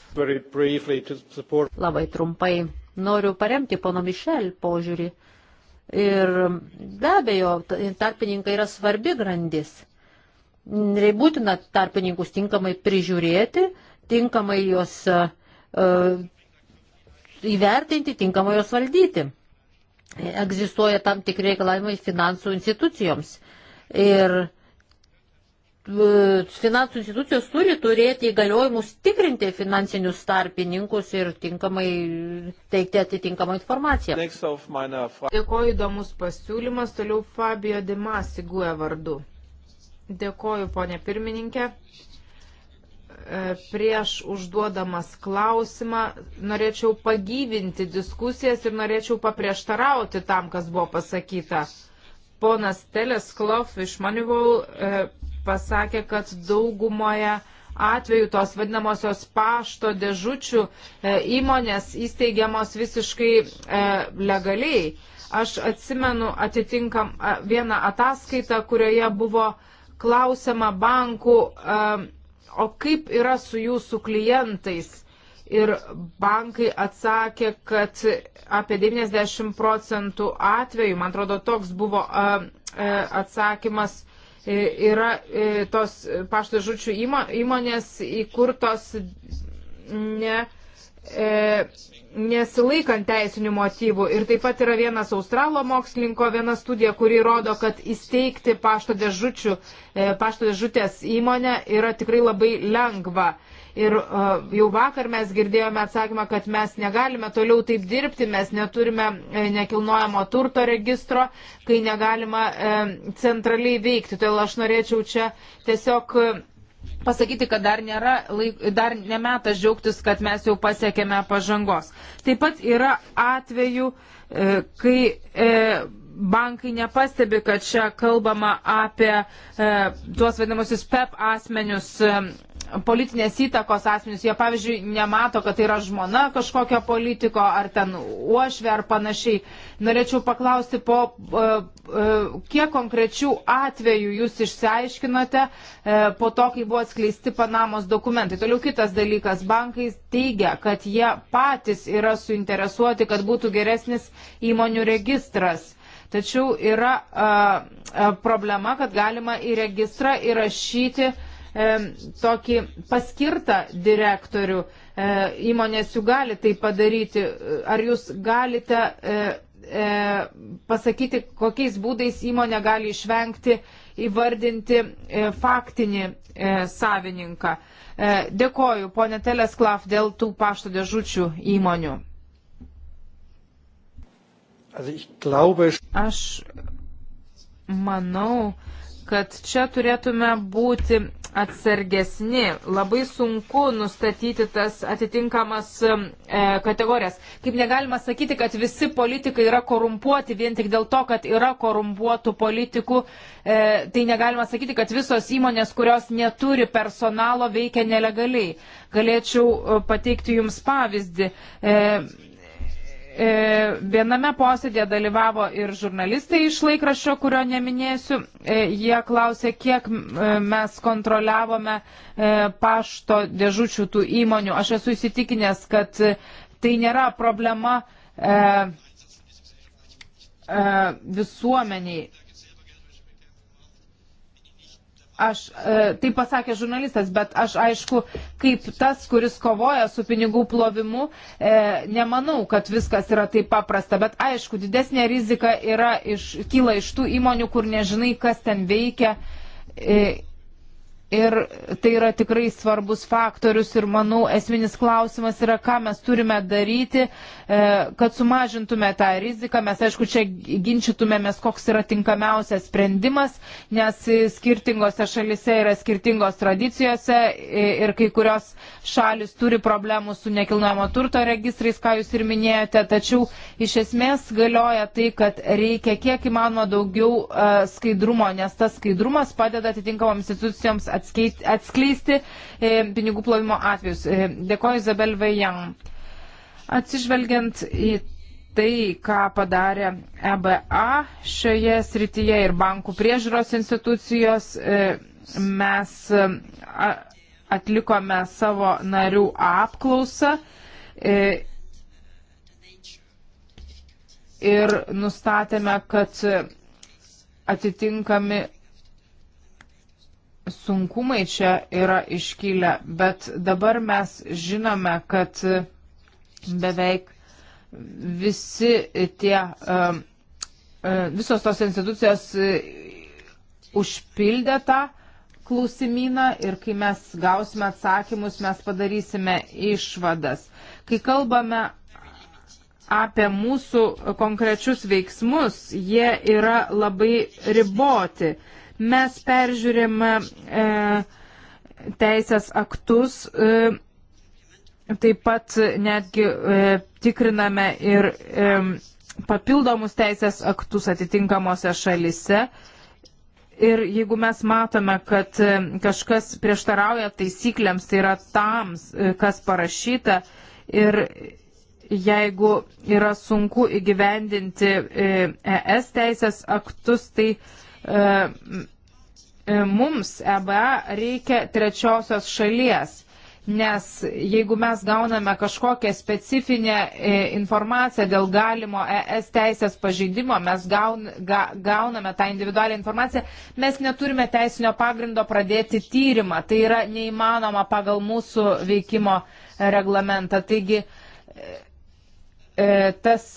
Support... Labai trumpai. Noriu paremti pono Mišel požiūrį. Ir be abejo, tarpininkai yra svarbi grandis būtina tarpininkus tinkamai prižiūrėti, tinkamai juos e, e, įvertinti, tinkamai juos valdyti. Egzistuoja tam tikri reikalavimai finansų institucijoms. Ir e, finansų institucijos turi turėti įgaliojimus tikrinti finansinius tarpininkus ir tinkamai teikti atitinkamą informaciją. Uh, Dėkuoju įdomus pasiūlymas, toliau Fabio Dimasi guė vardu. Dėkoju, ponė pirmininkė. E, prieš užduodamas klausimą norėčiau pagyvinti diskusijas ir norėčiau paprieštarauti tam, kas buvo pasakyta. Ponas Telesklov iš Manivol e, pasakė, kad daugumoje atveju tos vadinamosios pašto dėžučių e, įmonės įsteigiamos visiškai legaliai. Aš atsimenu atitinkam vieną ataskaitą, kurioje buvo uh, klausiama bankų, um, o kaip yra su jūsų klientais. Ir bankai atsakė, kad apie 90 procentų atvejų, man atrodo, toks buvo um, e, atsakymas, e, yra e, tos pašto žučių įmonės įkurtos ne e, nesilaikant teisinių motyvų. Ir taip pat yra vienas australo mokslininko, viena studija, kuri rodo, kad įsteigti pašto, dėžučių, e, pašto dėžutės įmonę yra tikrai labai lengva. Ir e, jau vakar mes girdėjome atsakymą, kad mes negalime toliau taip dirbti, mes neturime e, nekilnojamo turto registro, kai negalima e, centraliai veikti. Todėl aš norėčiau čia tiesiog pasakyti, kad dar, nėra, laik, dar nemetas džiaugtis, kad mes jau pasiekėme pažangos. Taip pat yra atvejų, e, kai e, bankai nepastebi, kad čia kalbama apie e, tuos vadinamosius PEP asmenius politinės įtakos asmenys, jie pavyzdžiui nemato, kad tai yra žmona kažkokio politiko ar ten uošvė ar panašiai. Norėčiau paklausti, po, e, e, kiek konkrečių atvejų jūs išsiaiškinote e, po to, kai buvo atskleisti Panamos dokumentai. Toliau kitas dalykas, bankai teigia, kad jie patys yra suinteresuoti, kad būtų geresnis įmonių registras. Tačiau yra a, a, problema, kad galima į registrą įrašyti a, E, tokį paskirtą direktorių. E, įmonės jų gali tai padaryti. Ar jūs galite e, pasakyti, kokiais būdais įmonė gali išvengti įvardinti faktinį savininką. Dėkoju, ponė Telesklav, dėl tų pašto dėžučių įmonių. Aš manau, kad čia turėtume būti atsargesni, labai sunku nustatyti tas atitinkamas e, kategorijas. Kaip negalima sakyti, kad visi politikai yra korumpuoti vien tik dėl to, kad yra korumpuotų politikų, e, tai negalima sakyti, kad visos įmonės, kurios neturi personalo, veikia nelegaliai. Galėčiau e, pateikti Jums pavyzdį. E, E, viename posėdėje dalyvavo ir žurnalistai iš laikraščio, kurio neminėsiu. E, jie klausė, kiek e, mes kontroliavome pašto dėžučių tų įmonių. Aš esu įsitikinęs, kad tai nėra problema visuomeniai. Aš, e, tai pasakė žurnalistas, bet aš aišku, kaip tas, kuris kovoja su pinigų plovimu, e, nemanau, kad viskas yra taip paprasta, bet aišku, didesnė rizika yra iš, kyla iš tų įmonių, kur nežinai, kas ten veikia e, Ir tai yra tikrai svarbus faktorius ir manau esminis klausimas yra, ką mes turime daryti, e, kad sumažintume tą riziką. Mes aišku čia ginčytumėmės, koks yra tinkamiausias sprendimas, nes skirtingose šalise yra skirtingos tradicijose ir kai kurios šalis turi problemų su nekilnojamo turto registrais, ką jūs ir minėjote. Tačiau iš esmės galioja tai, kad reikia kiek įmanoma daugiau e, skaidrumo, nes tas skaidrumas padeda atitinkamoms institucijoms atitinkamai atskeit, atskleisti e, pinigų plovimo atvejus. E, dėkoju Izabel Vejam. Atsižvelgiant į tai, ką padarė EBA šioje srityje ir bankų priežiūros institucijos, e, mes atlikome savo narių apklausą ir nustatėme, kad atitinkami sunkumai čia yra iškilę, bet dabar mes žinome, kad beveik visi tie, um, um, visos tos institucijos uh, užpildė tą klausimyną ir kai mes gausime atsakymus, mes padarysime išvadas. Kai kalbame apie mūsų konkrečius veiksmus, jie yra labai riboti. Mes peržiūrėme e, teisės aktus, e, taip pat netgi e, tikriname ir e, papildomus teisės aktus atitinkamose šalise. Ir jeigu mes matome, kad e, kažkas prieštarauja taisyklėms, tai yra tams, e, kas parašyta, ir jeigu yra sunku įgyvendinti ES e teisės aktus, tai E, e, mums EBA reikia trečiosios šalies nes jeigu mes gauname kažkokią specifinę e, informaciją dėl galimo ES teisės pažeidimo, mes gaun, ga, gauname tą individualią informaciją, mes neturime teisinio pagrindo pradėti tyrimą. Tai yra neįmanoma pagal mūsų veikimo reglamentą. Taigi, tas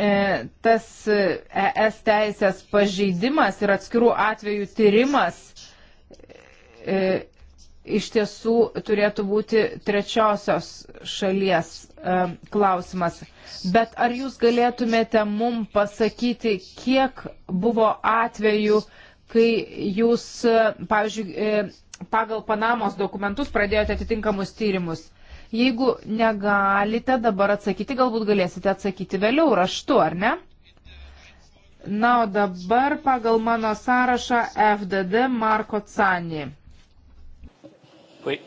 E, tas ES e teisės pažeidimas ir atskirų atvejų tyrimas e, iš tiesų turėtų būti trečiosios šalies klausimas. Bet ar jūs galėtumėte mum pasakyti, kiek buvo atvejų, kai jūs, pavyzdžiui, pagal Panamos dokumentus pradėjote atitinkamus tyrimus? Jeigu negalite dabar atsakyti, galbūt galėsite atsakyti vėliau raštu, ar ne? Na, o dabar pagal mano sąrašą FDD Marko Cani. Oui.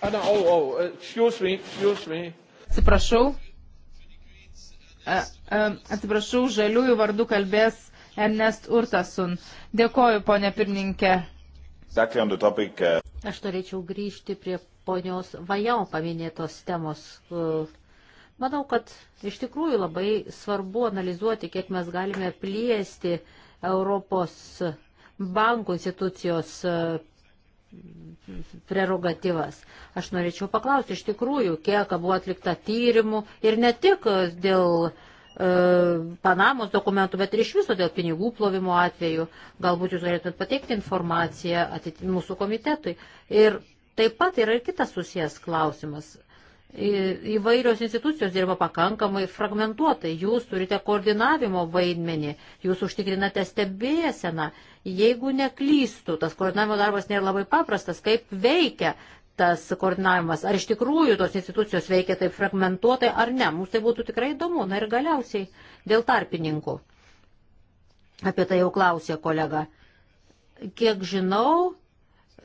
Ah, no, oh, oh, euh, excuse me, excuse me. Atsiprašau. E, e, atsiprašau, žaliųjų vardų kalbės Ernest Urtasun. Dėkoju, ponė pirmininkė. Uh, Aš norėčiau grįžti prie ponios Vajau paminėtos temos. Manau, kad iš tikrųjų labai svarbu analizuoti, kiek mes galime plėsti Europos bankų institucijos e, prerogatyvas. Aš norėčiau paklausti iš tikrųjų, kiek buvo atlikta tyrimų ir ne tik dėl e, Panamos dokumentų, bet ir iš viso dėl pinigų plovimo atveju. Galbūt jūs galėtumėt pateikti informaciją mūsų komitetui. Ir Taip pat yra ir kitas susijęs klausimas. Į, įvairios institucijos dirba pakankamai fragmentuotai, jūs turite koordinavimo vaidmenį, jūs užtikrinate stebėseną. Jeigu neklystų, tas koordinavimo darbas nėra labai paprastas, kaip veikia tas koordinavimas, ar iš tikrųjų tos institucijos veikia taip fragmentuotai ar ne, mums tai būtų tikrai įdomu. Na ir galiausiai dėl tarpininkų. Apie tai jau klausė kolega. Kiek žinau,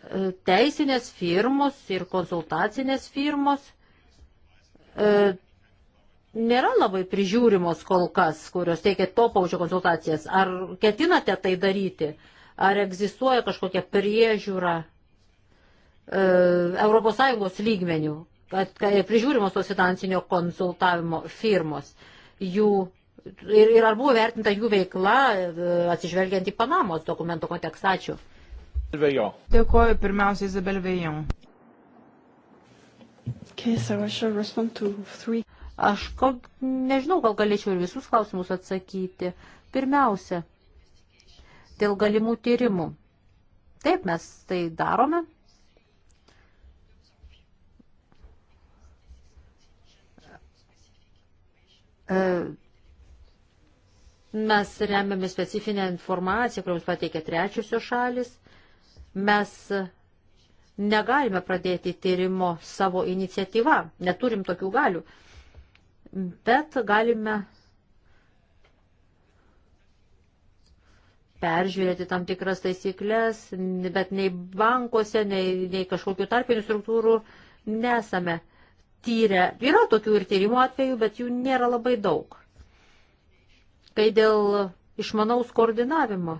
E, teisinės firmos ir konsultacinės firmos e, nėra labai prižiūrimos kol kas, kurios teikia to paučio konsultacijas. Ar ketinate tai daryti? Ar egzistuoja kažkokia priežiūra e, ES lygmenių, kad, kad prižiūrimos tos finansinio konsultavimo firmos? Jų, ir, ir ar buvo vertinta jų veikla, e, atsižvelgiant į Panamos dokumento kontekstą? Ačiū. Dėkuoju pirmiausia Izabel Vejon. Okay, so Aš ko, nežinau, gal galėčiau ir visus klausimus atsakyti. Pirmiausia, dėl galimų tyrimų. Taip, mes tai darome. E, mes remiame specifinę informaciją, kurią mums pateikia trečiosios šalis. Mes negalime pradėti tyrimo savo iniciatyvą, neturim tokių galių, bet galime peržiūrėti tam tikras taisyklės, bet nei bankuose, nei, nei kažkokiu tarpinių struktūrų nesame tyrę. Yra tokių ir tyrimų atvejų, bet jų nėra labai daug. Kai dėl išmanaus koordinavimo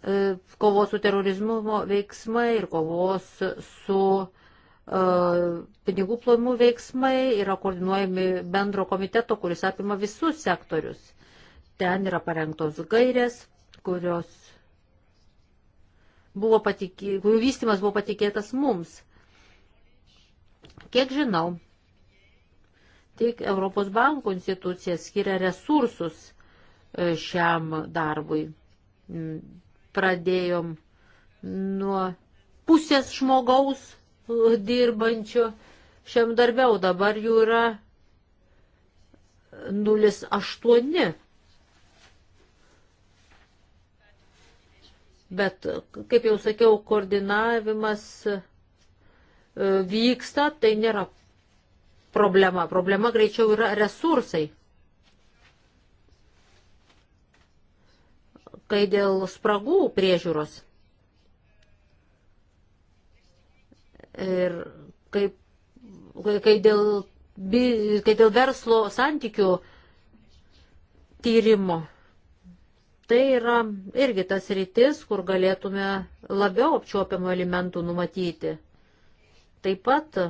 E, kovos su terorizmu veiksmai ir kovos su e, pinigų plovimų veiksmai yra koordinuojami bendro komiteto, kuris apima visus sektorius. Ten yra parengtos gairės, kurios buvo patikė, kurių vystimas buvo patikėtas mums. Kiek žinau, tik Europos bankų institucija skiria resursus e, šiam darbui mm, Pradėjom nuo pusės žmogaus e, dirbančio šiam darbiau, dabar jų yra 0,8. Bet, kaip jau sakiau, koordinavimas e, vyksta, tai nėra problema. Problema greičiau yra resursai. kai dėl spragų priežiūros ir kai, kai, dėl, kai dėl verslo santykių tyrimo. Tai yra irgi tas rytis, kur galėtume labiau apčiuopiamų elementų numatyti. Taip pat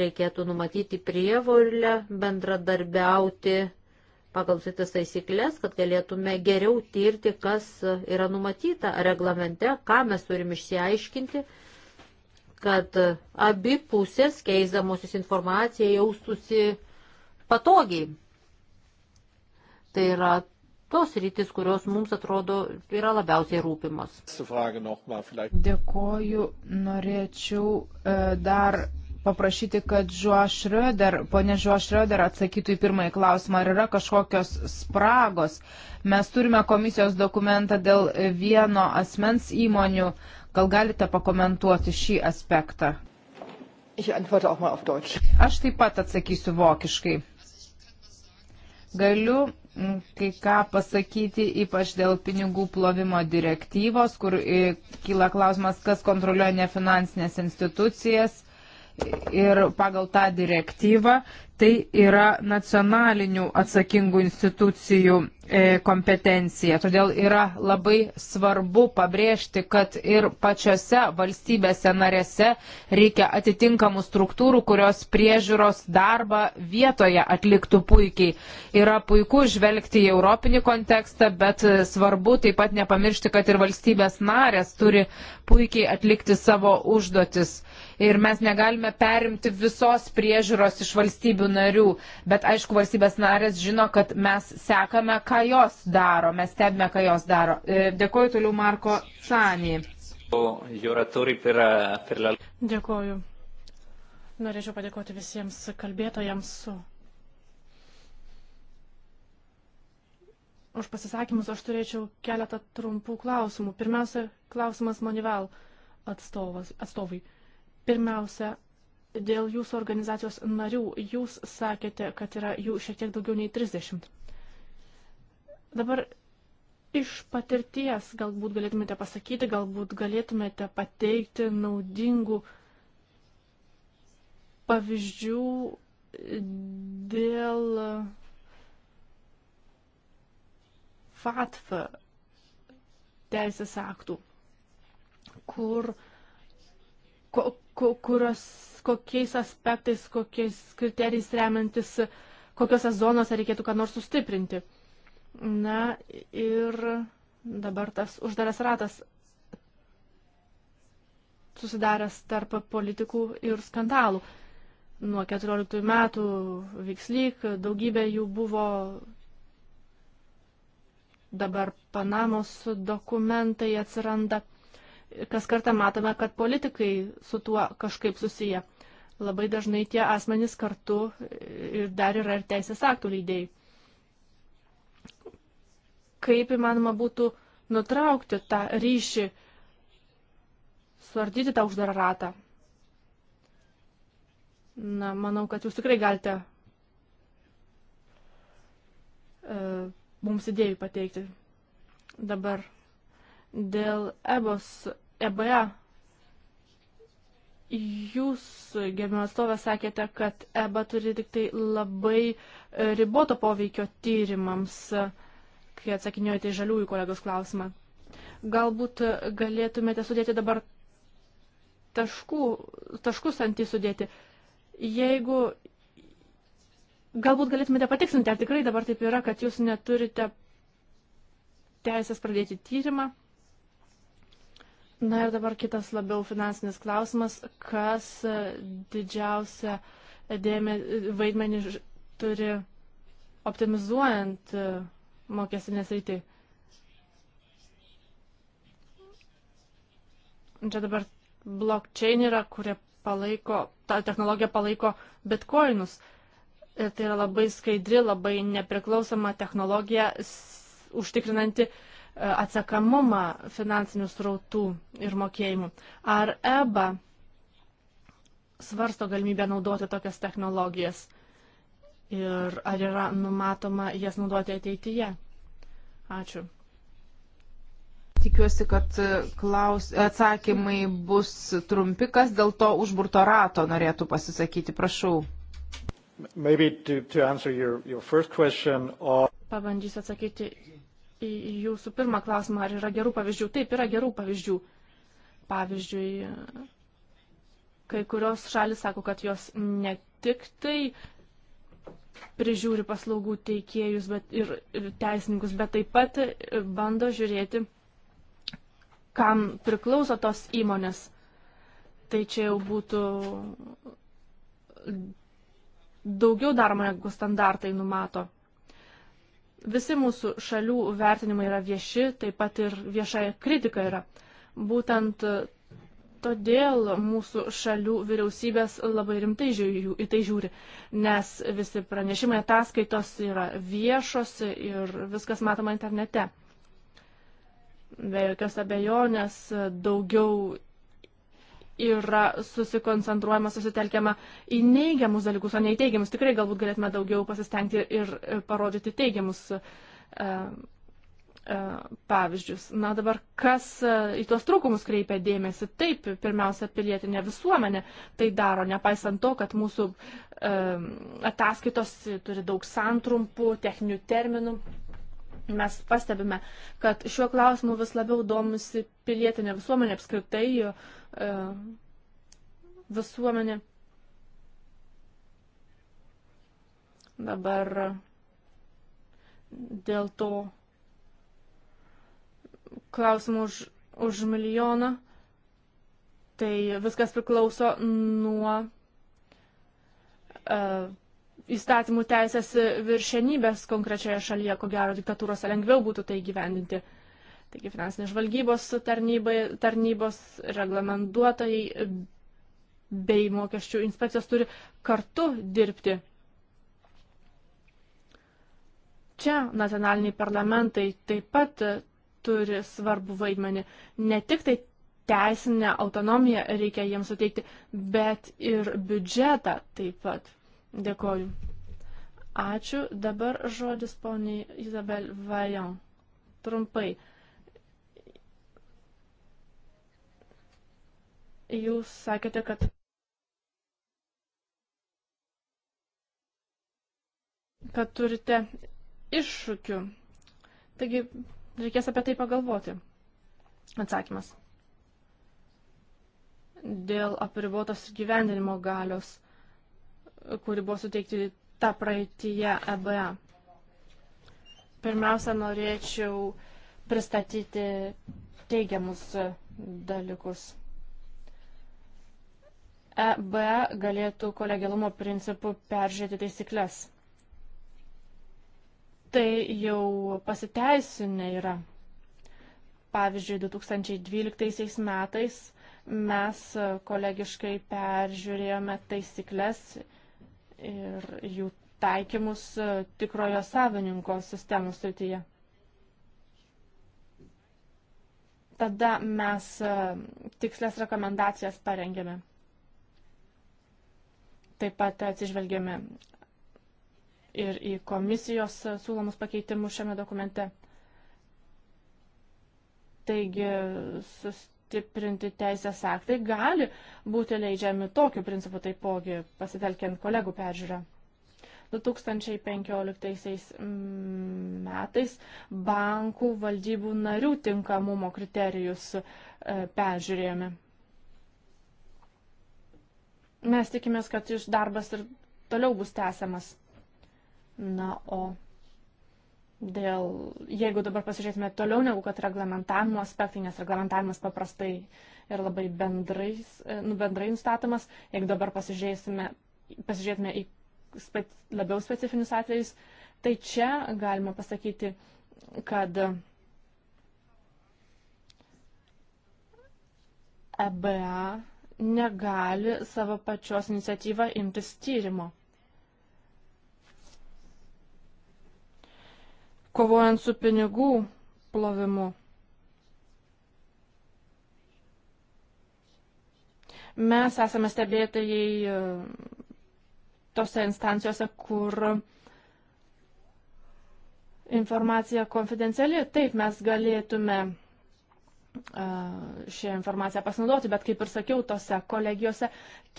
reikėtų numatyti prievolę bendradarbiauti pagal šitas taisyklės, kad galėtume geriau tirti, kas yra numatyta reglamente, ką mes turim išsiaiškinti, kad abi pusės keisdamosis informaciją jaustusi patogiai. Tai yra tos rytis, kurios mums atrodo yra labiausiai rūpimos. Dėkoju, norėčiau e, dar paprašyti, kad Šrioder, ponė Žuo Šrioder atsakytų į pirmąjį klausimą, ar yra kažkokios spragos. Mes turime komisijos dokumentą dėl vieno asmens įmonių. Gal galite pakomentuoti šį aspektą? Aš taip pat atsakysiu vokiškai. Galiu mm, kai ką pasakyti, ypač dėl pinigų plovimo direktyvos, kur e, kyla klausimas, kas kontroliuoja nefinansinės institucijas ir pagal tą direktyvą tai yra nacionalinių atsakingų institucijų e, kompetencija. Todėl yra labai svarbu pabrėžti, kad ir pačiose valstybėse narėse reikia atitinkamų struktūrų, kurios priežiūros darbą vietoje atliktų puikiai. Yra puiku žvelgti į europinį kontekstą, bet svarbu taip pat nepamiršti, kad ir valstybės narės turi puikiai atlikti savo užduotis. Ir mes negalime perimti visos priežiūros iš valstybių narių. Bet aišku, valstybės narės žino, kad mes sekame, ką jos daro, mes stebime, ką jos daro. E, Dėkuoju toliau Marko Cani. Dėkuoju. Norėčiau padėkoti visiems kalbėtojams su. Už pasisakymus aš turėčiau keletą trumpų klausimų. Pirmiausia, klausimas Monival atstovas, atstovai. Pirmiausia, dėl jūsų organizacijos narių. Jūs sakėte, kad yra jų šiek tiek daugiau nei 30. Dabar iš patirties galbūt galėtumėte pasakyti, galbūt galėtumėte pateikti naudingų pavyzdžių dėl FATF teisės aktų, kur ko, kurios, kokiais aspektais, kokiais kriterijais remiantis, kokiuose zonose reikėtų ką nors sustiprinti. Na ir dabar tas uždaras ratas susidaręs tarp politikų ir skandalų. Nuo 14 metų vykslyk, daugybė jų buvo dabar Panamos dokumentai atsiranda kas kartą matome, kad politikai su tuo kažkaip susiję. Labai dažnai tie asmenys kartu ir dar yra ir teisės aktų leidėjai. Kaip įmanoma būtų nutraukti tą ryšį, suardyti tą uždarą ratą? Na, manau, kad jūs tikrai galite uh, mums idėjų pateikti. Dabar dėl EBOS EBA, jūs, gerbiamas atstovė, sakėte, kad EBA turi tik tai labai e, riboto poveikio tyrimams, e, kai atsakinėjote į žaliųjų kolegos klausimą. Galbūt e, galėtumėte sudėti dabar taškų, taškus ant jį sudėti. Jeigu galbūt galėtumėte patiksinti, ar tikrai dabar taip yra, kad jūs neturite teisės pradėti tyrimą. Na ir dabar kitas labiau finansinis klausimas, kas e, didžiausia dėmė, vaidmenį turi optimizuojant e, mokestinės rytį. Čia dabar blockchain yra, kurie palaiko, ta technologija palaiko bitkoinus. Ir tai yra labai skaidri, labai nepriklausoma technologija užtikrinanti uh, atsakamumą finansinių srautų ir mokėjimų. Ar EBA svarsto galimybę naudoti tokias technologijas ir ar yra numatoma jas naudoti ateityje? Ačiū. Tikiuosi, kad e, klaus, atsakymai bus trumpi, kas dėl to užburto rato norėtų pasisakyti. Prašau. To, to your, your or... Uh, Pabandysiu atsakyti į jūsų pirmą klausimą, ar yra gerų pavyzdžių. Taip, yra gerų pavyzdžių. Pavyzdžiui, kai kurios šalis sako, kad jos ne tik tai prižiūri paslaugų teikėjus bet ir teisininkus, bet taip pat bando žiūrėti, kam priklauso tos įmonės. Tai čia jau būtų daugiau daroma, negu standartai numato. Visi mūsų šalių vertinimai yra vieši, taip pat ir viešoje kritika yra. Būtent e, todėl mūsų šalių vyriausybės labai rimtai žiūri, į tai žiūri, nes visi pranešimai ataskaitos yra viešos ir viskas matoma internete. Be jokios abejonės daugiau yra susikoncentruojama, susitelkiama į neigiamus dalykus, o ne į teigiamus. Tikrai galbūt galėtume daugiau pasistengti ir e, parodyti teigiamus e, e, pavyzdžius. Na dabar, kas e, į tuos trūkumus kreipia dėmesį? Taip, pirmiausia, pilietinė visuomenė tai daro, nepaisant to, kad mūsų e, ataskaitos turi daug santrumpų, techninių terminų. Mes pastebime, kad šiuo klausimu vis labiau domisi pilietinė visuomenė apskritai, e, visuomenė. Dabar dėl to klausimų už, už milijoną, tai viskas priklauso nuo e, įstatymų teisės viršenybės konkrečioje šalyje, ko gero diktatūrose lengviau būtų tai gyvendinti. Taigi finansinės žvalgybos tarnybai, tarnybos reglamentuotojai bei mokesčių inspekcijos turi kartu dirbti. Čia nacionaliniai parlamentai taip pat turi svarbu vaidmenį. Ne tik tai teisinę autonomiją reikia jiems suteikti, bet ir biudžetą taip pat. Dėkoju. Ačiū. Dabar žodis poniai Izabel Vajan. Trumpai. Jūs sakėte, kad. kad turite iššūkių. Taigi reikės apie tai pagalvoti. Atsakymas. Dėl apribotos gyvendinimo galios kuri buvo suteikti tą praeitįje EBA. Pirmiausia, norėčiau pristatyti teigiamus dalykus. EBA galėtų kolegialumo principų peržiūrėti taisyklės. Tai jau pasiteisinę yra. Pavyzdžiui, 2012 metais mes kolegiškai peržiūrėjome taisyklės ir jų taikymus e, tikrojo savininko sistemų srityje. Tada mes e, tikslės rekomendacijas parengėme. Taip pat atsižvelgėme ir į komisijos siūlomus pakeitimus šiame dokumente. Taigi, sus, sustiprinti teisės aktai gali būti leidžiami tokiu principu taipogi pasitelkiant kolegų peržiūrą. 2015 mm, metais bankų valdybų narių tinkamumo kriterijus e, peržiūrėjome. Mes tikimės, kad iš darbas ir toliau bus tęsiamas. Na, o dėl, jeigu dabar pasižiūrėsime toliau negu kad reglamentavimo aspektai, nes reglamentavimas paprastai ir labai bendrais, e, nu, bendrai nustatomas, jeigu dabar pasižiūrėsime, pasižiūrėtume į spec, labiau specifinius atvejus, tai čia galima pasakyti, kad EBA negali savo pačios iniciatyvą imtis tyrimo. kovojant su pinigų plovimu. Mes esame stebėtojai e, tose instancijose, kur informacija konfidenciali. Taip, mes galėtume e, šią informaciją pasinaudoti, bet kaip ir sakiau, tose kolegijose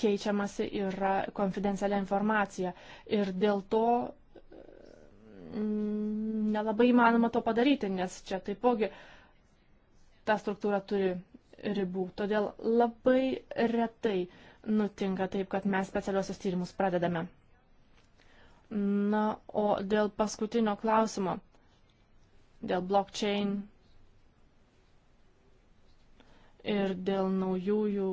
keičiamasi yra konfidencialia informacija. Ir dėl to nelabai įmanoma to padaryti, nes čia taipogi ta struktūra turi ribų. Todėl labai retai nutinka taip, kad mes specialiosios tyrimus pradedame. Na, o dėl paskutinio klausimo, dėl blockchain ir dėl naujųjų,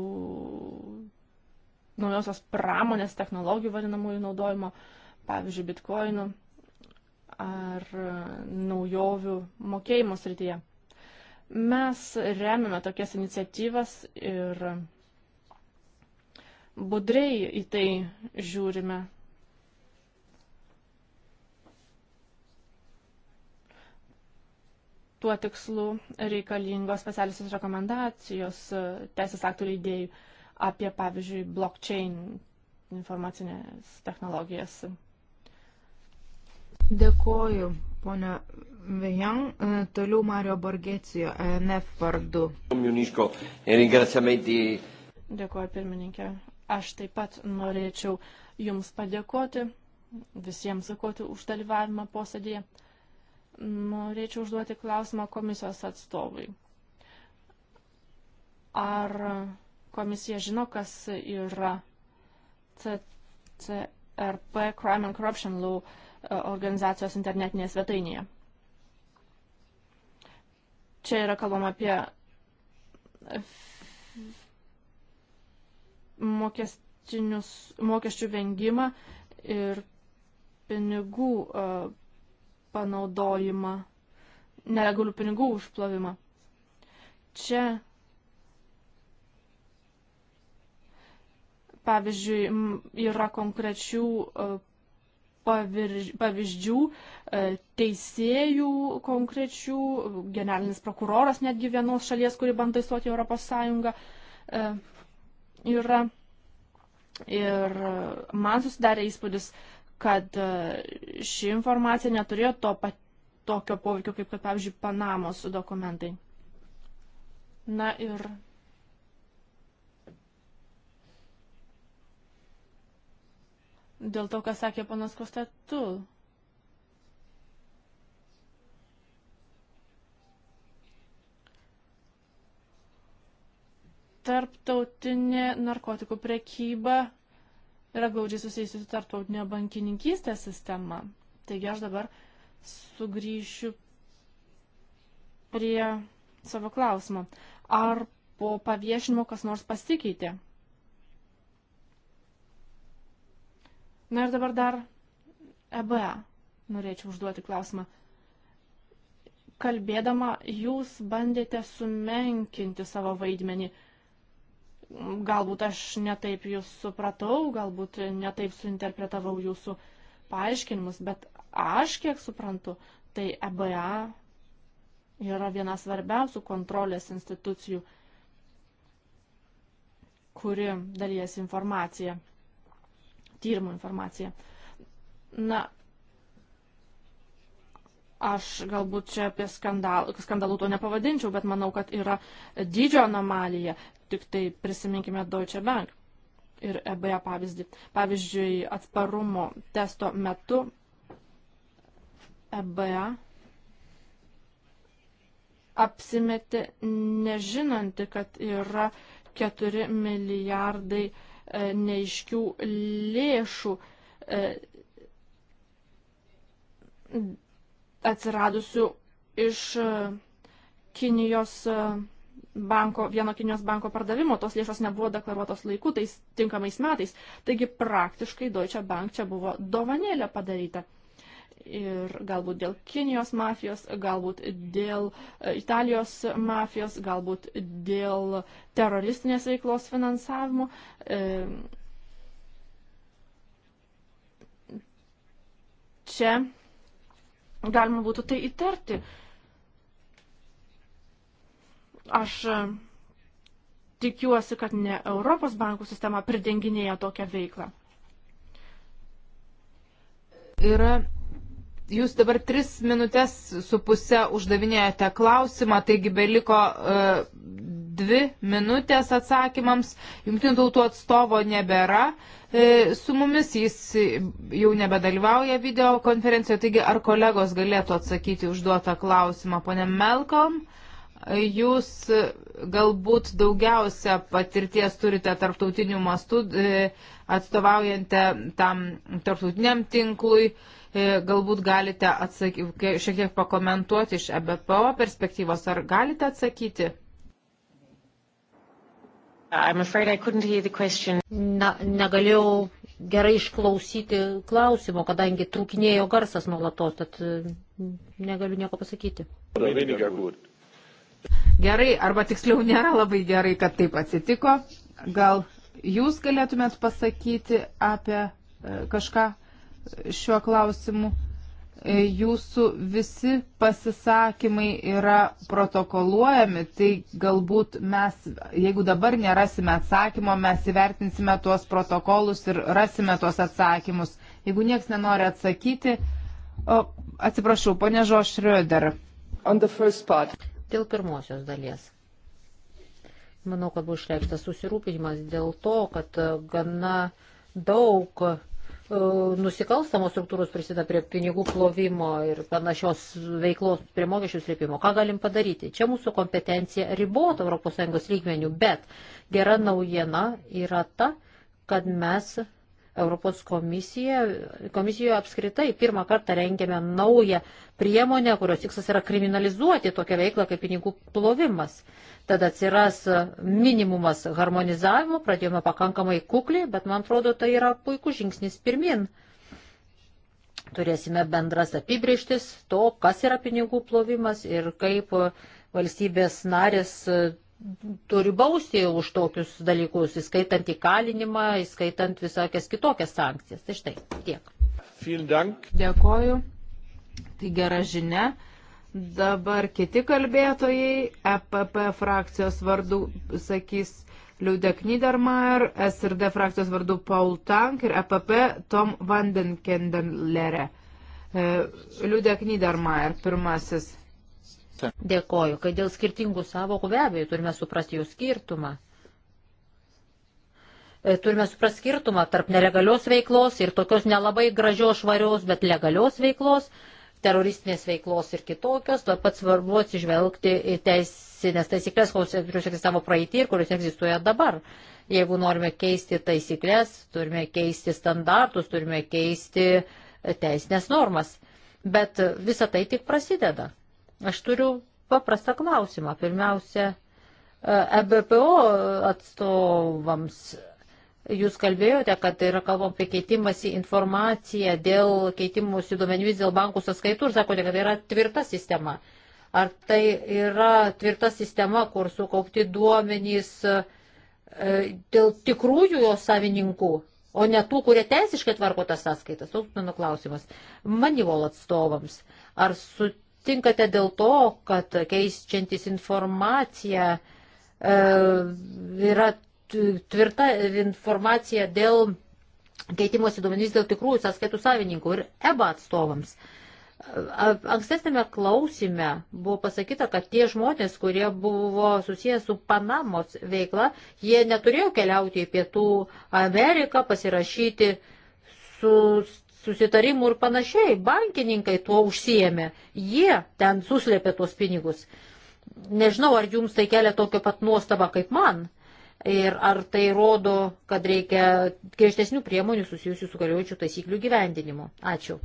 naujosios pramonės technologijų vadinamųjų naudojimo, pavyzdžiui, bitkoinų ar naujovių mokėjimo srityje. Mes remiame tokias iniciatyvas ir budriai į tai žiūrime. Tuo tikslu reikalingos specialisis rekomendacijos teisės aktų leidėjų apie, pavyzdžiui, blockchain informacinės technologijas Dėkoju, ponia Vejan, e, toliau Mario Borgecijo, e NF vardu. E, Dėkoju, pirmininkė. Aš taip pat norėčiau Jums padėkoti, visiems sakoti už dalyvavimą posėdėje. Norėčiau užduoti klausimą komisijos atstovui. Ar komisija žino, kas yra CRP Crime and Corruption Law? organizacijos internetinėje svetainėje. Čia yra kalbama apie mokesčių vengimą ir pinigų e, panaudojimą, nelegalių pinigų užplovimą. Čia, pavyzdžiui, yra konkrečių e, pavyzdžių e, teisėjų konkrečių, generalinis prokuroras netgi vienos šalies, kuri bando įstoti Europos Sąjungą, e, yra. Ir man susidarė įspūdis, kad e, ši informacija neturėjo to pat, tokio poveikio, kaip, kad, pavyzdžiui, Panamos dokumentai. Na ir dėl to, ką sakė ponas Kostetu. Tarptautinė narkotikų prekyba yra glaudžiai susijusi su tarptautinio bankininkystės sistema. Taigi aš dabar sugrįšiu prie savo klausimo. Ar po paviešinimo kas nors pasikeitė? Na ir dabar dar EBA norėčiau užduoti klausimą. Kalbėdama, jūs bandėte sumenkinti savo vaidmenį. Galbūt aš netaip jūs supratau, galbūt netaip suinterpretavau jūsų paaiškinimus, bet aš kiek suprantu, tai EBA yra viena svarbiausių kontrolės institucijų, kuri dalyjas informaciją tyrimų informacija. Na, aš galbūt čia apie skandalų, skandalų to nepavadinčiau, bet manau, kad yra dydžio anomalija. Tik tai prisiminkime Deutsche Bank ir EBA pavyzdį. Pavyzdžiui, atsparumo testo metu EBA apsimeti nežinanti, kad yra 4 milijardai eurų E, neiškių lėšų e, atsiradusių iš e, Kinijos banko, vieno Kinijos banko pardavimo, tos lėšos nebuvo deklaruotos laiku, tais tinkamais metais. Taigi praktiškai Deutsche Bank čia buvo dovanėlė padaryta ir galbūt dėl Kinijos mafijos, galbūt dėl e, Italijos mafijos, galbūt dėl teroristinės veiklos finansavimo. E, čia galima būtų tai įtarti. Aš e, tikiuosi, kad ne Europos bankų sistema pridenginėja tokią veiklą. Yra Jūs dabar tris minutės su pusę uždavinėjate klausimą, taigi beliko uh, dvi minutės atsakymams. Jungtinių tautų atstovo nebėra e, su mumis, jis jau nebedalyvauja video konferencijoje, taigi ar kolegos galėtų atsakyti užduotą klausimą, ponė Melkom? Jūs galbūt daugiausia patirties turite tarptautinių mastų, e, atstovaujate tam tarptautiniam tinklui. E, E, galbūt galite atsakyti, šiek tiek pakomentuoti iš EBPO perspektyvos. Ar galite atsakyti? Na, negalėjau gerai išklausyti klausimo, kadangi trūkinėjo garsas nuolatos, tad e, negaliu nieko pasakyti. Gerai, arba tiksliau nėra labai gerai, kad taip atsitiko. Gal jūs galėtumėt pasakyti apie e, kažką šiuo klausimu. E, jūsų visi pasisakymai yra protokoluojami, tai galbūt mes, jeigu dabar nerasime atsakymo, mes įvertinsime tuos protokolus ir rasime tuos atsakymus. Jeigu nieks nenori atsakyti, o, atsiprašau, ponė Žošriuder. Dėl pirmosios dalies. Manau, kad buvo išreikštas susirūpinimas dėl to, kad gana daug E, nusikalstamos struktūros prisideda prie pinigų plovimo ir panašios veiklos prie mokesčių slėpimo. Ką galim padaryti? Čia mūsų kompetencija ribota ES lygmenių, bet gera naujiena yra ta, kad mes Europos komisija, komisijoje apskritai pirmą kartą rengėme naują priemonę, kurios tikslas yra kriminalizuoti tokią veiklą kaip pinigų plovimas. Tada atsiras minimumas harmonizavimo, pradėjome pakankamai kukliai, bet man atrodo, tai yra puikus žingsnis pirmin. Turėsime bendras apibrieštis to, kas yra pinigų plovimas ir kaip valstybės narės turi bausti už tokius dalykus, įskaitant įkalinimą, įskaitant visokias kitokias sankcijas. Tai štai tiek. Dėkoju. Tai gera žinia. Dabar kiti kalbėtojai EPP frakcijos vardu sakys Liudek Niedermayer, SRD frakcijos vardu Paul Tank ir EPP Tom Vandenkendelere. E, Liudek Niedermayer pirmasis. Dėkoju, kad dėl skirtingų savokų be abejo turime suprasti jų skirtumą. E, turime suprasti skirtumą tarp nelegalios veiklos ir tokios nelabai gražios, švarios, bet legalios veiklos, teroristinės veiklos ir kitokios. Tuo pat svarbu atsižvelgti į teisinės taisyklės, kurios egzistavo praeitį ir kurios egzistuoja dabar. Jeigu norime keisti taisyklės, turime keisti standartus, turime keisti teisinės normas. Bet visa tai tik prasideda. Aš turiu paprastą klausimą. Pirmiausia, EBPO e atstovams Jūs kalbėjote, kad yra kalbam apie keitimąsi informaciją dėl keitimus į duomenimis dėl bankų sąskaitų ir sakote, kad tai yra tvirta sistema. Ar tai yra tvirta sistema, kur sukaupti duomenys e, dėl tikrųjų jos savininkų, o ne tų, kurie teisiškai tvarko tas sąskaitas? Toks mano klausimas. Manivol atstovams. Ar su sutinkate dėl to, kad keičiantis informacija e, yra tvirta informacija dėl keitimosi duomenys dėl tikrųjų sąskaitų savininkų ir EBA atstovams. Ankstesnėme klausime buvo pasakyta, kad tie žmonės, kurie buvo susijęs su Panamos veikla, jie neturėjo keliauti į Pietų Ameriką, pasirašyti su susitarimų ir panašiai. Bankininkai tuo užsijėmė, jie ten suslėpė tuos pinigus. Nežinau, ar jums tai kelia tokią pat nuostabą kaip man. Ir ar tai rodo, kad reikia griežtesnių priemonių susijusių su galiojančių taisyklių gyvendinimu? Ačiū.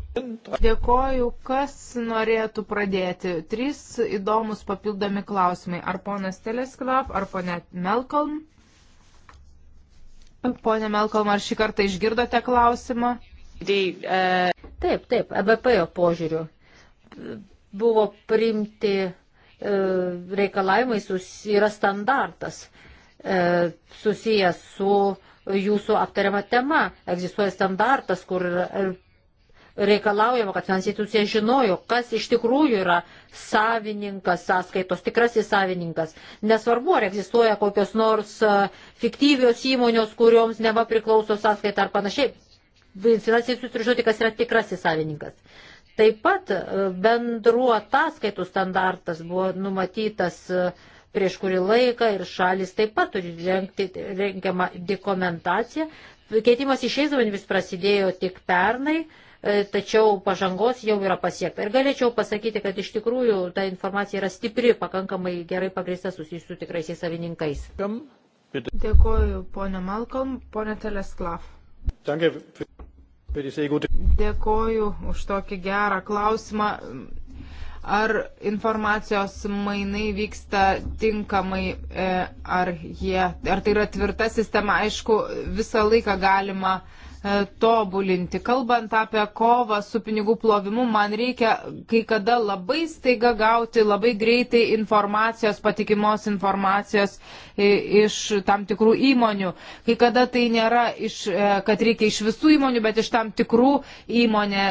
Dėkoju. Kas norėtų pradėti? Trys įdomus papildomi klausimai. Ar ponas Telesklav, ar ponė Melkalm? Pone Melkalm, ar šį kartą išgirdote klausimą? Uh, taip, taip, EBP jo požiūriu buvo priimti e, reikalavimai, sus, yra standartas e, susijęs su jūsų aptariama tema. Egzistuoja standartas, kur e, reikalaujama, kad finansų institucija žinojo, kas iš tikrųjų yra savininkas sąskaitos, tikrasis savininkas. Nesvarbu, ar egzistuoja kokios nors e, fiktyvios įmonios, kurioms neva priklauso sąskaita ar panašiai finansinės institucijos žinoti, kas yra tikrasis savininkas. Taip pat e, bendruo ataskaitų standartas buvo numatytas e, prieš kurį laiką ir šalis taip pat turi rengti rengiamą dokumentaciją. Keitimas išeizvanimis prasidėjo tik pernai, e, tačiau pažangos jau yra pasiekta. Ir galėčiau pasakyti, kad iš tikrųjų ta informacija yra stipri, pakankamai gerai pagrįsta susijusiu tikraisiais savininkais. Dėkuoju, ponė Malcolm, ponė Telesklav. Dėkoju už tokį gerą klausimą. Ar informacijos mainai vyksta tinkamai, e, ar, jie, ar tai yra tvirta sistema? Aišku, visą laiką galima uh, E, tobulinti. Kalbant apie kovą su pinigų plovimu, man reikia kai kada labai staiga gauti labai greitai informacijos, patikimos informacijos iš tam tikrų įmonių. Kai kada tai nėra, iš, e, kad reikia iš visų įmonių, bet iš tam tikrų įmonė,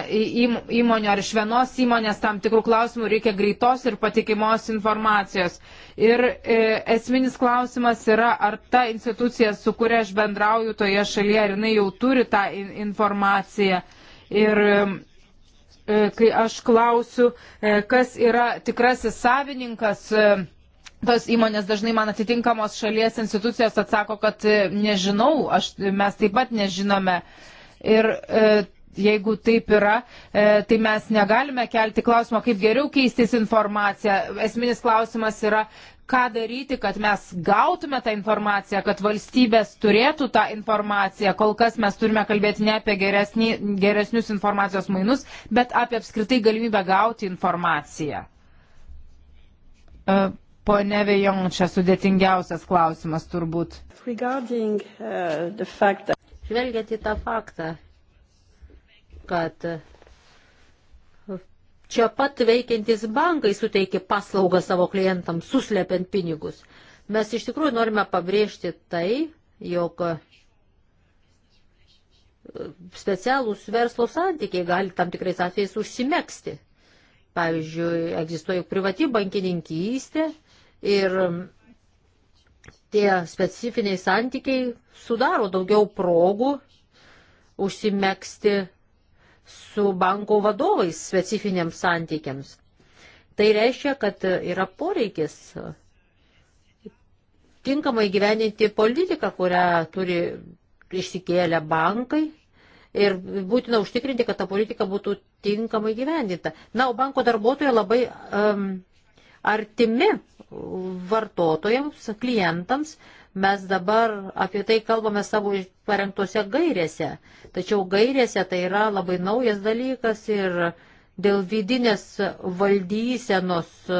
įmonių ar iš vienos įmonės tam tikrų klausimų reikia greitos ir patikimos informacijos. Ir e, esminis klausimas yra, ar ta institucija, su kuria aš bendrauju toje šalyje, ar jinai jau turi tą tą informaciją. Ir e, kai aš klausiu, e, kas yra tikrasis savininkas, e, tos įmonės dažnai man atitinkamos šalies institucijos atsako, kad nežinau, aš, mes taip pat nežinome. Ir jeigu taip yra, tai mes negalime kelti klausimo, kaip geriau keistis informaciją. Esminis klausimas yra, ką daryti, kad mes gautume tą informaciją, kad valstybės turėtų tą informaciją. Kol kas mes turime kalbėti ne apie geresnį, geresnius informacijos mainus, bet apie apskritai galimybę gauti informaciją. E, pone Vejong, čia sudėtingiausias klausimas turbūt. Uh, Žvelgiant į tą faktą, kad Čia pat veikiantis bankai suteikia paslaugą savo klientams, suslepiant pinigus. Mes iš tikrųjų norime pabrėžti tai, jog e, specialūs verslo santykiai gali tam tikrais atvejais užsimėgsti. Pavyzdžiui, egzistuoja privati bankininkystė ir tie specifiniai santykiai sudaro daugiau progų užsimėgsti su banko vadovais specifiniams santykiams. Tai reiškia, kad yra poreikis tinkamai gyveninti politiką, kurią turi išsikėlę bankai ir būtina užtikrinti, kad ta politika būtų tinkamai gyvendinta. Na, o banko darbuotojai labai um, artimi vartotojams, klientams, Mes dabar apie tai kalbame savo parengtose gairėse, tačiau gairėse tai yra labai naujas dalykas ir dėl vidinės valdysenos e,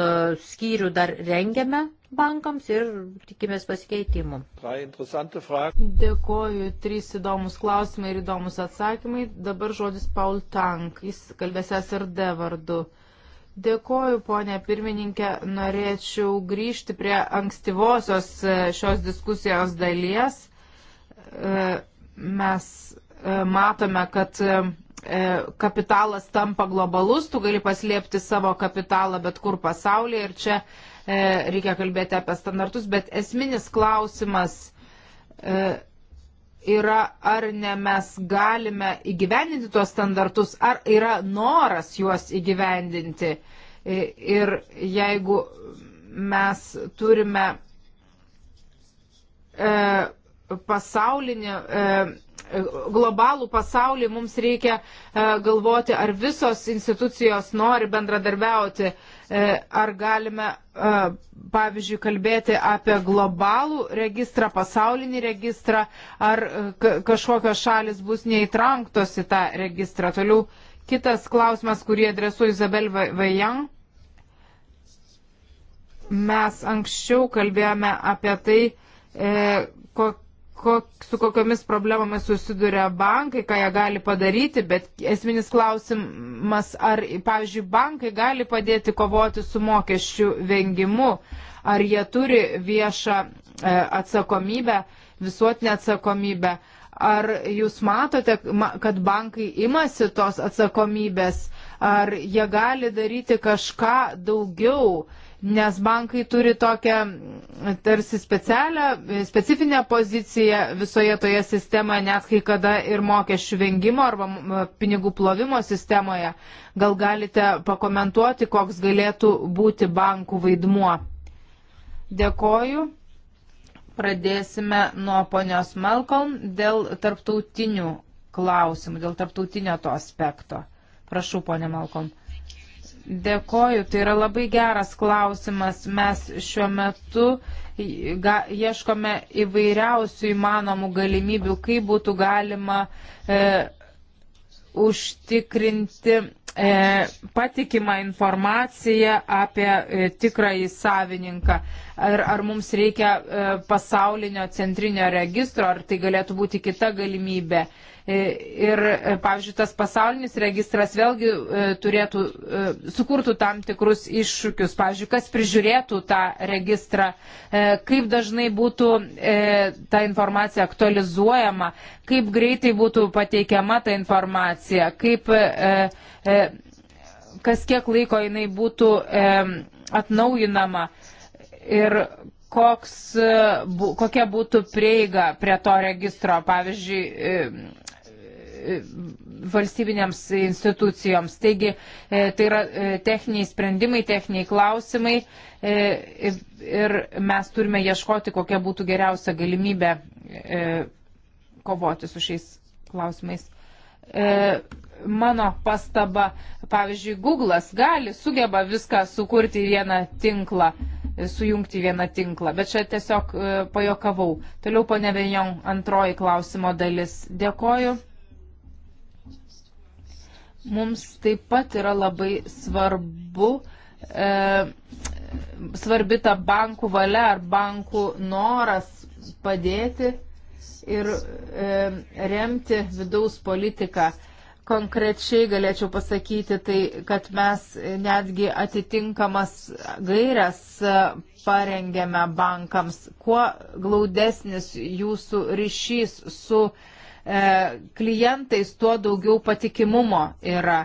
skyrių dar rengiame bankams ir tikimės pasikeitimų. Dėkoju, trys įdomus klausimai ir įdomus atsakymai. Dabar žodis Paul Tank, jis kalbės SRD vardu. Uh, Dėkoju, ponė pirmininkė. Norėčiau grįžti prie ankstyvosios e, šios diskusijos dalies. E, mes e, matome, kad kapitalas tampa globalus, tu gali paslėpti savo kapitalą bet kur pasaulyje ir čia reikia kalbėti apie standartus, bet esminis klausimas yra, ar ne mes galime įgyvendinti tuos standartus, ar yra noras juos įgyvendinti. Ir jeigu mes turime e, pasaulinį e, globalų pasaulį mums reikia e, galvoti, ar visos institucijos nori bendradarbiauti. E, ar galime, e, pavyzdžiui, kalbėti apie globalų registrą, pasaulinį registrą, ar e, kažkokios šalis bus neįtranktos į tą registrą? Toliau kitas klausimas, kurį adresuoju Izabel Vajan. Mes anksčiau kalbėjome apie tai, kokia kok, su kokiamis problemomis susiduria bankai, ką jie gali padaryti, bet esminis klausimas, ar, pavyzdžiui, bankai gali padėti kovoti su mokesčių vengimu, ar jie turi viešą e, atsakomybę, visuotinę atsakomybę, ar jūs matote, kad bankai imasi tos atsakomybės, ar jie gali daryti kažką daugiau nes bankai turi tokią mm, tarsi specialią, specifinę poziciją visoje toje sistemoje, net kai kada ir mokesčių vengimo arba mm, e, pinigų plovimo sistemoje. Gal galite pakomentuoti, koks galėtų būti bankų vaidmuo? Dėkoju. Pradėsime nuo ponios Malcolm dėl tarptautinių klausimų, dėl tarptautinio to aspekto. Prašau, ponė Malcolm. Dėkoju, tai yra labai geras klausimas. Mes šiuo metu ieškome įvairiausių įmanomų galimybių, kaip būtų galima e, užtikrinti e, patikimą informaciją apie e, tikrąjį savininką. Ar, ar mums reikia e, pasaulinio centrinio registro, ar tai galėtų būti kita galimybė. E, E, ir, e, pavyzdžiui, tas pasaulinis registras vėlgi e, turėtų sukurtų tam tikrus iššūkius. Pavyzdžiui, kas prižiūrėtų tą registrą, kaip dažnai būtų ta informacija aktualizuojama, kaip greitai būtų pateikiama ta informacija, kaip kas kiek laiko jinai būtų atnaujinama. Ir koks, bu, kokia būtų prieiga prie to registro. Pavyzdžiui, valstybinėms institucijoms. Taigi e, tai yra e, techniniai sprendimai, techniniai klausimai e, ir mes turime ieškoti, kokia būtų geriausia galimybė kovoti su šiais klausimais mano pastaba, pavyzdžiui, Google'as gali, sugeba viską sukurti į vieną tinklą, sujungti į vieną tinklą, bet čia tiesiog pajokavau. Toliau, ponė Venjon, antroji klausimo dalis. Dėkoju mums taip pat yra labai svarbu, e, svarbi ta bankų valia ar bankų noras padėti ir e, remti vidaus politiką. Konkrečiai galėčiau pasakyti, tai, kad mes netgi atitinkamas gairias parengėme bankams, kuo glaudesnis jūsų ryšys su e, E, klientais, tuo daugiau patikimumo yra.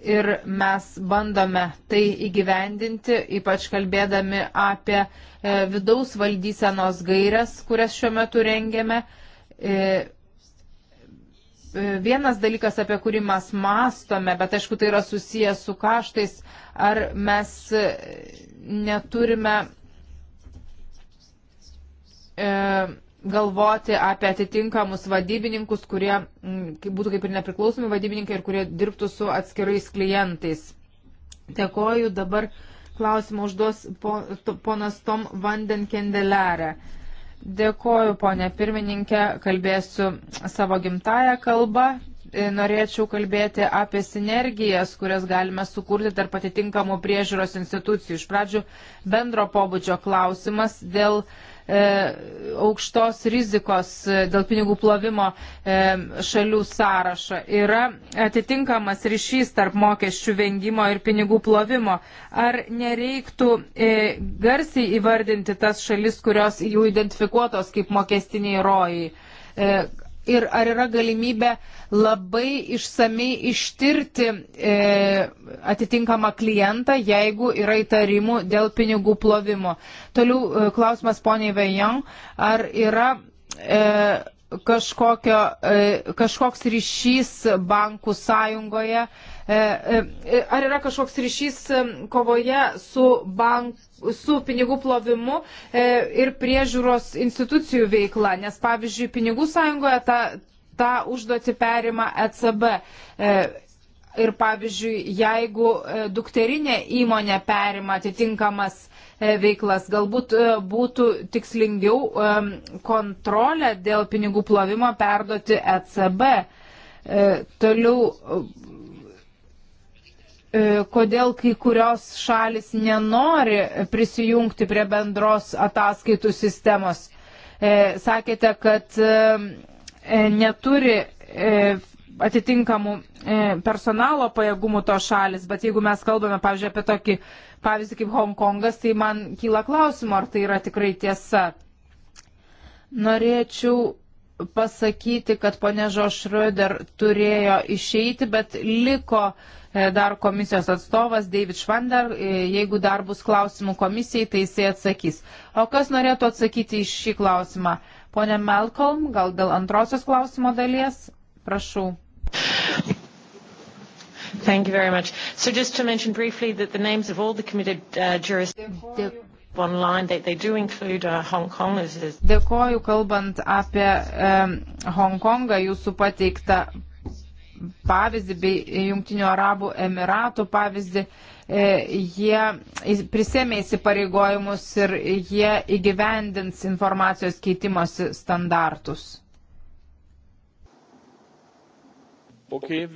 Ir mes bandome tai įgyvendinti, ypač kalbėdami apie e, vidaus valdysenos gairias, kurias šiuo metu rengėme. E, vienas dalykas, apie kurį mes mastome, bet aišku, tai yra susijęs su kaštais, ar mes neturime e, galvoti apie atitinkamus vadybininkus, kurie mm, būtų kaip ir nepriklausomi vadybininkai ir kurie dirbtų su atskirais klientais. Dėkoju, dabar klausimą užduos ponas Tom Vandenkendelerė. Dėkoju, ponė pirmininkė, kalbėsiu savo gimtają kalbą. E, norėčiau kalbėti apie sinergijas, kurias galime sukurti tarp atitinkamų priežiūros institucijų. Iš pradžių bendro pobūdžio klausimas dėl uh, E, aukštos rizikos e, dėl pinigų plovimo e, šalių sąrašą. Yra atitinkamas ryšys tarp mokesčių vengimo ir pinigų plovimo. Ar nereiktų garsiai įvardinti tas šalis, kurios jau identifikuotos kaip mokestiniai rojai? ir ar yra galimybė labai išsamei ištirti e, atitinkamą klientą, jeigu yra įtarimų dėl pinigų plovimo. Toliau e, klausimas poniai Vejan, ar yra e, kažkokio, e, kažkoks ryšys bankų sąjungoje E, e, ar yra kažkoks ryšys e, kovoje su, bank, su pinigų plovimu ir priežiūros institucijų veikla? Nes, pavyzdžiui, pinigų sąjungoje tą, tą užduotį perima ECB. Ir pavyzdžiui, jeigu dukterinė įmonė perima atitinkamas veiklas, galbūt būtų tikslingiau kontrolę dėl pinigų plovimo perduoti ECB. Toliau E, kodėl kai kurios šalis nenori prisijungti prie bendros ataskaitų sistemos. E, sakėte, kad e, neturi atitinkamų personalo pajėgumų to šalis, bet jeigu mes kalbame, pavyzdžiui, apie tokį pavyzdį kaip Hongkongas, tai man kyla klausimo, ar tai yra tikrai tiesa. Norėčiau pasakyti, kad ponė Žošröder turėjo išeiti, bet liko uh, E, dar komisijos atstovas David Švander, e, jeigu dar bus klausimų komisijai, tai jisai atsakys. O kas norėtų atsakyti į šį klausimą? Pone Malcolm, gal dėl antrosios klausimo dalies? Prašau. Thank you very much. So just to mention briefly that the names of all the committed uh, jurisdictions online, they, they do include uh, Hong Kong as is. Dėkoju, kalbant apie um, Hongkongą, jūsų pateiktą pavyzdį bei Jungtinių Arabų Emiratų pavyzdį, e, jie prisėmė įsipareigojimus ir jie įgyvendins informacijos keitimosi standartus. Okay,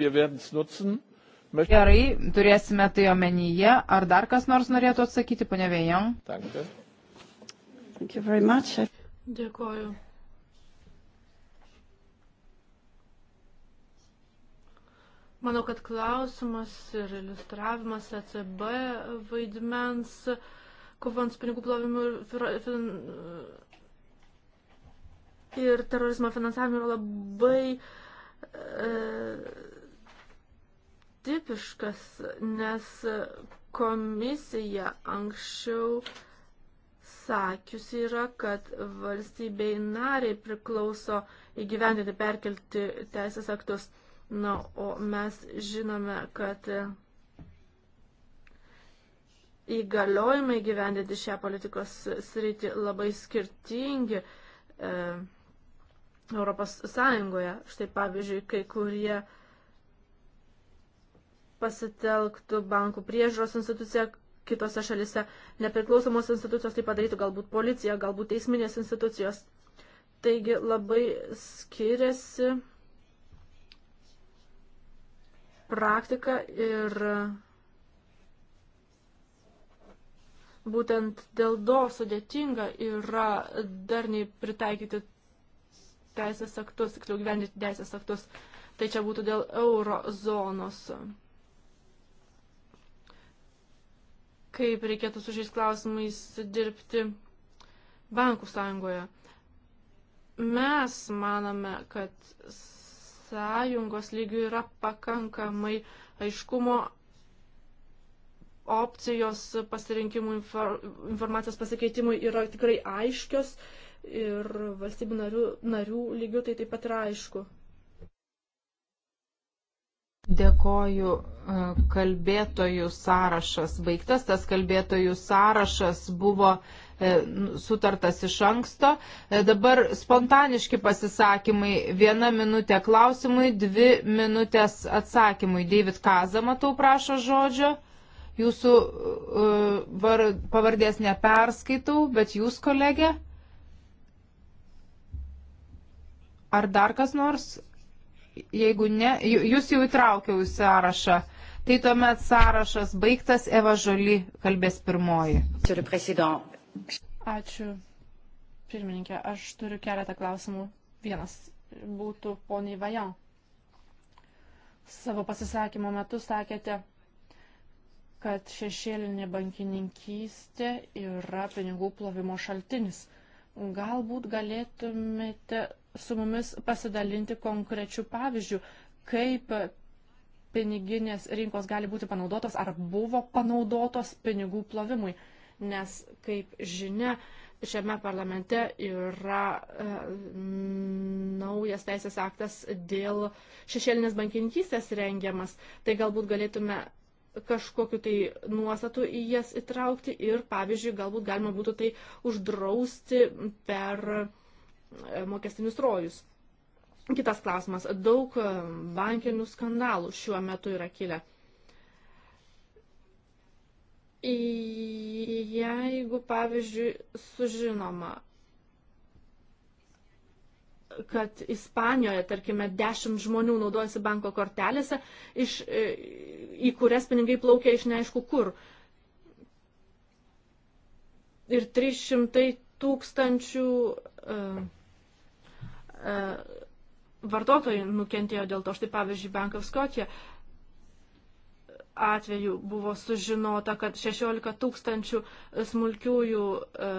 Gerai, turėsime tai omenyje. Ar dar kas nors norėtų atsakyti, ponia Vėjan? Dėkoju. Manau, kad klausimas ir iliustravimas ECB vaidmens, kovant su pinigų plovimu ir, fin, ir terorizmo finansavimu yra labai e, tipiškas, nes komisija anksčiau sakiusi yra, kad valstybei nariai priklauso įgyvendinti perkelti teisės aktus. Na, o mes žinome, kad įgaliojimai gyvendinti šią politikos sritį labai skirtingi e, Europos Sąjungoje. Štai pavyzdžiui, kai kurie pasitelktų bankų priežiūros instituciją, kitose šalise nepriklausomos institucijos tai padarytų, galbūt policija, galbūt teisminės institucijos. Taigi labai skiriasi praktiką ir būtent dėl to sudėtinga yra darniai pritaikyti teisės aktus, tiksliau gyvendyti teisės aktus. Tai čia būtų dėl eurozonos. Kaip reikėtų su šiais klausimais dirbti bankų sąjungoje? Mes maname, kad sąjungos lygių yra pakankamai aiškumo opcijos pasirinkimų informacijos pasikeitimui yra tikrai aiškios ir valstybių narių, narių lygių tai taip pat yra aišku. Dėkoju. E, kalbėtojų sąrašas baigtas. Tas kalbėtojų sąrašas buvo e, sutartas iš anksto. E, dabar spontaniški pasisakymai. Viena minutė klausimui, dvi minutės atsakymui. David Kaza, matau, prašo žodžio. Jūsų var, pavardės neperskaitau, bet jūs, kolegė. Ar dar kas nors? Jeigu ne, jūs jau įtraukiau į sąrašą. Tai tuomet sąrašas baigtas, Eva Žoli kalbės pirmoji. Ačiū, pirmininkė. Aš turiu keletą klausimų. Vienas būtų poniai Vajan. Savo pasisakymo metu sakėte, kad šešėlinė bankininkystė yra pinigų plovimo šaltinis. Galbūt galėtumėte su mumis pasidalinti konkrečių pavyzdžių, kaip piniginės rinkos gali būti panaudotos ar buvo panaudotos pinigų plovimui. Nes, kaip žinia, šiame parlamente yra e, naujas teisės aktas dėl šešėlinės bankininkystės rengiamas. Tai galbūt galėtume kažkokiu tai nuostatų į jas įtraukti ir, pavyzdžiui, galbūt galima būtų tai uždrausti per E, mokestinius rojus. Kitas klausimas. Daug e, bankinių skandalų šiuo metu yra kilę. Jeigu, pavyzdžiui, sužinoma, kad Ispanijoje, tarkime, dešimt žmonių naudojasi banko kortelėse, iš, e, į kurias pinigai plaukia iš neaišku kur. Ir 300 tūkstančių. Uh, E, vartotojai nukentėjo dėl to. Štai pavyzdžiui, Bank of Scotia atveju buvo sužinota, kad 16 tūkstančių smulkiųjų e,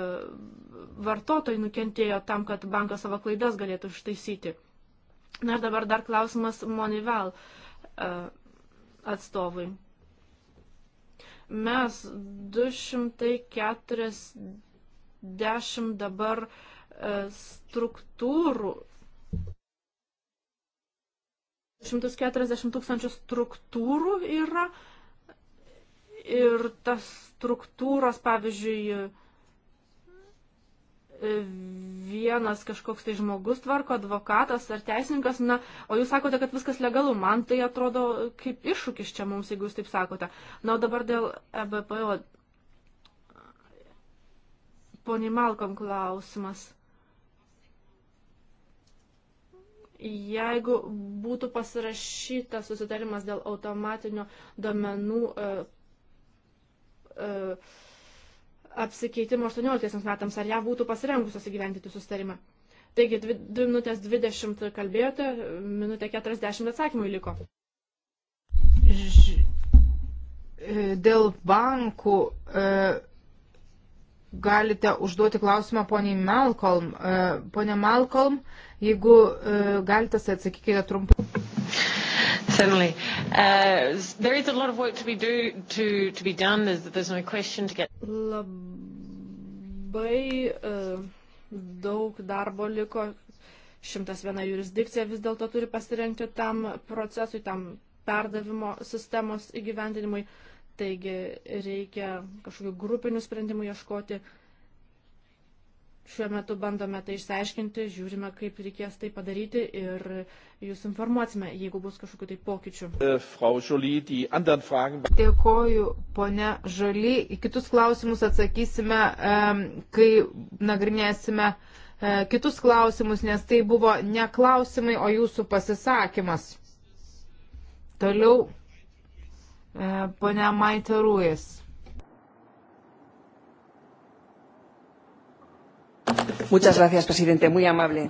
vartotojų nukentėjo tam, kad bankas savo klaidas galėtų ištaisyti. Na ir dabar dar klausimas Monival e, atstovui. Mes 240 dabar e, struktūrų 140 tūkstančių struktūrų yra ir tas struktūros, pavyzdžiui, vienas kažkoks tai žmogus tvarko, advokatas ar teisininkas, na, o jūs sakote, kad viskas legalu, man tai atrodo kaip iššūkis čia mums, jeigu jūs taip sakote. Na, o dabar dėl EBPO. Poni Malkom klausimas. Jeigu būtų pasirašytas susitarimas dėl automatinio domenų e, e, apsikeitimo 18 metams, ar ją būtų pasirengusios įgyventyti susitarimą? Taigi 2 dvi, minutės 20 kalbėjote, minutė 40 atsakymų liko. Ž... E, dėl bankų. E galite užduoti klausimą poniai Malcolm. E, pone Malcolm, jeigu e, galite, tai atsakykite trumpai. Certainly. Uh, there is a lot of work to be, do, to, to be done. There's, there's no question to get. Labai uh, daug darbo liko. 101 jurisdikcija vis dėlto turi pasirengti tam procesui, tam perdavimo sistemos įgyvendinimui. Uh, Taigi reikia kažkokių grupinių sprendimų ieškoti. Šiuo metu bandome tai išsiaiškinti, žiūrime, kaip reikės tai padaryti ir jūs informuosime, jeigu bus kažkokių tai pokyčių. Äh, Dėkoju, ponia Žaly. Į kitus klausimus atsakysime, kai nagrinėsime e, kitus klausimus, nes tai buvo ne klausimai, o jūsų pasisakymas. Toliau E, Pane Maita Ruijas. Muchas gracias, presidente. Muy amable.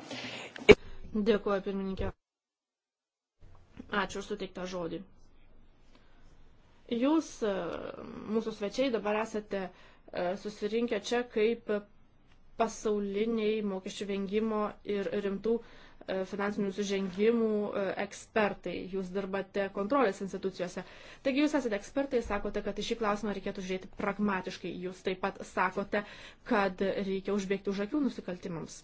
Dėkuoju, pirmininkė. Ačiū už suteiktą žodį. Jūs, e, mūsų svečiai, dabar esate e, susirinkę čia kaip pasauliniai mokesčių vengimo ir rimtų uh, E, finansinių nusižengimų e, ekspertai, jūs dirbate kontrolės institucijose. Taigi jūs esate ekspertai, sakote, kad į šį klausimą reikėtų žiūrėti pragmatiškai. Jūs taip pat sakote, kad reikia užbėgti už akių nusikaltimams.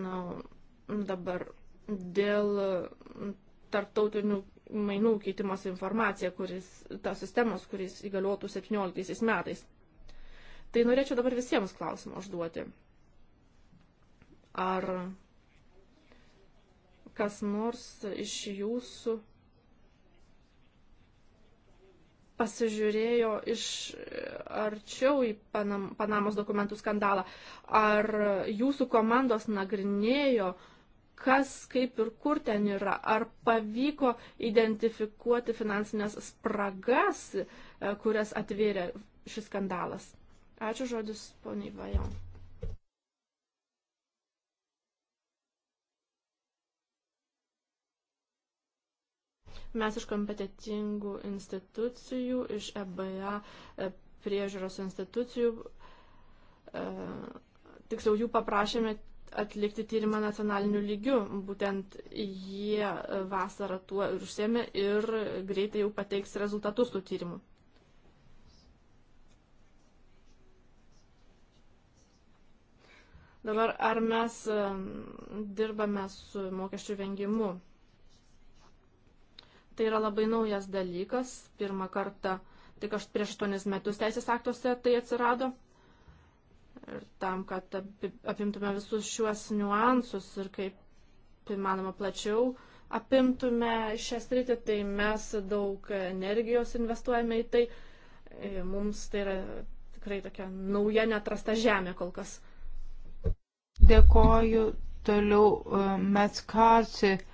Na, dabar dėl tarptautinių mainų keitimas informacija, kuris, ta sistemos, kuris įgaliotų 17 metais. Tai norėčiau dabar visiems klausimą užduoti. Ar kas nors iš jūsų pasižiūrėjo iš e, arčiau į Panam, Panamos dokumentų skandalą? Ar jūsų komandos nagrinėjo, kas, kaip ir kur ten yra? Ar pavyko identifikuoti finansinės spragas, e, kurias atvėrė šis skandalas? Ačiū žodis poniai Vajon. Mes iš kompetitingų institucijų, iš EBA e, priežiūros institucijų, e, tiksliau jų paprašėme atlikti tyrimą nacionaliniu lygiu. Būtent jie vasarą tuo ir užsėmė ir greitai jau pateiks rezultatus tų tyrimų. Dabar ar mes e, dirbame su mokesčių vengimu? Tai yra labai naujas dalykas. Pirmą kartą, tik aš prieš 8 metus teisės aktuose tai atsirado. Ir tam, kad apimtume visus šiuos niuansus ir kaip įmanoma plačiau apimtume šią sritį, tai mes daug energijos investuojame į tai. Mums tai yra tikrai tokia nauja netrasta žemė kol kas. Dėkoju toliau e, Metskarsi. Uh,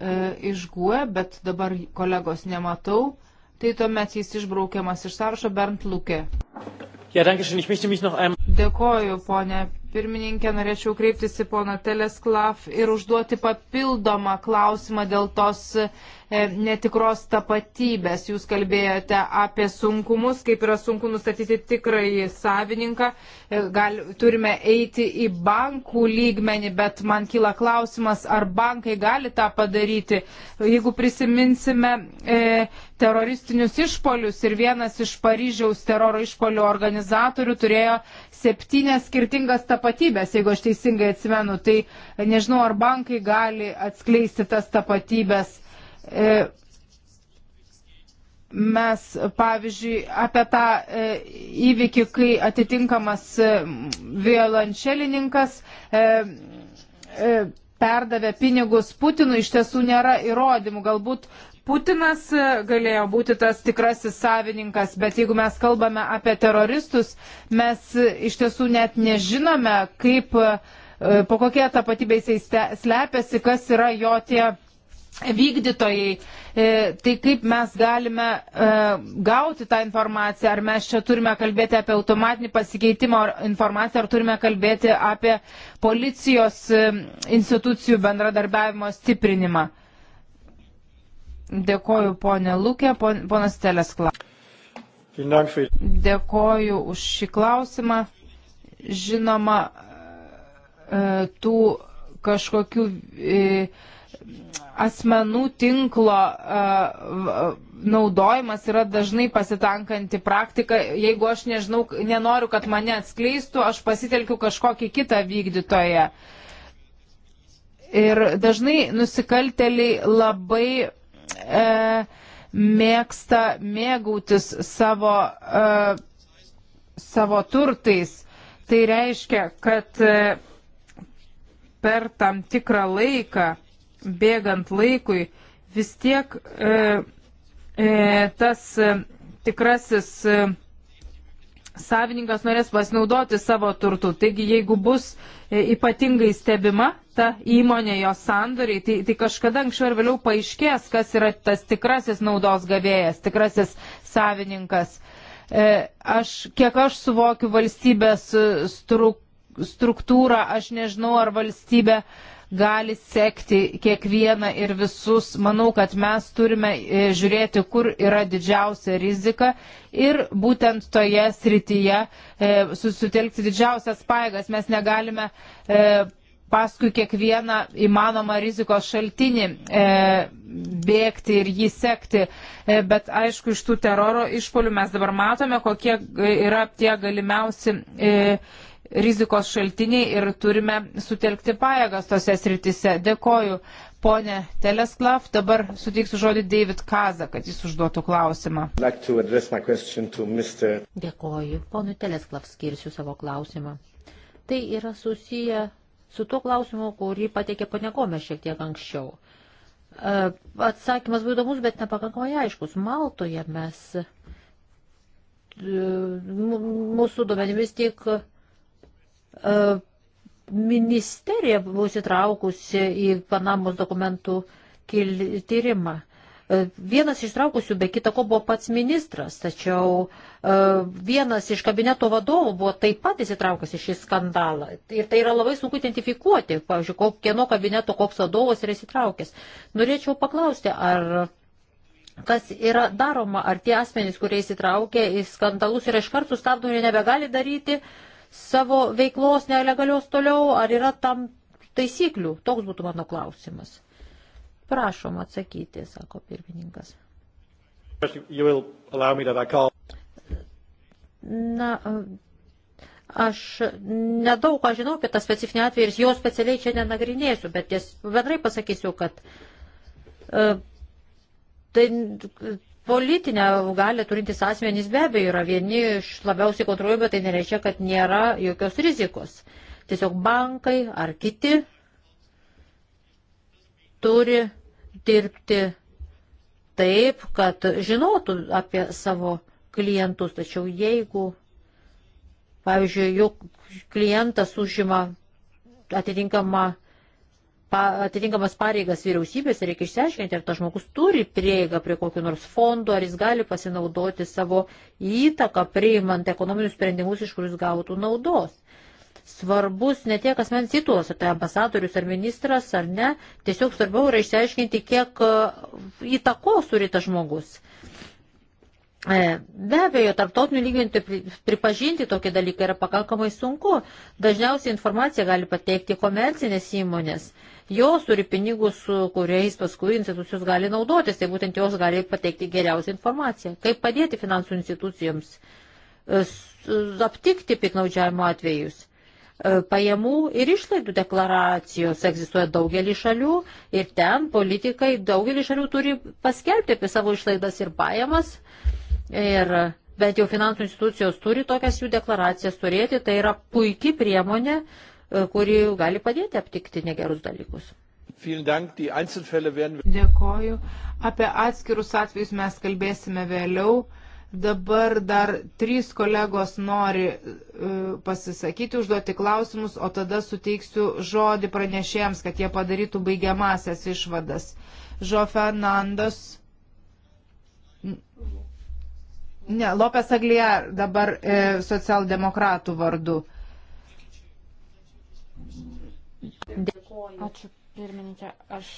E, išguoja, bet dabar kolegos nematau, tai tuomet jis išbraukiamas iš sąrašo Bernd Luke. Ja, einmal... Dėkoju, ponė pirmininkė, norėčiau kreiptis į poną Telesklav ir užduoti papildomą klausimą dėl tos E, netikros tapatybės. Jūs kalbėjote apie sunkumus, kaip yra sunku nustatyti tikrąjį savininką. E, gal, turime eiti į bankų lygmenį, bet man kyla klausimas, ar bankai gali tą padaryti. Jeigu prisiminsime e, teroristinius išpolius ir vienas iš Paryžiaus teroro išpolių organizatorių turėjo septynias skirtingas tapatybės, jeigu aš teisingai atsimenu, tai nežinau, ar bankai gali atskleisti tas tapatybės E, mes, pavyzdžiui, apie tą e, įvykį, kai atitinkamas e, violončelininkas perdavė pinigus Putinui, iš tiesų nėra įrodymų. Galbūt Putinas galėjo būti tas tikrasis savininkas, bet jeigu mes kalbame apie teroristus, mes iš tiesų net nežinome, kaip, po kokie tapatybės jis slepiasi, kas yra jo tie vykdytojai, e, tai kaip mes galime e, gauti tą informaciją, ar mes čia turime kalbėti apie automatinį pasikeitimą informaciją, ar turime kalbėti apie policijos e, institucijų bendradarbiavimo stiprinimą. Dėkoju ponė Lūkė, ponas Telės klausimas. Dėkoju už šį klausimą. Žinoma, tų kažkokių e, asmenų tinklo naudojimas yra dažnai pasitankanti praktika. Jeigu aš nežinau, nenoriu, kad mane atskleistų, aš pasitelkiu kažkokį kitą vykdytoją. Ir dažnai nusikalteliai labai e, mėgsta mėgautis savo, e, savo turtais. Tai reiškia, kad e, per tam tikrą laiką bėgant laikui vis tiek e, e, tas e, tikrasis e, savininkas norės pasinaudoti savo turtu. Taigi, jeigu bus e, ypatingai stebima ta įmonė, jos sandoriai, tai, tai kažkada anksčiau ar vėliau paaiškės, kas yra tas tikrasis naudos gavėjas, tikrasis savininkas. E, aš, kiek aš suvokiu valstybės e, struktūrą, aš nežinau, ar valstybė e, gali sekti kiekvieną ir visus. Manau, kad mes turime e, žiūrėti, kur yra didžiausia rizika ir būtent toje srityje e, susitelkti didžiausias paėgas. Mes negalime e, paskui kiekvieną įmanomą rizikos šaltinį e, bėgti ir jį sekti. E, bet aišku, iš tų teroro išpolių mes dabar matome, kokie yra tie galimiausi e, rizikos šaltiniai ir turime sutelkti pajėgas tose sritise. Dėkoju, ponė Telesklav. Dabar suteiksiu žodį David Kaza, kad jis užduotų klausimą. Like Dėkoju, ponui Telesklav skirsiu savo klausimą. Tai yra susiję su tuo klausimu, kurį pateikė panekome šiek tiek anksčiau. E, atsakymas buvo įdomus, bet nepakankamai aiškus. Maltoje mes e, mūsų duomenimis tik E, ministerija bus įtraukusi į Panamos dokumentų tyrimą. E, vienas iš traukusių, be kita ko, buvo pats ministras, tačiau e, vienas iš kabineto vadovų buvo taip pat įsitraukęs į šį skandalą. Ir tai yra labai sunku identifikuoti, pavyzdžiui, kok, kieno kabineto koks vadovas yra įsitraukęs. Norėčiau paklausti, ar kas yra daroma, ar tie asmenys, kurie įsitraukia į skandalus, yra iš karto sustabdomi ir nebegali daryti uh, savo veiklos nelegalios toliau, ar yra tam taisyklių? Toks būtų mano klausimas. Prašom atsakyti, sako pirmininkas. Na, aš nedaug ką žinau apie tą specifinį atvejį ir jo specialiai čia nenagrinėsiu, bet ties, bendrai pasakysiu, kad e, tai Politinę galę turintys asmenys be abejo yra vieni iš labiausiai kontroliuojų, bet tai nereiškia, kad nėra jokios rizikos. Tiesiog bankai ar kiti turi dirbti taip, kad žinotų apie savo klientus. Tačiau jeigu, pavyzdžiui, jų klientas užima atitinkamą pa, atitinkamas pareigas vyriausybės, reikia išsiaiškinti, ar tas žmogus turi prieigą prie kokiu nors fondu, ar jis gali pasinaudoti savo įtaką, priimant ekonominius sprendimus, iš kurius gautų naudos svarbus ne tiek asmens titulas, ar tai ambasadorius, ar ministras, ar ne, tiesiog svarbiau yra išsiaiškinti, kiek e, įtakos turi tas žmogus. E, be abejo, tarptautinių lygmenių tai pripažinti tokį dalyką yra pakankamai sunku. Dažniausiai informaciją gali pateikti komercinės įmonės. Jos turi pinigus, su kuriais paskui institucijos gali naudotis, tai būtent jos gali pateikti geriausią informaciją. Kaip padėti finansų institucijoms e, aptikti piknaudžiavimo atvejus? E, pajamų ir išlaidų deklaracijos egzistuoja daugelį šalių ir ten politikai daugelį šalių turi paskelbti apie savo išlaidas ir pajamas. Ir bet jau finansų institucijos turi tokias jų deklaracijas turėti, tai yra puikia priemonė, E, kuri gali padėti aptikti negerus dalykus. Dėkoju. Apie atskirus atvejus mes kalbėsime vėliau. Dabar dar trys kolegos nori e, pasisakyti, užduoti klausimus, o tada suteiksiu žodį pranešėjams, kad jie padarytų baigiamasias išvadas. Žo Fernandas. Ne, Lopes Aglija dabar e, socialdemokratų vardu. Dėkuoju. Ačiū pirmininkė. Aš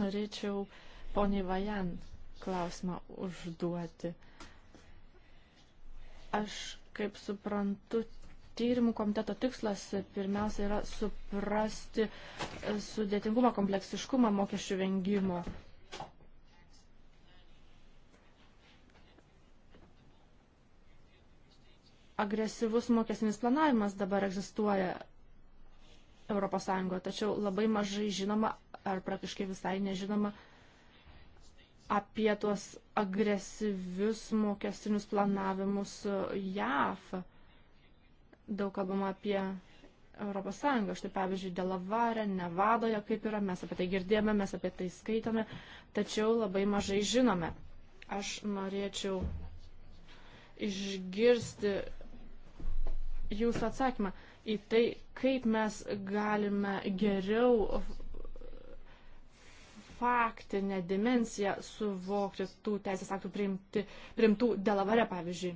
norėčiau poniai Vajan klausimą užduoti. Aš, kaip suprantu, tyrimų komiteto tikslas pirmiausia yra suprasti e, sudėtingumą, kompleksiškumą mokesčių vengimo. Agresyvus mokesinis planavimas dabar egzistuoja ES, tačiau labai mažai žinoma ar praktiškai visai nežinoma apie tuos agresyvius mokestinius planavimus JAF. Daug kalbama apie ES. Štai pavyzdžiui, Delavare, Nevadoje, kaip yra, mes apie tai girdėjome, mes apie tai skaitome, tačiau labai mažai žinome. Aš norėčiau išgirsti jūsų atsakymą į tai, kaip mes galime geriau faktinę dimenciją suvokti tų teisės aktų priimti, priimtų Delavare, pavyzdžiui.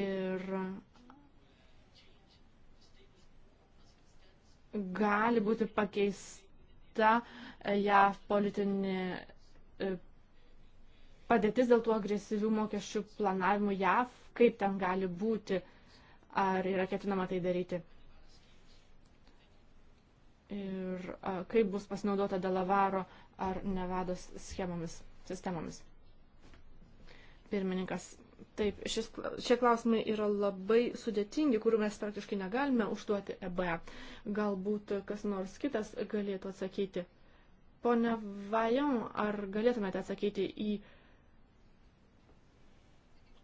Ir gali būti pakeista e, JAV politinė e, padėtis dėl tų agresyvių mokesčių planavimų JAV kaip ten gali būti, ar yra ketinama tai daryti. Ir kaip bus pasinaudota Delavaro ar Nevados schemomis, sistemomis. Pirmininkas, taip, šis, šie klausimai yra labai sudėtingi, kurių mes praktiškai negalime užduoti EBA. Galbūt kas nors kitas galėtų atsakyti. Pone Vajon, ar galėtumėte atsakyti į uh,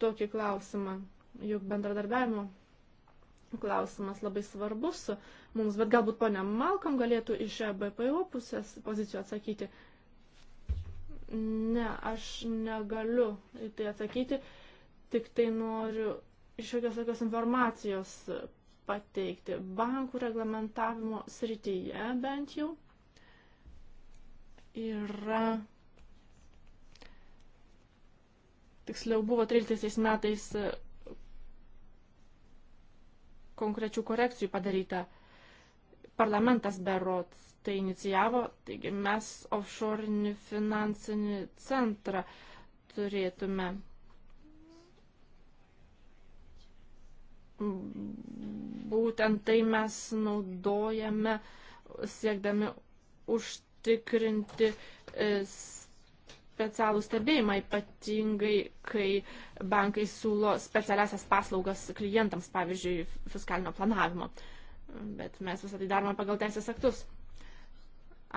tokį klausimą, juk bendradarbiavimo klausimas labai svarbus mums, bet galbūt ponia Malkom galėtų iš e BPO pusės pozicijų atsakyti. Ne, aš negaliu į tai atsakyti, tik tai noriu iš jokios tokios informacijos pateikti. Bankų reglamentavimo srityje bent jau yra. Ja tiksliau buvo 13 metais e, konkrečių korekcijų padaryta. Parlamentas berots tai inicijavo, taigi mes offshore finansinį centrą turėtume būtent tai mes naudojame siekdami užtikrinti e, specialų stebėjimą, ypatingai, kai bankai siūlo specialiasias paslaugas klientams, pavyzdžiui, fiskalinio planavimo. Bet mes visą tai darome pagal teisės aktus.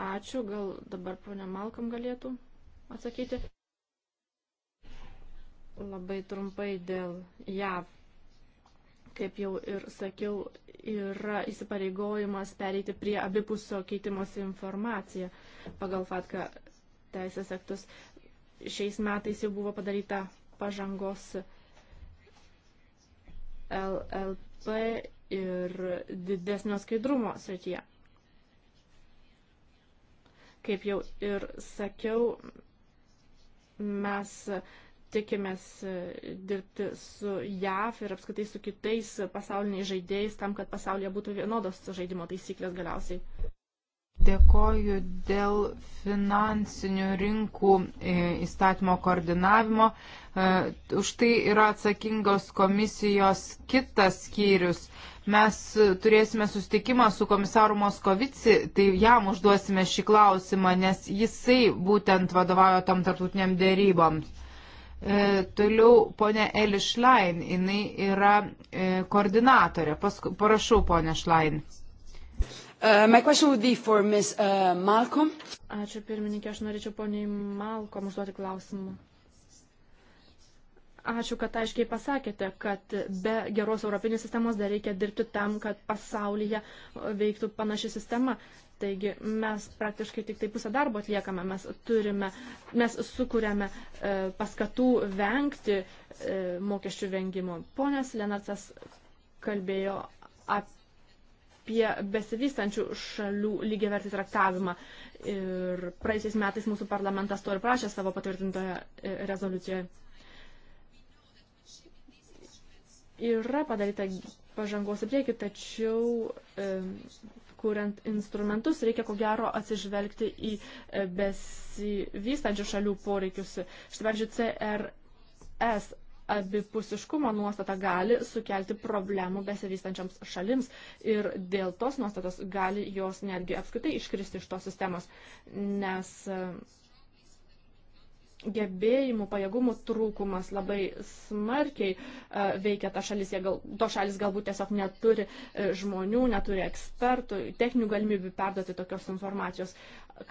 Ačiū, gal dabar ponia Malkam galėtų atsakyti. Labai trumpai dėl JAV. Kaip jau ir sakiau, yra įsipareigojimas pereiti prie abipusio keitimosi informaciją pagal fatka teisės aktus šiais metais jau buvo padaryta pažangos LLP ir didesnio skaidrumo srityje. Kaip jau ir sakiau, mes tikimės dirbti su JAV ir apskaitai su kitais pasauliniais žaidėjais tam, kad pasaulyje būtų vienodos žaidimo taisyklės galiausiai. Dėkoju dėl finansinių rinkų e, įstatymo koordinavimo. E, už tai yra atsakingos komisijos kitas skyrius. Mes turėsime sustikimą su komisaru Moskovici, tai jam užduosime šį klausimą, nes jisai būtent vadovauja tam tartutiniam dėryboms. E, toliau ponė Eli Šlain, jinai yra e, koordinatorė. Pask... Parašau, ponė Šlain. Uh, my question would be for Ms. Uh, Malcolm. Ačiū pirmininkė, aš norėčiau poniai Malcolm užduoti klausimą. Ačiū, kad aiškiai pasakėte, kad be geros europinės sistemos dar reikia dirbti tam, kad pasaulyje veiktų panaši sistema. Taigi mes praktiškai tik tai pusę darbo atliekame, mes turime, mes sukūrėme e, paskatų vengti e, mokesčių vengimo. Ponas Lenartas kalbėjo apie apie besivystančių šalių lygiavertį traktavimą. Ir praeisiais metais mūsų parlamentas to ir prašė savo patvirtintoje e, rezoliucijoje. Yra padaryta pažangos į priekį, tačiau e, kuriant instrumentus reikia ko gero atsižvelgti į e, besivystančių šalių poreikius. Štai, pavyzdžiui, CRS abipusiškumo nuostata gali sukelti problemų besivystančiams šalims ir dėl tos nuostatos gali jos netgi apskritai iškristi iš tos sistemos, nes e, gebėjimų, pajėgumų trūkumas labai smarkiai e, veikia ta šalis, gal, to šalis galbūt tiesiog neturi e, žmonių, neturi ekspertų, techninių galimybių perduoti tokios informacijos.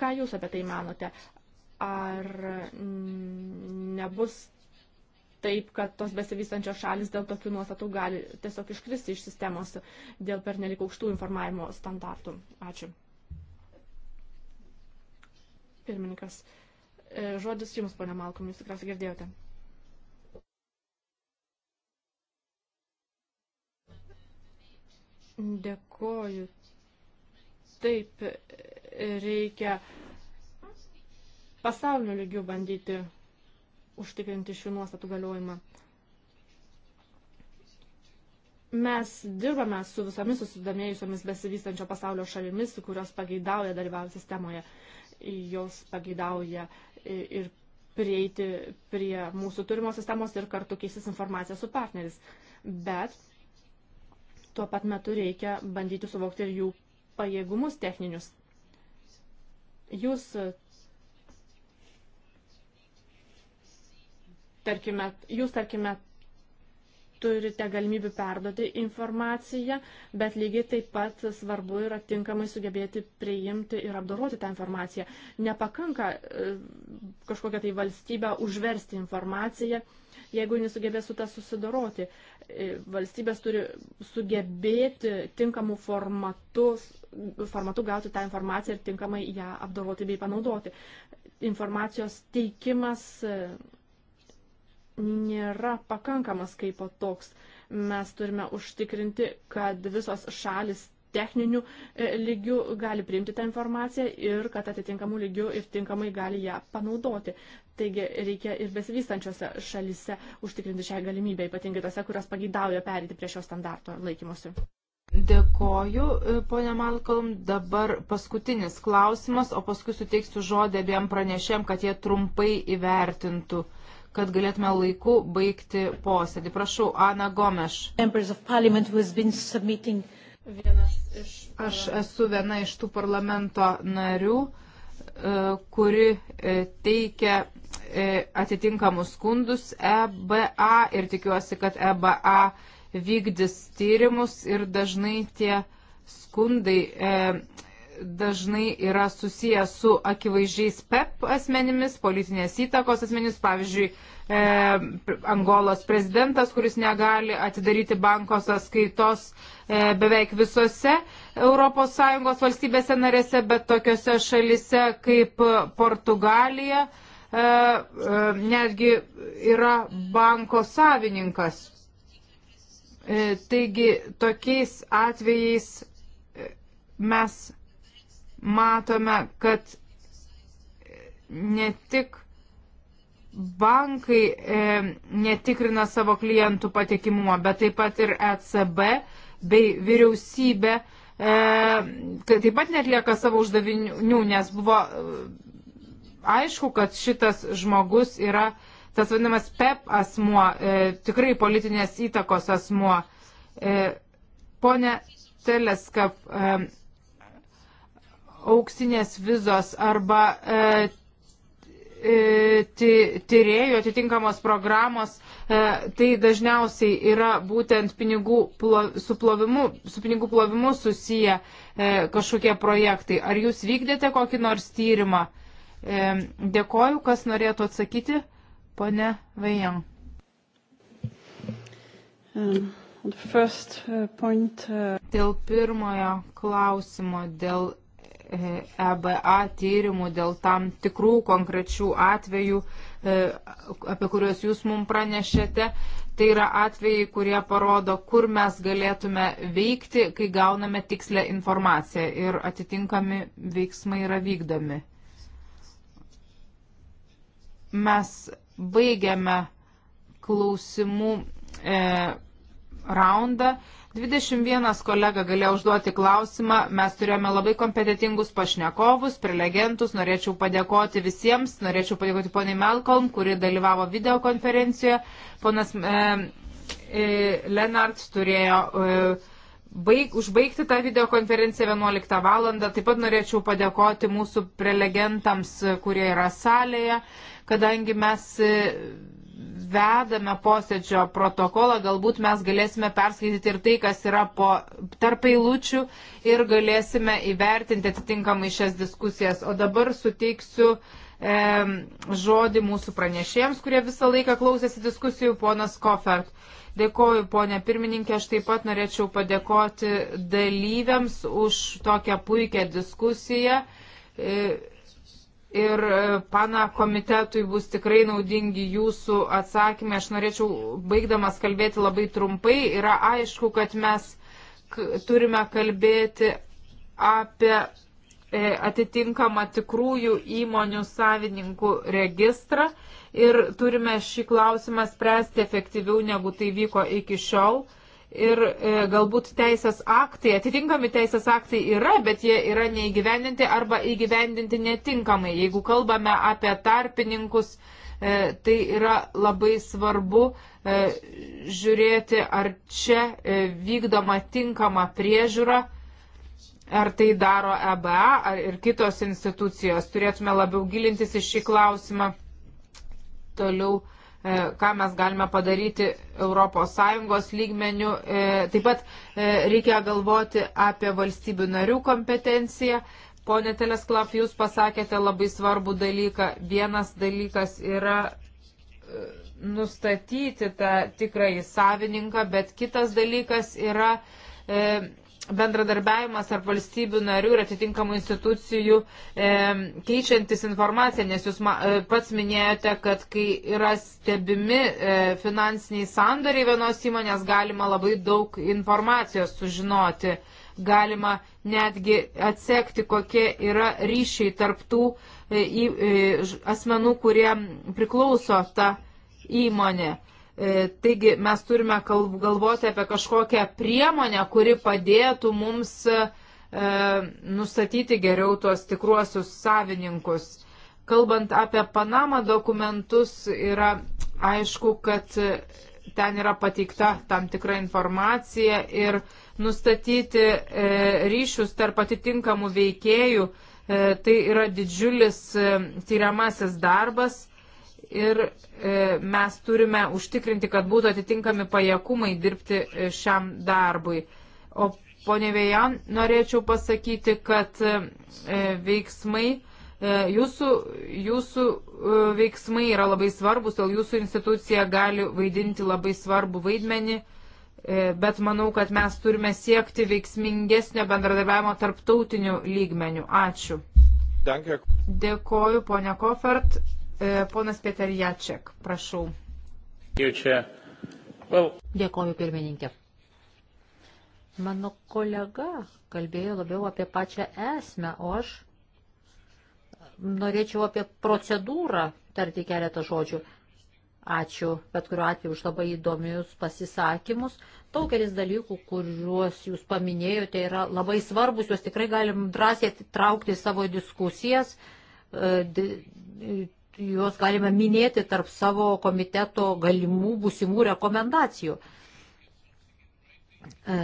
Ką Jūs apie tai manote? Ar nebus taip, kad tos besivystančios šalis dėl tokių nuostatų gali tiesiog iškristi iš sistemos dėl pernelik aukštų informavimo standartų. Ačiū. Pirmininkas, e, žodis Jums, ponia Malkom, Jūs tikriausiai girdėjote. Dėkoju. Taip, e, reikia pasaulio lygių bandyti užtikrinti šių nuostatų galiojimą. Mes dirbame su visomis susidomėjusiomis besivystančio pasaulio šalimis, kurios pageidauja dalyvauti sistemoje. Jos pageidauja ir prieiti prie mūsų turimos sistemos ir kartu keistis informaciją su partneris. Bet tuo pat metu reikia bandyti suvokti ir jų pajėgumus techninius. Jūs tarkime, jūs, tarkime, turite galimybių perduoti informaciją, bet lygiai taip pat svarbu yra tinkamai sugebėti priimti ir apdoroti tą informaciją. Nepakanka e, kažkokią tai valstybę užversti informaciją, jeigu nesugebės su tą susidoroti. E, valstybės turi sugebėti tinkamų formatų, formatų gauti tą informaciją ir tinkamai ją apdoroti bei panaudoti. Informacijos teikimas e, nėra pakankamas kaip toks. Mes turime užtikrinti, kad visos šalis techninių e, lygių gali priimti tą informaciją ir kad atitinkamų lygių ir tinkamai gali ją panaudoti. Taigi reikia ir besivystančiose šalise užtikrinti šią galimybę, ypatingai tose, kurios pagydauja perėti prie šio standarto laikymosi. Dėkoju, e, ponia Malcolm. Dabar paskutinis klausimas, o paskui suteiksiu žodį abiem pranešėm, kad jie trumpai įvertintų kad galėtume laiku baigti posėdį. Prašau, Ana Gomeš. Iš... Aš esu viena iš tų parlamento narių, e, kuri e, teikia e, atitinkamus skundus EBA ir tikiuosi, kad EBA vykdys tyrimus ir dažnai tie skundai dažnai yra susijęs su akivaizdžiais PEP e asmenimis, politinės įtakos asmenimis, pavyzdžiui, e, Angolos prezidentas, kuris negali atidaryti banko sąskaitos e, beveik visose ES valstybėse narėse, bet tokiose šalise kaip Portugalija e, e, netgi yra banko savininkas. E, taigi tokiais atvejais e, mes matome, kad ne tik bankai e, netikrina savo klientų patikimumo, bet taip pat ir ECB bei vyriausybė e, tai taip pat netlieka savo uždavinių, nes buvo e, aišku, kad šitas žmogus yra tas vadinamas PEP e asmuo, e, tikrai politinės įtakos asmuo. E, pone Teleska, e, auksinės vizos arba e, e tyrėjų atitinkamos programos, e, tai dažniausiai yra būtent pinigų plo, su, plovimu, su pinigų plovimu susiję e, kažkokie projektai. Ar jūs vykdėte kokį nors tyrimą? Dėkoju, kas norėtų atsakyti, pone Vajan. Um, uh, uh, dėl pirmojo klausimo, dėl EBA tyrimų dėl tam tikrų konkrečių atvejų, e, apie kuriuos jūs mums pranešėte. Tai yra atvejai, kurie parodo, kur mes galėtume veikti, kai gauname tikslę informaciją ir atitinkami veiksmai yra vykdomi. Mes baigiame klausimų e, raundą. E, 21 kolega galėjo užduoti klausimą, mes turėjome labai kompetitingus pašnekovus, prelegentus, norėčiau padėkoti visiems, norėčiau padėkoti poniai Melkom, kuri dalyvavo videokonferencijoje, ponas e, e, Lenart turėjo e, baig, užbaigti tą videokonferenciją 11 val. Taip pat norėčiau padėkoti mūsų prelegentams, kurie yra salėje kadangi mes e, vedame posėdžio protokolą, galbūt mes galėsime perskaityti ir tai, kas yra po tarp eilučių ir galėsime įvertinti atitinkamai šias diskusijas. O dabar suteiksiu e, žodį mūsų pranešėjams, kurie visą laiką klausėsi diskusijų, ponas Kofert. Dėkoju, ponė pirmininkė, aš taip pat norėčiau padėkoti dalyviams už tokią puikią diskusiją. E, ir e, pana komitetui bus tikrai naudingi jūsų atsakymai. Aš norėčiau, baigdamas kalbėti labai trumpai, yra aišku, kad mes turime kalbėti apie e, atitinkamą tikrųjų įmonių savininkų registrą ir turime šį klausimą spręsti efektyviau negu tai vyko iki šiol ir e, galbūt teisės aktai, atitinkami teisės aktai yra, bet jie yra neįgyvendinti arba įgyvendinti netinkamai. Jeigu kalbame apie tarpininkus, e, tai yra labai svarbu e, žiūrėti, ar čia e, vykdoma tinkama priežiūra. Ar tai daro EBA ar ir kitos institucijos? Turėtume labiau gilintis į šį klausimą. Toliau uh, E, ką mes galime padaryti ES lygmenių. E, taip pat e, reikia galvoti apie valstybių narių kompetenciją. Pone Telesklav, jūs pasakėte labai svarbų dalyką. Vienas dalykas yra nustatyti tą tikrąjį savininką, bet kitas dalykas yra e, bendradarbiavimas tarp valstybių narių ir atitinkamų institucijų e, keičiantis informaciją, nes jūs ma, e, pats minėjote, kad kai yra stebimi e, finansiniai sandoriai vienos įmonės, galima labai daug informacijos sužinoti, galima netgi atsekti, kokie yra ryšiai tarptų e, e, asmenų, kurie priklauso tą įmonę. E, taigi mes turime galvoti apie kažkokią priemonę, kuri padėtų mums e, nustatyti geriau tuos tikruosius savininkus. Kalbant apie Panamą dokumentus, yra aišku, kad ten yra pateikta tam tikra informacija ir nustatyti e, ryšius tarp atitinkamų veikėjų. Tai yra didžiulis tyriamasis darbas ir e, mes turime užtikrinti, kad būtų atitinkami pajėgumai dirbti e, šiam darbui. O ponė Vėjan, norėčiau pasakyti, kad e, veiksmai, e, jūsų, jūsų e, veiksmai yra labai svarbus, o jūsų institucija gali vaidinti labai svarbų vaidmenį e, bet manau, kad mes turime siekti veiksmingesnio bendradarbiavimo tarptautinių lygmenių. Ačiū. Danke. Dėkoju, ponia Kofert. E, ponas Peter Jaček, prašau. Dėkoju pirmininkė. Mano kolega kalbėjo labiau apie pačią esmę, o aš norėčiau apie procedūrą tarti keletą žodžių. Ačiū, bet kuriuo atveju už labai įdomius pasisakymus. Daugelis dalykų, kuriuos jūs paminėjote, yra labai svarbus, juos tikrai galim drąsiai traukti į savo diskusijas. E, juos galime minėti tarp savo komiteto galimų būsimų rekomendacijų. E,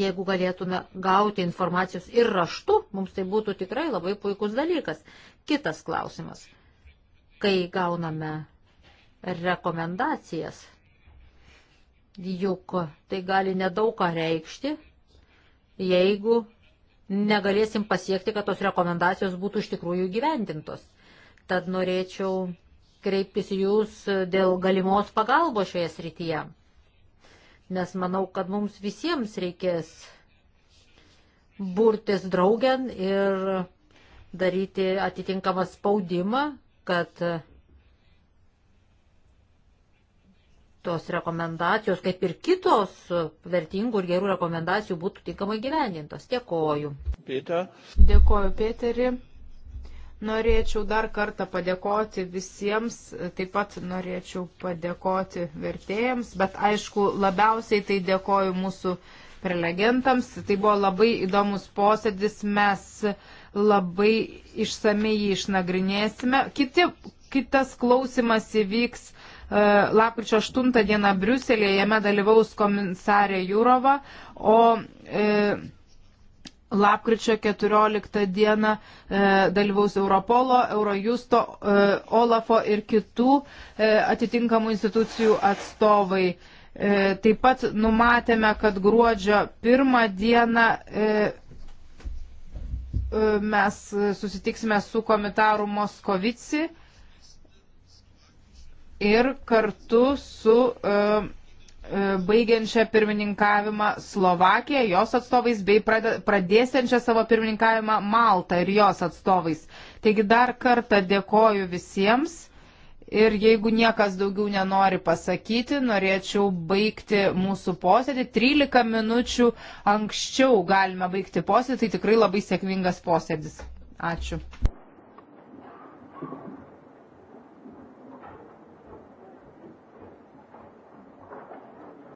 jeigu galėtume gauti informacijos ir raštu, mums tai būtų tikrai labai puikus dalykas. Kitas klausimas. Kai gauname rekomendacijas, juk tai gali nedaug ką reikšti, jeigu negalėsim pasiekti, kad tos rekomendacijos būtų iš tikrųjų gyvendintos. Tad norėčiau kreiptis jūs dėl galimos pagalbos šioje srityje. Nes manau, kad mums visiems reikės burtis draugian ir daryti atitinkamą spaudimą, kad tos rekomendacijos, kaip ir kitos vertingų ir gerų rekomendacijų būtų tinkamai gyvenintos. Dėkoju. Peter. Dėkoju, Peterį. Norėčiau dar kartą padėkoti visiems, taip pat norėčiau padėkoti vertėjams, bet aišku, labiausiai tai dėkoju mūsų prelegentams. Tai buvo labai įdomus posėdis, mes labai išsamei jį išnagrinėsime. Kiti, kitas klausimas įvyks e, lapkričio 8 dieną Briuselėje, jame dalyvaus komisarė Jūrova, o e, Lapkričio 14 dieną e, dalyvaus Europolo, Eurojusto, e, Olafo ir kitų e, atitinkamų institucijų atstovai. E, taip pat numatėme, kad gruodžio pirmą dieną e, e mes susitiksime su komitaru Moskovici ir kartu su. E, E, baigiančią pirmininkavimą Slovakiją, jos atstovais, bei pradėsiančią savo pirmininkavimą Maltą ir jos atstovais. Taigi dar kartą dėkoju visiems ir jeigu niekas daugiau nenori pasakyti, norėčiau baigti mūsų posėdį. 13 minučių anksčiau galime baigti posėdį, tai tikrai labai sėkmingas posėdis. Ačiū.